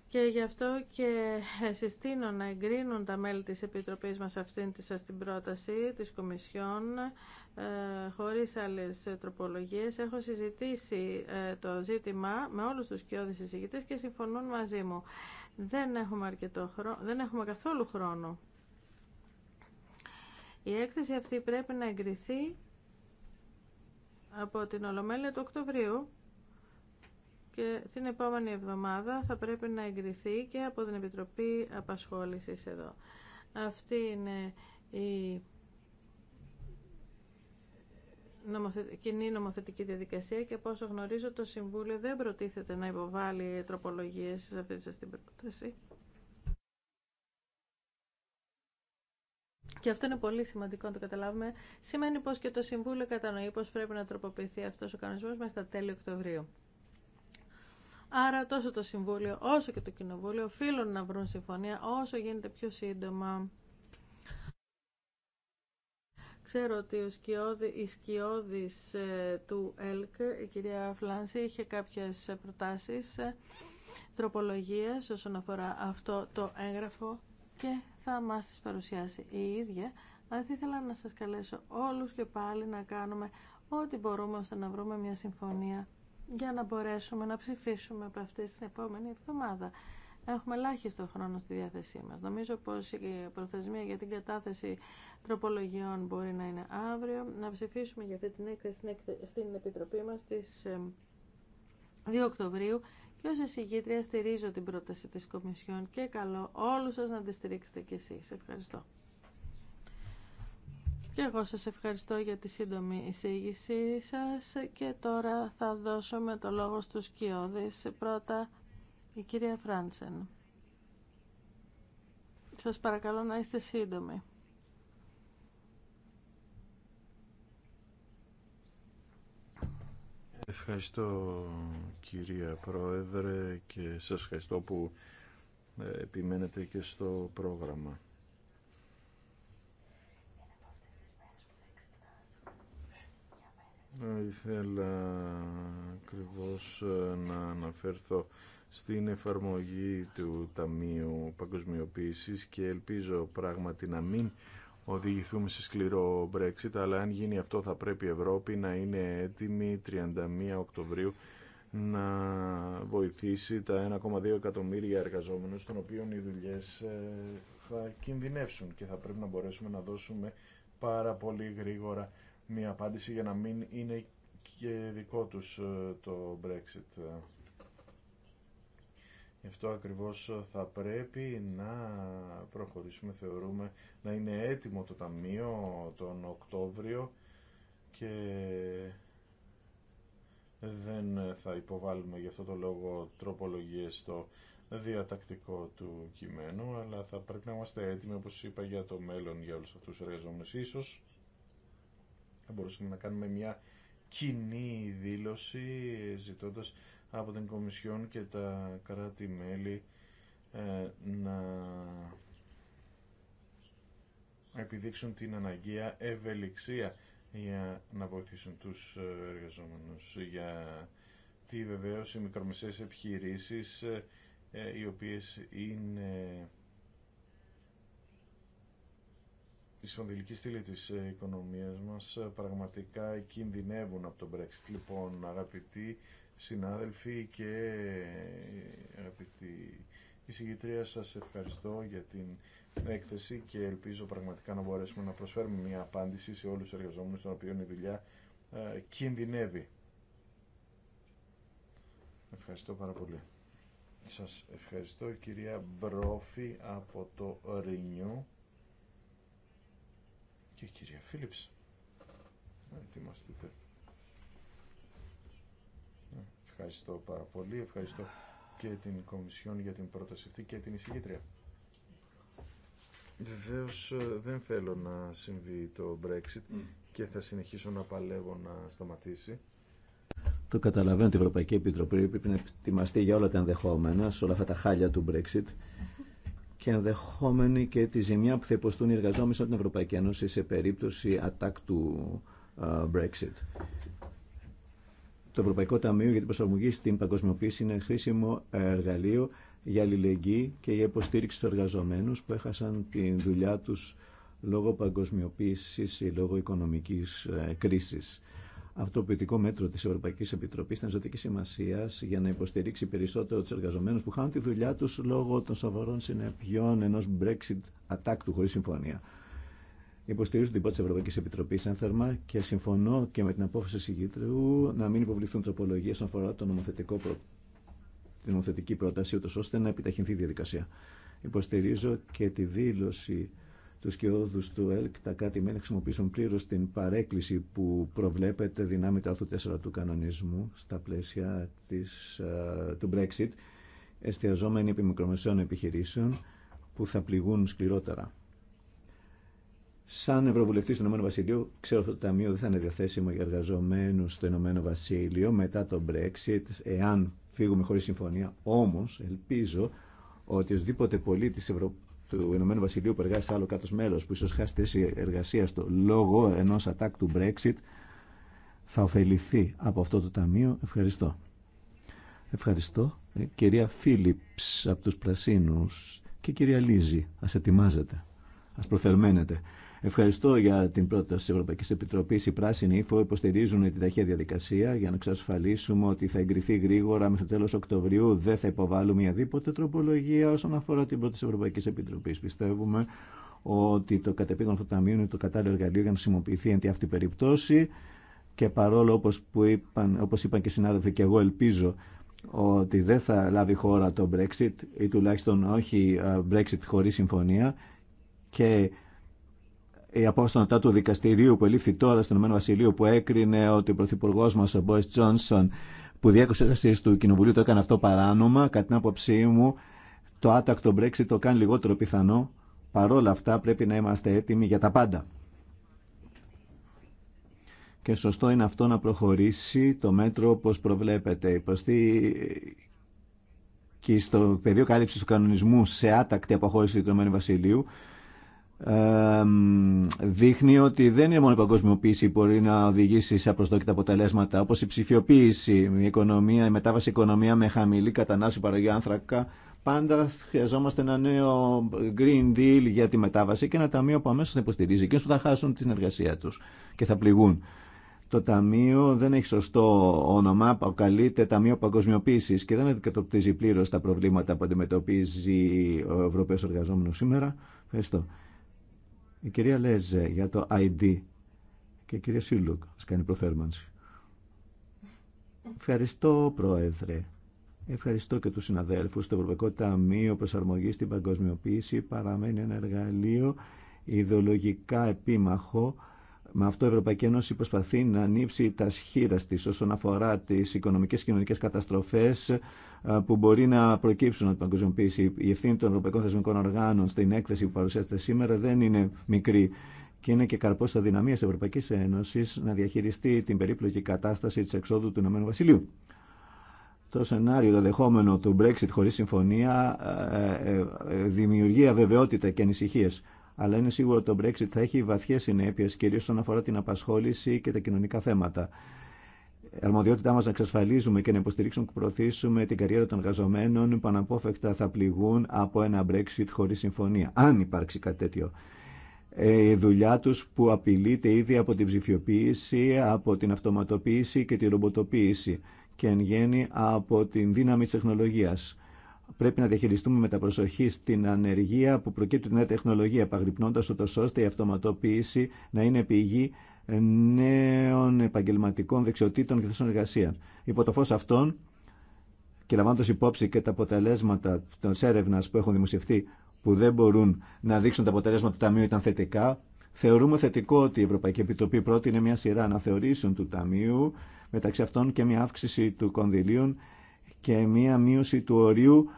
Και γι' αυτό και συστήνω να εγκρίνουν τα μέλη της Επιτροπής μας αυτήν σας την πρόταση της Κομισιόν ε, χωρίς άλλες τροπολογίες. Έχω συζητήσει ε, το ζήτημα με όλους τους κοιόδης συζητητές και συμφωνούν μαζί μου. Δεν έχουμε, αρκετό χρόνο, δεν έχουμε καθόλου χρόνο. Η έκθεση αυτή πρέπει να εγκριθεί από την Ολομέλεια του Οκτωβρίου και την επόμενη εβδομάδα θα πρέπει να εγκριθεί και από την Επιτροπή Απασχόλησης εδώ. Αυτή είναι η κοινή νομοθετική διαδικασία και από γνωρίζω το Συμβούλιο δεν προτίθεται να υποβάλει τροπολογίες σε αυτή την πρόταση. και αυτό είναι πολύ σημαντικό να το καταλάβουμε, σημαίνει πως και το Συμβούλιο κατανοεί πως πρέπει να τροποποιηθεί αυτός ο κανονισμό μέχρι τα τέλη Οκτωβρίου. Άρα τόσο το Συμβούλιο όσο και το Κοινοβούλιο οφείλουν να βρουν συμφωνία όσο γίνεται πιο σύντομα. Ξέρω ότι ο σκιώδη, η σκιώδης ε, του ΕΛΚ, η κυρία Φλάνση, είχε κάποιες προτάσεις ε, τροπολογίες όσον αφορά αυτό το έγγραφο και θα μας τις παρουσιάσει η ίδια. Αλλά θα ήθελα να σας καλέσω όλους και πάλι να κάνουμε ό,τι μπορούμε ώστε να βρούμε μια συμφωνία για να μπορέσουμε να ψηφίσουμε από αυτή την επόμενη εβδομάδα. Έχουμε ελάχιστο χρόνο στη διάθεσή μας. Νομίζω πως η προθεσμία για την κατάθεση τροπολογιών μπορεί να είναι αύριο. Να ψηφίσουμε για αυτή την έκθεση στην Επιτροπή μας στις 2 Οκτωβρίου και ως εισηγήτρια στηρίζω την πρόταση της Κομισιόν και καλώ όλους σας να τη στηρίξετε κι εσείς. Ευχαριστώ. Και εγώ σας ευχαριστώ για τη σύντομη εισήγησή σας και τώρα θα δώσω με το λόγο στους κοιόδης. Πρώτα η κυρία Φράνσεν. Σας παρακαλώ να είστε σύντομοι. Ευχαριστώ κυρία Πρόεδρε και σας ευχαριστώ που ε, επιμένετε και στο πρόγραμμα. Ε, ήθελα ακριβώ ε, να αναφέρθω στην εφαρμογή του Ταμείου Παγκοσμιοποίησης και ελπίζω πράγματι να μην οδηγηθούμε σε σκληρό Brexit, αλλά αν γίνει αυτό θα πρέπει η Ευρώπη να είναι έτοιμη 31 Οκτωβρίου να βοηθήσει τα 1,2 εκατομμύρια εργαζόμενους των οποίων οι δουλειές ε, θα κινδυνεύσουν και θα πρέπει να μπορέσουμε να δώσουμε πάρα πολύ γρήγορα μια απάντηση για να μην είναι και δικό τους ε, το Brexit. Γι' αυτό ακριβώς θα πρέπει να προχωρήσουμε, θεωρούμε να είναι έτοιμο το Ταμείο τον Οκτώβριο και δεν θα υποβάλουμε γι' αυτό το λόγο τροπολογίες στο διατακτικό του κειμένου, αλλά θα πρέπει να είμαστε έτοιμοι, όπως είπα, για το μέλλον για όλους αυτούς τους εργαζόμενους. Ίσως θα μπορούσαμε να κάνουμε μια κοινή δήλωση ζητώντας από την Κομισιόν και τα κράτη-μέλη ε, να επιδείξουν την αναγκαία ευελιξία για να βοηθήσουν τους ε, εργαζόμενους για τι βεβαίως οι μικρομεσαίες επιχειρήσεις ε, οι οποίες είναι η σφονδυλική στήλη της οικονομίας μας πραγματικά κινδυνεύουν από τον Brexit. Λοιπόν, αγαπητοί συνάδελφοι και αγαπητοί εισηγητρία σας ευχαριστώ για την έκθεση και ελπίζω πραγματικά να μπορέσουμε να προσφέρουμε μια απάντηση σε όλους τους εργαζόμενους των οποίων η δουλειά ε, κινδυνεύει. Ευχαριστώ πάρα πολύ. Σας ευχαριστώ κυρία Μπρόφη από το Ρίνιο και κυρία Φίλιψ. Ετοιμαστείτε. Ευχαριστώ πάρα πολύ. Ευχαριστώ και την Κομισιόν για την πρόταση αυτή και την εισηγήτρια. Βεβαίω ε, δεν θέλω να συμβεί το Brexit mm. και θα συνεχίσω να παλεύω να σταματήσει. Το καταλαβαίνω ότι η Ευρωπαϊκή Επιτροπή πρέπει να ετοιμαστεί για όλα τα ενδεχόμενα, σε όλα αυτά τα χάλια του Brexit και ενδεχόμενη και τη ζημιά που θα υποστούν οι εργαζόμενοι από την Ευρωπαϊκή Ένωση σε περίπτωση ατάκτου ε, Brexit. Το Ευρωπαϊκό Ταμείο για την Προσαρμογή στην Παγκοσμιοποίηση είναι χρήσιμο εργαλείο για αλληλεγγύη και για υποστήριξη στους εργαζομένους που έχασαν τη δουλειά τους λόγω παγκοσμιοποίησης ή λόγω οικονομικής ε, κρίσης. Αυτό το ποιοτικό μέτρο της Ευρωπαϊκής Επιτροπής ήταν ζωτική σημασία για να υποστηρίξει περισσότερο τους εργαζομένους που χάνουν τη δουλειά τους λόγω των σοβαρών συνεπειών ενός Brexit ατάκτου χωρί συμφωνία. Υποστηρίζω την πρώτη τη Ευρωπαϊκή Επιτροπή ένθερμα και συμφωνώ και με την απόφαση Υγήτρου να μην υποβληθούν τροπολογίε όσον αφορά το νομοθετικό προ... την νομοθετική πρόταση, ούτω ώστε να επιταχυνθεί η διαδικασία. Υποστηρίζω και τη δήλωση του σκιώδου του ΕΛΚ. Τα κάτι να χρησιμοποιήσουν πλήρω την παρέκκληση που προβλέπεται δυνάμει του άρθρου 4 του κανονισμού στα πλαίσια της, του Brexit, εστιαζόμενοι επί μικρομεσαίων επιχειρήσεων που θα πληγούν σκληρότερα Σαν Ευρωβουλευτή του Ηνωμένου Βασιλείου, ξέρω ότι το Ταμείο δεν θα είναι διαθέσιμο για εργαζομένου στο Ηνωμένο Βασίλειο μετά το Brexit, εάν φύγουμε χωρί συμφωνία. Όμω, ελπίζω ότι οσδήποτε πολίτη Ευρω... του Ηνωμένου Βασιλείου που εργάζεται σε άλλο κάτω μέλο, που ίσω χάσει θέση εργασία του λόγω ενό ατάκ του Brexit, θα ωφεληθεί από αυτό το Ταμείο. Ευχαριστώ. Ευχαριστώ. Ε, κυρία Φίλιπς από τους Πρασίνους και κυρία Λίζη, α ετοιμάζετε, ας προθερμαίνετε. Ευχαριστώ για την πρόταση τη Ευρωπαϊκή Επιτροπή. Οι πράσινοι ύφο υποστηρίζουν την ταχεία διαδικασία για να εξασφαλίσουμε ότι θα εγκριθεί γρήγορα μέχρι το τέλο Οκτωβριού. Δεν θα υποβάλουμε οποιαδήποτε τροπολογία όσον αφορά την πρόταση τη Ευρωπαϊκή Επιτροπή. Πιστεύουμε ότι το κατεπήγον αυτό το ταμείο είναι το κατάλληλο εργαλείο για να χρησιμοποιηθεί εν τη αυτή περιπτώσει και παρόλο όπως, είπαν, όπως είπαν και οι συνάδελφοι και εγώ ελπίζω ότι δεν θα λάβει χώρα το Brexit ή τουλάχιστον όχι ε, Brexit χωρίς συμφωνία και η απόστονοτά του δικαστηρίου που ελήφθη τώρα στον Ηνωμένο Βασιλείο που έκρινε ότι ο Πρωθυπουργό μα, ο Μπόρι Τζόνσον, που διέκοψε εργασίε του Κοινοβουλίου, το έκανε αυτό παράνομα. Κατά την άποψή μου, το άτακτο Brexit το κάνει λιγότερο πιθανό. Παρόλα αυτά, πρέπει να είμαστε έτοιμοι για τα πάντα. Και σωστό είναι αυτό να προχωρήσει το μέτρο όπως προβλέπεται. Υποστεί και στο πεδίο κάλυψης του κανονισμού σε άτακτη αποχώρηση του Ηνωμένου Βασιλείου δείχνει ότι δεν είναι μόνο η παγκοσμιοποίηση που μπορεί να οδηγήσει σε απροσδόκητα αποτελέσματα, όπω η ψηφιοποίηση, η, οικονομία, η μετάβαση οικονομία με χαμηλή κατανάλωση παραγωγή άνθρακα. Πάντα χρειαζόμαστε ένα νέο Green Deal για τη μετάβαση και ένα ταμείο που αμέσω θα υποστηρίζει και που θα χάσουν την εργασία του και θα πληγούν. Το ταμείο δεν έχει σωστό όνομα, αποκαλείται Ταμείο Παγκοσμιοποίηση και δεν αντικατοπτρίζει πλήρω τα προβλήματα που αντιμετωπίζει ο Ευρωπαίο Εργαζόμενο σήμερα. Ευχαριστώ. Η κυρία Λέζε για το ID και η κυρία Σίλουκ ας κάνει προθέρμανση. Ευχαριστώ, Πρόεδρε. Ευχαριστώ και τους συναδέλφους. Το Ευρωπαϊκό Ταμείο Προσαρμογής στην Παγκοσμιοποίηση παραμένει ένα εργαλείο ιδεολογικά επίμαχο. Με αυτό η Ευρωπαϊκή Ένωση προσπαθεί να ανοίξει τα σχήρα τη όσον αφορά τι οικονομικέ και κοινωνικέ καταστροφέ ε, που μπορεί να προκύψουν από την παγκοσμιοποίηση. Η ευθύνη των Ευρωπαϊκών Θεσμικών Οργάνων στην έκθεση που παρουσιάζεται σήμερα δεν είναι μικρή και είναι και καρπό αδυναμία τη Ευρωπαϊκή Ένωση να διαχειριστεί την περίπλοκη κατάσταση τη εξόδου του Ηνωμένου Βασιλείου. Το σενάριο, το δεχόμενο του Brexit χωρί συμφωνία ε, ε, δημιουργεί αβεβαιότητα και ανησυχίε, Αλλά είναι σίγουρο ότι το Brexit θα έχει βαθιέ συνέπειε κυρίω όσον αφορά την απασχόληση και τα κοινωνικά θέματα αρμοδιότητά μα να εξασφαλίζουμε και να υποστηρίξουμε και προωθήσουμε την καριέρα των εργαζομένων που αναπόφευκτα θα πληγούν από ένα Brexit χωρί συμφωνία, αν υπάρξει κάτι τέτοιο. Ε, η δουλειά του που απειλείται ήδη από την ψηφιοποίηση, από την αυτοματοποίηση και τη ρομποτοποίηση και εν γέννη από την δύναμη τη τεχνολογία. Πρέπει να διαχειριστούμε με τα προσοχή στην ανεργία που προκύπτει την νέα τεχνολογία, επαγρυπνώντα ούτω ώστε η αυτοματοποίηση να είναι πηγή νέων επαγγελματικών δεξιοτήτων και θέσεων εργασία. Υπό το φω αυτών και λαμβάνοντα υπόψη και τα αποτελέσματα τη έρευνα που έχουν δημοσιευτεί που δεν μπορούν να δείξουν τα αποτελέσματα του Ταμείου ήταν θετικά, θεωρούμε θετικό ότι η Ευρωπαϊκή Επιτροπή πρότεινε μια σειρά αναθεωρήσεων του Ταμείου, μεταξύ αυτών και μια αύξηση του κονδυλίων και μία μείωση του ορίου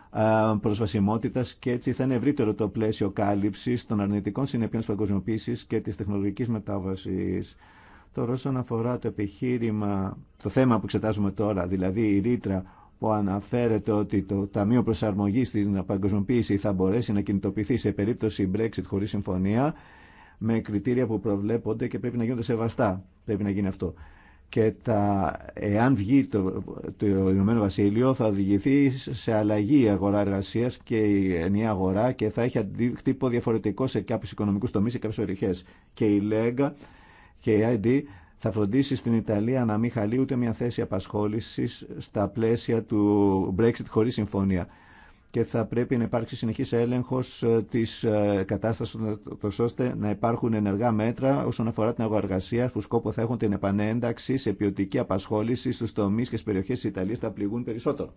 προσβασιμότητας και έτσι θα είναι ευρύτερο το πλαίσιο κάλυψης των αρνητικών συνεπειών της παγκοσμιοποίησης και της τεχνολογικής μετάβασης. Τώρα όσον αφορά το επιχείρημα, το θέμα που εξετάζουμε τώρα, δηλαδή η ρήτρα που αναφέρεται ότι το Ταμείο Προσαρμογής στην Παγκοσμιοποίηση θα μπορέσει να κινητοποιηθεί σε περίπτωση Brexit χωρίς συμφωνία, με κριτήρια που προβλέπονται και πρέπει να γίνονται σεβαστά. Πρέπει να γίνει αυτό και τα, εάν βγει το, το Ηνωμένο Βασίλειο θα οδηγηθεί σε αλλαγή η αγορά εργασία και η ενιαία αγορά και θα έχει αντίκτυπο διαφορετικό σε κάποιου οικονομικού τομεί και κάποιε περιοχέ. Και η ΛΕΓΑ και η ID θα φροντίσει στην Ιταλία να μην χαλεί ούτε μια θέση απασχόληση στα πλαίσια του Brexit χωρί συμφωνία και θα πρέπει να υπάρξει συνεχής έλεγχος ε, της ε, κατάστασης ώστε να υπάρχουν ενεργά μέτρα όσον αφορά την αγοργασία που σκόπο θα έχουν την επανένταξη σε ποιοτική απασχόληση στους τομείς και στις περιοχές της Ιταλίας θα πληγούν περισσότερο.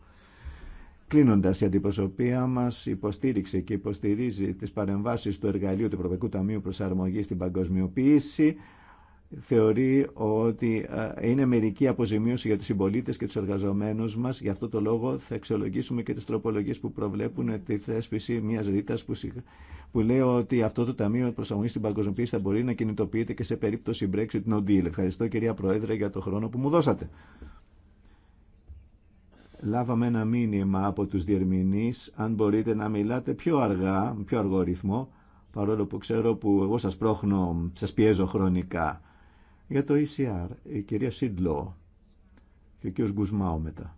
Κλείνοντα, η αντιπροσωπεία μα υποστήριξε και υποστηρίζει τι παρεμβάσει του εργαλείου του Ευρωπαϊκού Ταμείου Προσαρμογή στην Παγκοσμιοποίηση θεωρεί ότι είναι μερική αποζημίωση για τους συμπολίτε και τους εργαζομένους μας. Γι' αυτό το λόγο θα εξολογήσουμε και τις τροπολογίες που προβλέπουν τη θέσπιση μιας ρήτας που, που λέει ότι αυτό το Ταμείο Προσαρμογής στην Παγκοσμιοποίηση θα μπορεί να κινητοποιείται και σε περίπτωση Brexit No Deal. Ευχαριστώ κυρία Πρόεδρε για το χρόνο που μου δώσατε. Λάβαμε ένα μήνυμα από τους διερμηνείς, αν μπορείτε να μιλάτε πιο αργά, πιο αργό ρυθμό, παρόλο που ξέρω που εγώ σας πρόχνω, σας πιέζω χρονικά. Για το ECR, η κυρία Σίντλο και ο κύριος Γκουσμάου μετά.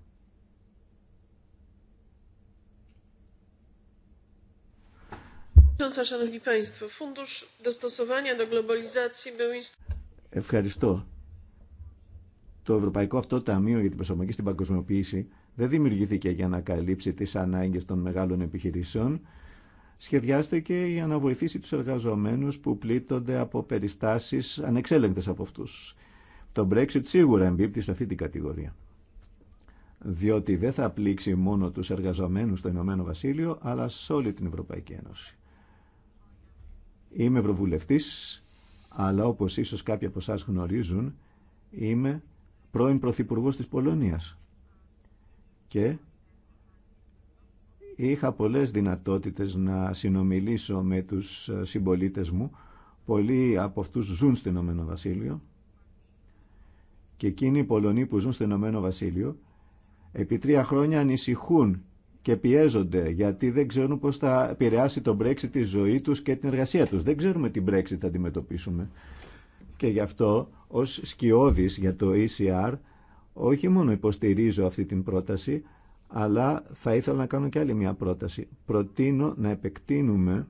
Ευχαριστώ. Το Ευρωπαϊκό αυτό Ταμείο για την Προσωπική στην Παγκοσμιοποίηση δεν δημιουργήθηκε για να καλύψει τις ανάγκες των μεγάλων επιχειρήσεων, σχεδιάστηκε για να βοηθήσει τους εργαζομένους που πλήττονται από περιστάσεις ανεξέλεγκτες από αυτούς. Το Brexit σίγουρα εμπίπτει σε αυτή την κατηγορία. Διότι δεν θα πλήξει μόνο τους εργαζομένους στο Ηνωμένο Βασίλειο, αλλά σε όλη την Ευρωπαϊκή Ένωση. Είμαι ευρωβουλευτής, αλλά όπως ίσως κάποιοι από εσά γνωρίζουν, είμαι πρώην Πρωθυπουργός της Πολωνίας. Και Είχα πολλές δυνατότητες να συνομιλήσω με τους συμπολίτες μου. Πολλοί από αυτούς ζουν στο Ηνωμένο Βασίλειο και εκείνοι οι Πολωνοί που ζουν στο Ηνωμένο Βασίλειο επί τρία χρόνια ανησυχούν και πιέζονται γιατί δεν ξέρουν πώς θα επηρεάσει το Brexit τη ζωή τους και την εργασία τους. Δεν ξέρουμε τι Brexit θα αντιμετωπίσουμε. Και γι' αυτό ως σκιώδης για το ECR όχι μόνο υποστηρίζω αυτή την πρόταση, αλλά θα ήθελα να κάνω και άλλη μια πρόταση. Προτείνω να επεκτείνουμε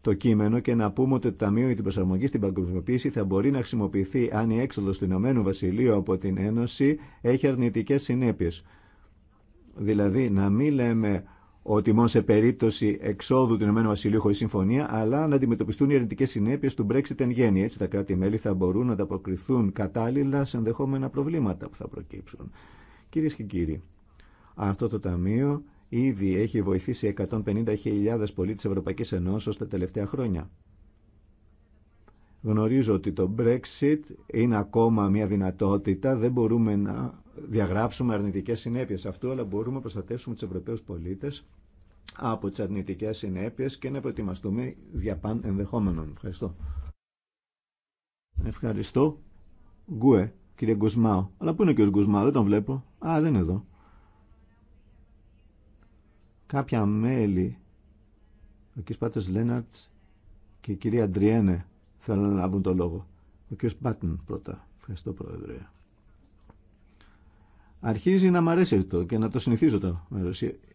το κείμενο και να πούμε ότι το Ταμείο για την Προσαρμογή στην Παγκοσμιοποίηση θα μπορεί να χρησιμοποιηθεί αν η έξοδο του Ηνωμένου Βασιλείου από την Ένωση έχει αρνητικέ συνέπειε. Δηλαδή, να μην λέμε ότι μόνο σε περίπτωση εξόδου του Ηνωμένου Βασιλείου χωρί συμφωνία, αλλά να αντιμετωπιστούν οι αρνητικέ συνέπειε του Brexit εν γέννη. Έτσι, τα κράτη-μέλη θα μπορούν να ανταποκριθούν κατάλληλα σε ενδεχόμενα προβλήματα που θα προκύψουν. Κυρίε και κύριοι, αυτό το ταμείο ήδη έχει βοηθήσει 150.000 πολίτες Ευρωπαϊκής Ενώσεως τα τελευταία χρόνια. Γνωρίζω ότι το Brexit είναι ακόμα μια δυνατότητα, δεν μπορούμε να διαγράψουμε αρνητικές συνέπειες αυτού, αλλά μπορούμε να προστατεύσουμε τους Ευρωπαίους πολίτες από τις αρνητικές συνέπειες και να προετοιμαστούμε για παν ενδεχόμενων. Ευχαριστώ. Ευχαριστώ. Γκουε, κύριε Γκουσμάου. Αλλά πού είναι ο κύριος Γκουσμάου, δεν τον βλέπω. Α, δεν είναι εδώ κάποια μέλη, ο κ. Πάτρος Λέναρτς και η κυρία Αντριένε θέλουν να λάβουν το λόγο. Ο κ. Μπάτν πρώτα. Ευχαριστώ Πρόεδρε. Αρχίζει να μ' αρέσει το και να το συνηθίζω το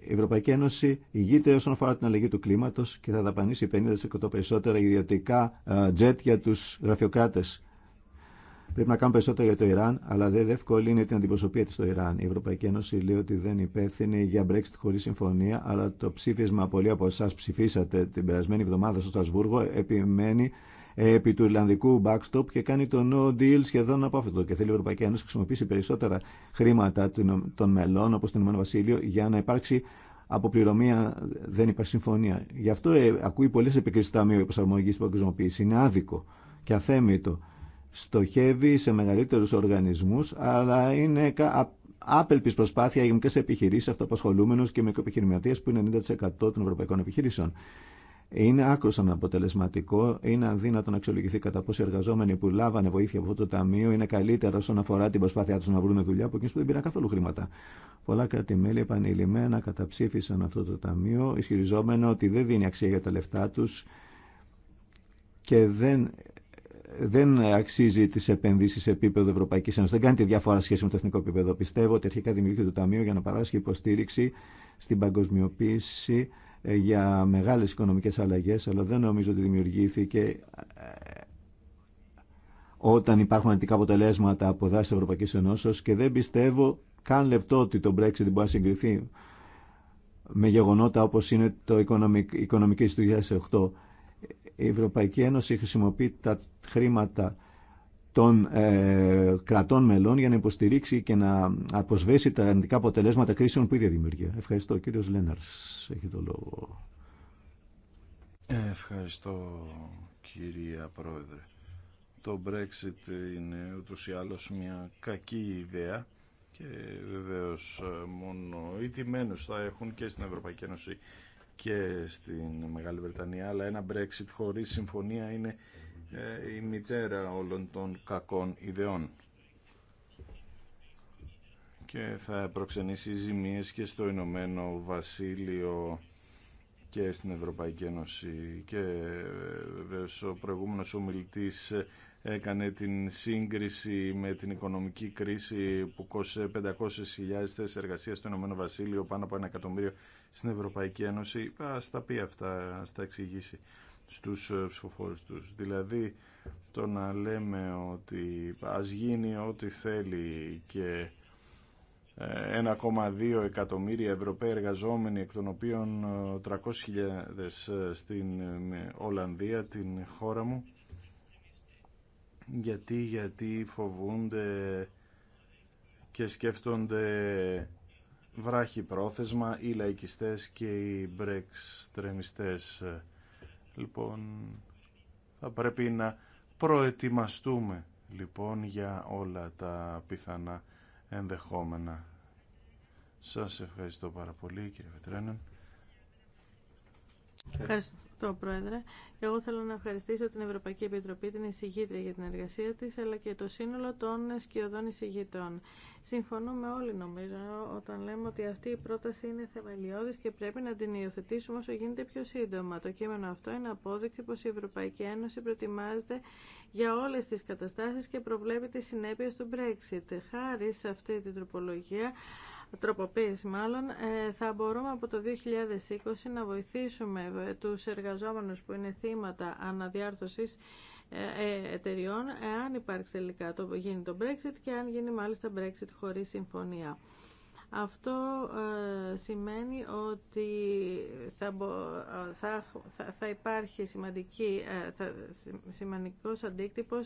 Η Ευρωπαϊκή Ένωση ηγείται όσον αφορά την αλλαγή του κλίματος και θα δαπανίσει 50% περισσότερα ιδιωτικά ε, τζετ για τους γραφειοκράτες Πρέπει να κάνουμε περισσότερο για το Ιράν, αλλά δεν διευκολύνει την αντιπροσωπεία τη στο Ιράν. Η Ευρωπαϊκή Ένωση λέει ότι δεν υπεύθυνη για Brexit χωρί συμφωνία, αλλά το ψήφισμα πολλοί από εσά ψηφίσατε την περασμένη εβδομάδα στο Στρασβούργο επιμένει επί του Ιρλανδικού backstop και κάνει το no deal σχεδόν από αυτό Και θέλει η Ευρωπαϊκή Ένωση να χρησιμοποιήσει περισσότερα χρήματα των μελών, όπω το Ηνωμένο Βασίλειο, για να υπάρξει αποπληρωμή δεν υπάρχει συμφωνία. Γι' αυτό ε, ακούει πολλέ επικρίσει του Ταμείου Προσαρμογή και Είναι άδικο και αθέμητο στοχεύει σε μεγαλύτερους οργανισμούς, αλλά είναι άπελπης προσπάθεια για μικρές επιχειρήσεις, αυτοαπασχολούμενους και μικροεπιχειρηματίες που είναι 90% των ευρωπαϊκών επιχειρήσεων. Είναι άκρο αναποτελεσματικό, είναι αδύνατο να αξιολογηθεί κατά πόσο οι εργαζόμενοι που λάβανε βοήθεια από αυτό το ταμείο είναι καλύτερα όσον αφορά την προσπάθειά του να βρουν δουλειά από εκείνου που δεν πήραν καθόλου χρήματα. Πολλά κράτη-μέλη επανειλημμένα καταψήφισαν αυτό το ταμείο, ισχυριζόμενο ότι δεν δίνει αξία για τα λεφτά του και δεν δεν αξίζει τι επενδύσει σε επίπεδο Ευρωπαϊκή Ένωση. Δεν κάνει τη διαφορά σχέση με το εθνικό επίπεδο. Πιστεύω ότι αρχικά δημιουργήθηκε το Ταμείο για να παράσχει υποστήριξη στην παγκοσμιοποίηση ε, για μεγάλε οικονομικέ αλλαγέ, αλλά δεν νομίζω ότι δημιουργήθηκε ε, όταν υπάρχουν αρνητικά αποτελέσματα από δράσει τη Ευρωπαϊκή Ενώσεω και δεν πιστεύω καν λεπτό ότι το Brexit μπορεί να συγκριθεί με γεγονότα όπως είναι το οικονομική, οικονομική του 2008 η Ευρωπαϊκή Ένωση χρησιμοποιεί τα χρήματα των ε, κρατών μελών για να υποστηρίξει και να αποσβέσει τα αρνητικά αποτελέσματα κρίσεων που ήδη δημιουργεί. Ευχαριστώ. Ο κύριος Λέναρς έχει το λόγο. Ευχαριστώ κυρία Πρόεδρε. Το Brexit είναι ούτως ή άλλως μια κακή ιδέα και βεβαίως μόνο οι τιμένους θα έχουν και στην Ευρωπαϊκή Ένωση και στην Μεγάλη Βρετανία, αλλά ένα Brexit χωρίς συμφωνία είναι ε, η μητέρα όλων των κακών ιδεών και θα προξενήσει ζημίες και στο Ηνωμένο Βασίλειο και στην Ευρωπαϊκή Ένωση και ε, βέβαια ο προηγούμενος ομιλητής ε, έκανε την σύγκριση με την οικονομική κρίση που κόσσε 500.000 θέσει εργασία στο Ηνωμένο Βασίλειο, πάνω από ένα εκατομμύριο στην Ευρωπαϊκή Ένωση. Α τα πει αυτά, α τα εξηγήσει στους ε, ψηφοφόρους τους. Δηλαδή το να λέμε ότι ας γίνει ό,τι θέλει και 1,2 ε, εκατομμύρια Ευρωπαίοι εργαζόμενοι εκ των οποίων 300.000 ε, στην Ολλανδία, την χώρα μου γιατί, γιατί φοβούνται και σκέφτονται βράχη πρόθεσμα οι λαϊκιστές και οι μπρεξτρεμιστές. Λοιπόν, θα πρέπει να προετοιμαστούμε λοιπόν για όλα τα πιθανά ενδεχόμενα. Σας ευχαριστώ πάρα πολύ κύριε Βετρένεν. Ευχαριστώ, Πρόεδρε. Εγώ θέλω να ευχαριστήσω την Ευρωπαϊκή Επιτροπή, την εισηγήτρια για την εργασία της, αλλά και το σύνολο των σκιωδών εισηγητών. Συμφωνούμε όλοι, νομίζω, όταν λέμε ότι αυτή η πρόταση είναι θεμελιώδης και πρέπει να την υιοθετήσουμε όσο γίνεται πιο σύντομα. Το κείμενο αυτό είναι απόδειξη πως η Ευρωπαϊκή Ένωση προετοιμάζεται για όλες τις καταστάσεις και προβλέπει τις συνέπειες του Brexit. Χάρη σε αυτή την τροπολογία, τροποποίηση μάλλον, ε, θα μπορούμε από το 2020 να βοηθήσουμε ε, τους εργαζόμενους που είναι θύματα αναδιάρθρωσης ε, εταιριών, εάν υπάρξει τελικά το, γίνει το Brexit και αν γίνει μάλιστα Brexit χωρίς συμφωνία. Αυτό ε, σημαίνει ότι θα, υπάρχει σημαντική, ε, θα, σημαντικός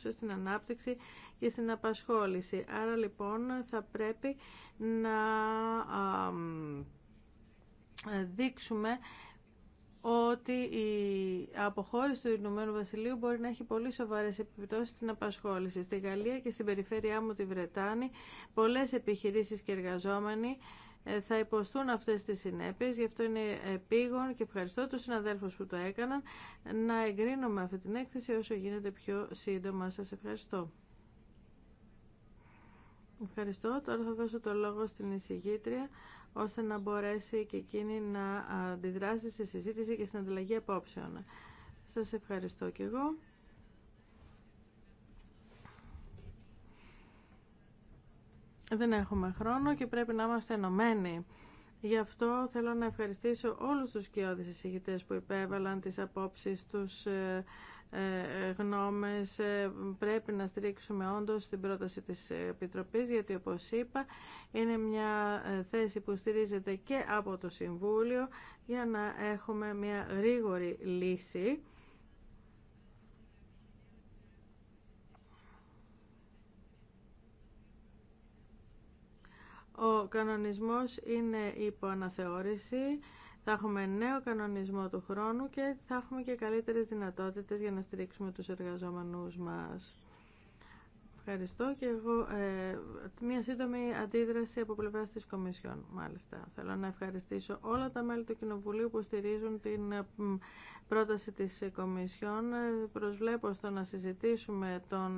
στην ανάπτυξη και στην απασχόληση. Άρα λοιπόν θα πρέπει να ε, δείξουμε ότι η αποχώρηση του Ηνωμένου Βασιλείου μπορεί να έχει πολύ σοβαρές επιπτώσεις στην απασχόληση. Στη Γαλλία και στην περιφέρειά μου τη Βρετάνη, πολλές επιχειρήσεις και εργαζόμενοι ε, θα υποστούν αυτές τις συνέπειες, γι' αυτό είναι επίγον και ευχαριστώ τους συναδέλφους που το έκαναν να εγκρίνουμε αυτή την έκθεση όσο γίνεται πιο σύντομα. Σας ευχαριστώ. Ευχαριστώ. Τώρα θα δώσω το λόγο στην εισηγήτρια ώστε να μπορέσει και εκείνη να αντιδράσει σε συζήτηση και στην ανταλλαγή απόψεων. Σας ευχαριστώ και εγώ. Δεν έχουμε χρόνο και πρέπει να είμαστε ενωμένοι. Γι' αυτό θέλω να ευχαριστήσω όλους τους κοιόδης εισηγητές που υπέβαλαν τις απόψεις τους ε, ε, ε, γνώμες ε, πρέπει να στηρίξουμε όντως την πρόταση της Επιτροπής γιατί όπως είπα είναι μια θέση που στηρίζεται και από το Συμβούλιο για να έχουμε μια γρήγορη λύση Ο κανονισμός είναι υπό αναθεώρηση θα έχουμε νέο κανονισμό του χρόνου και θα έχουμε και καλύτερες δυνατότητες για να στηρίξουμε τους εργαζόμενους μας. Ευχαριστώ και εγώ ε, μια σύντομη αντίδραση από πλευρά της Κομισιόν. Μάλιστα, θέλω να ευχαριστήσω όλα τα μέλη του Κοινοβουλίου που στηρίζουν την ε, πρόταση της Κομισιόν. Ε, προσβλέπω στο να συζητήσουμε τον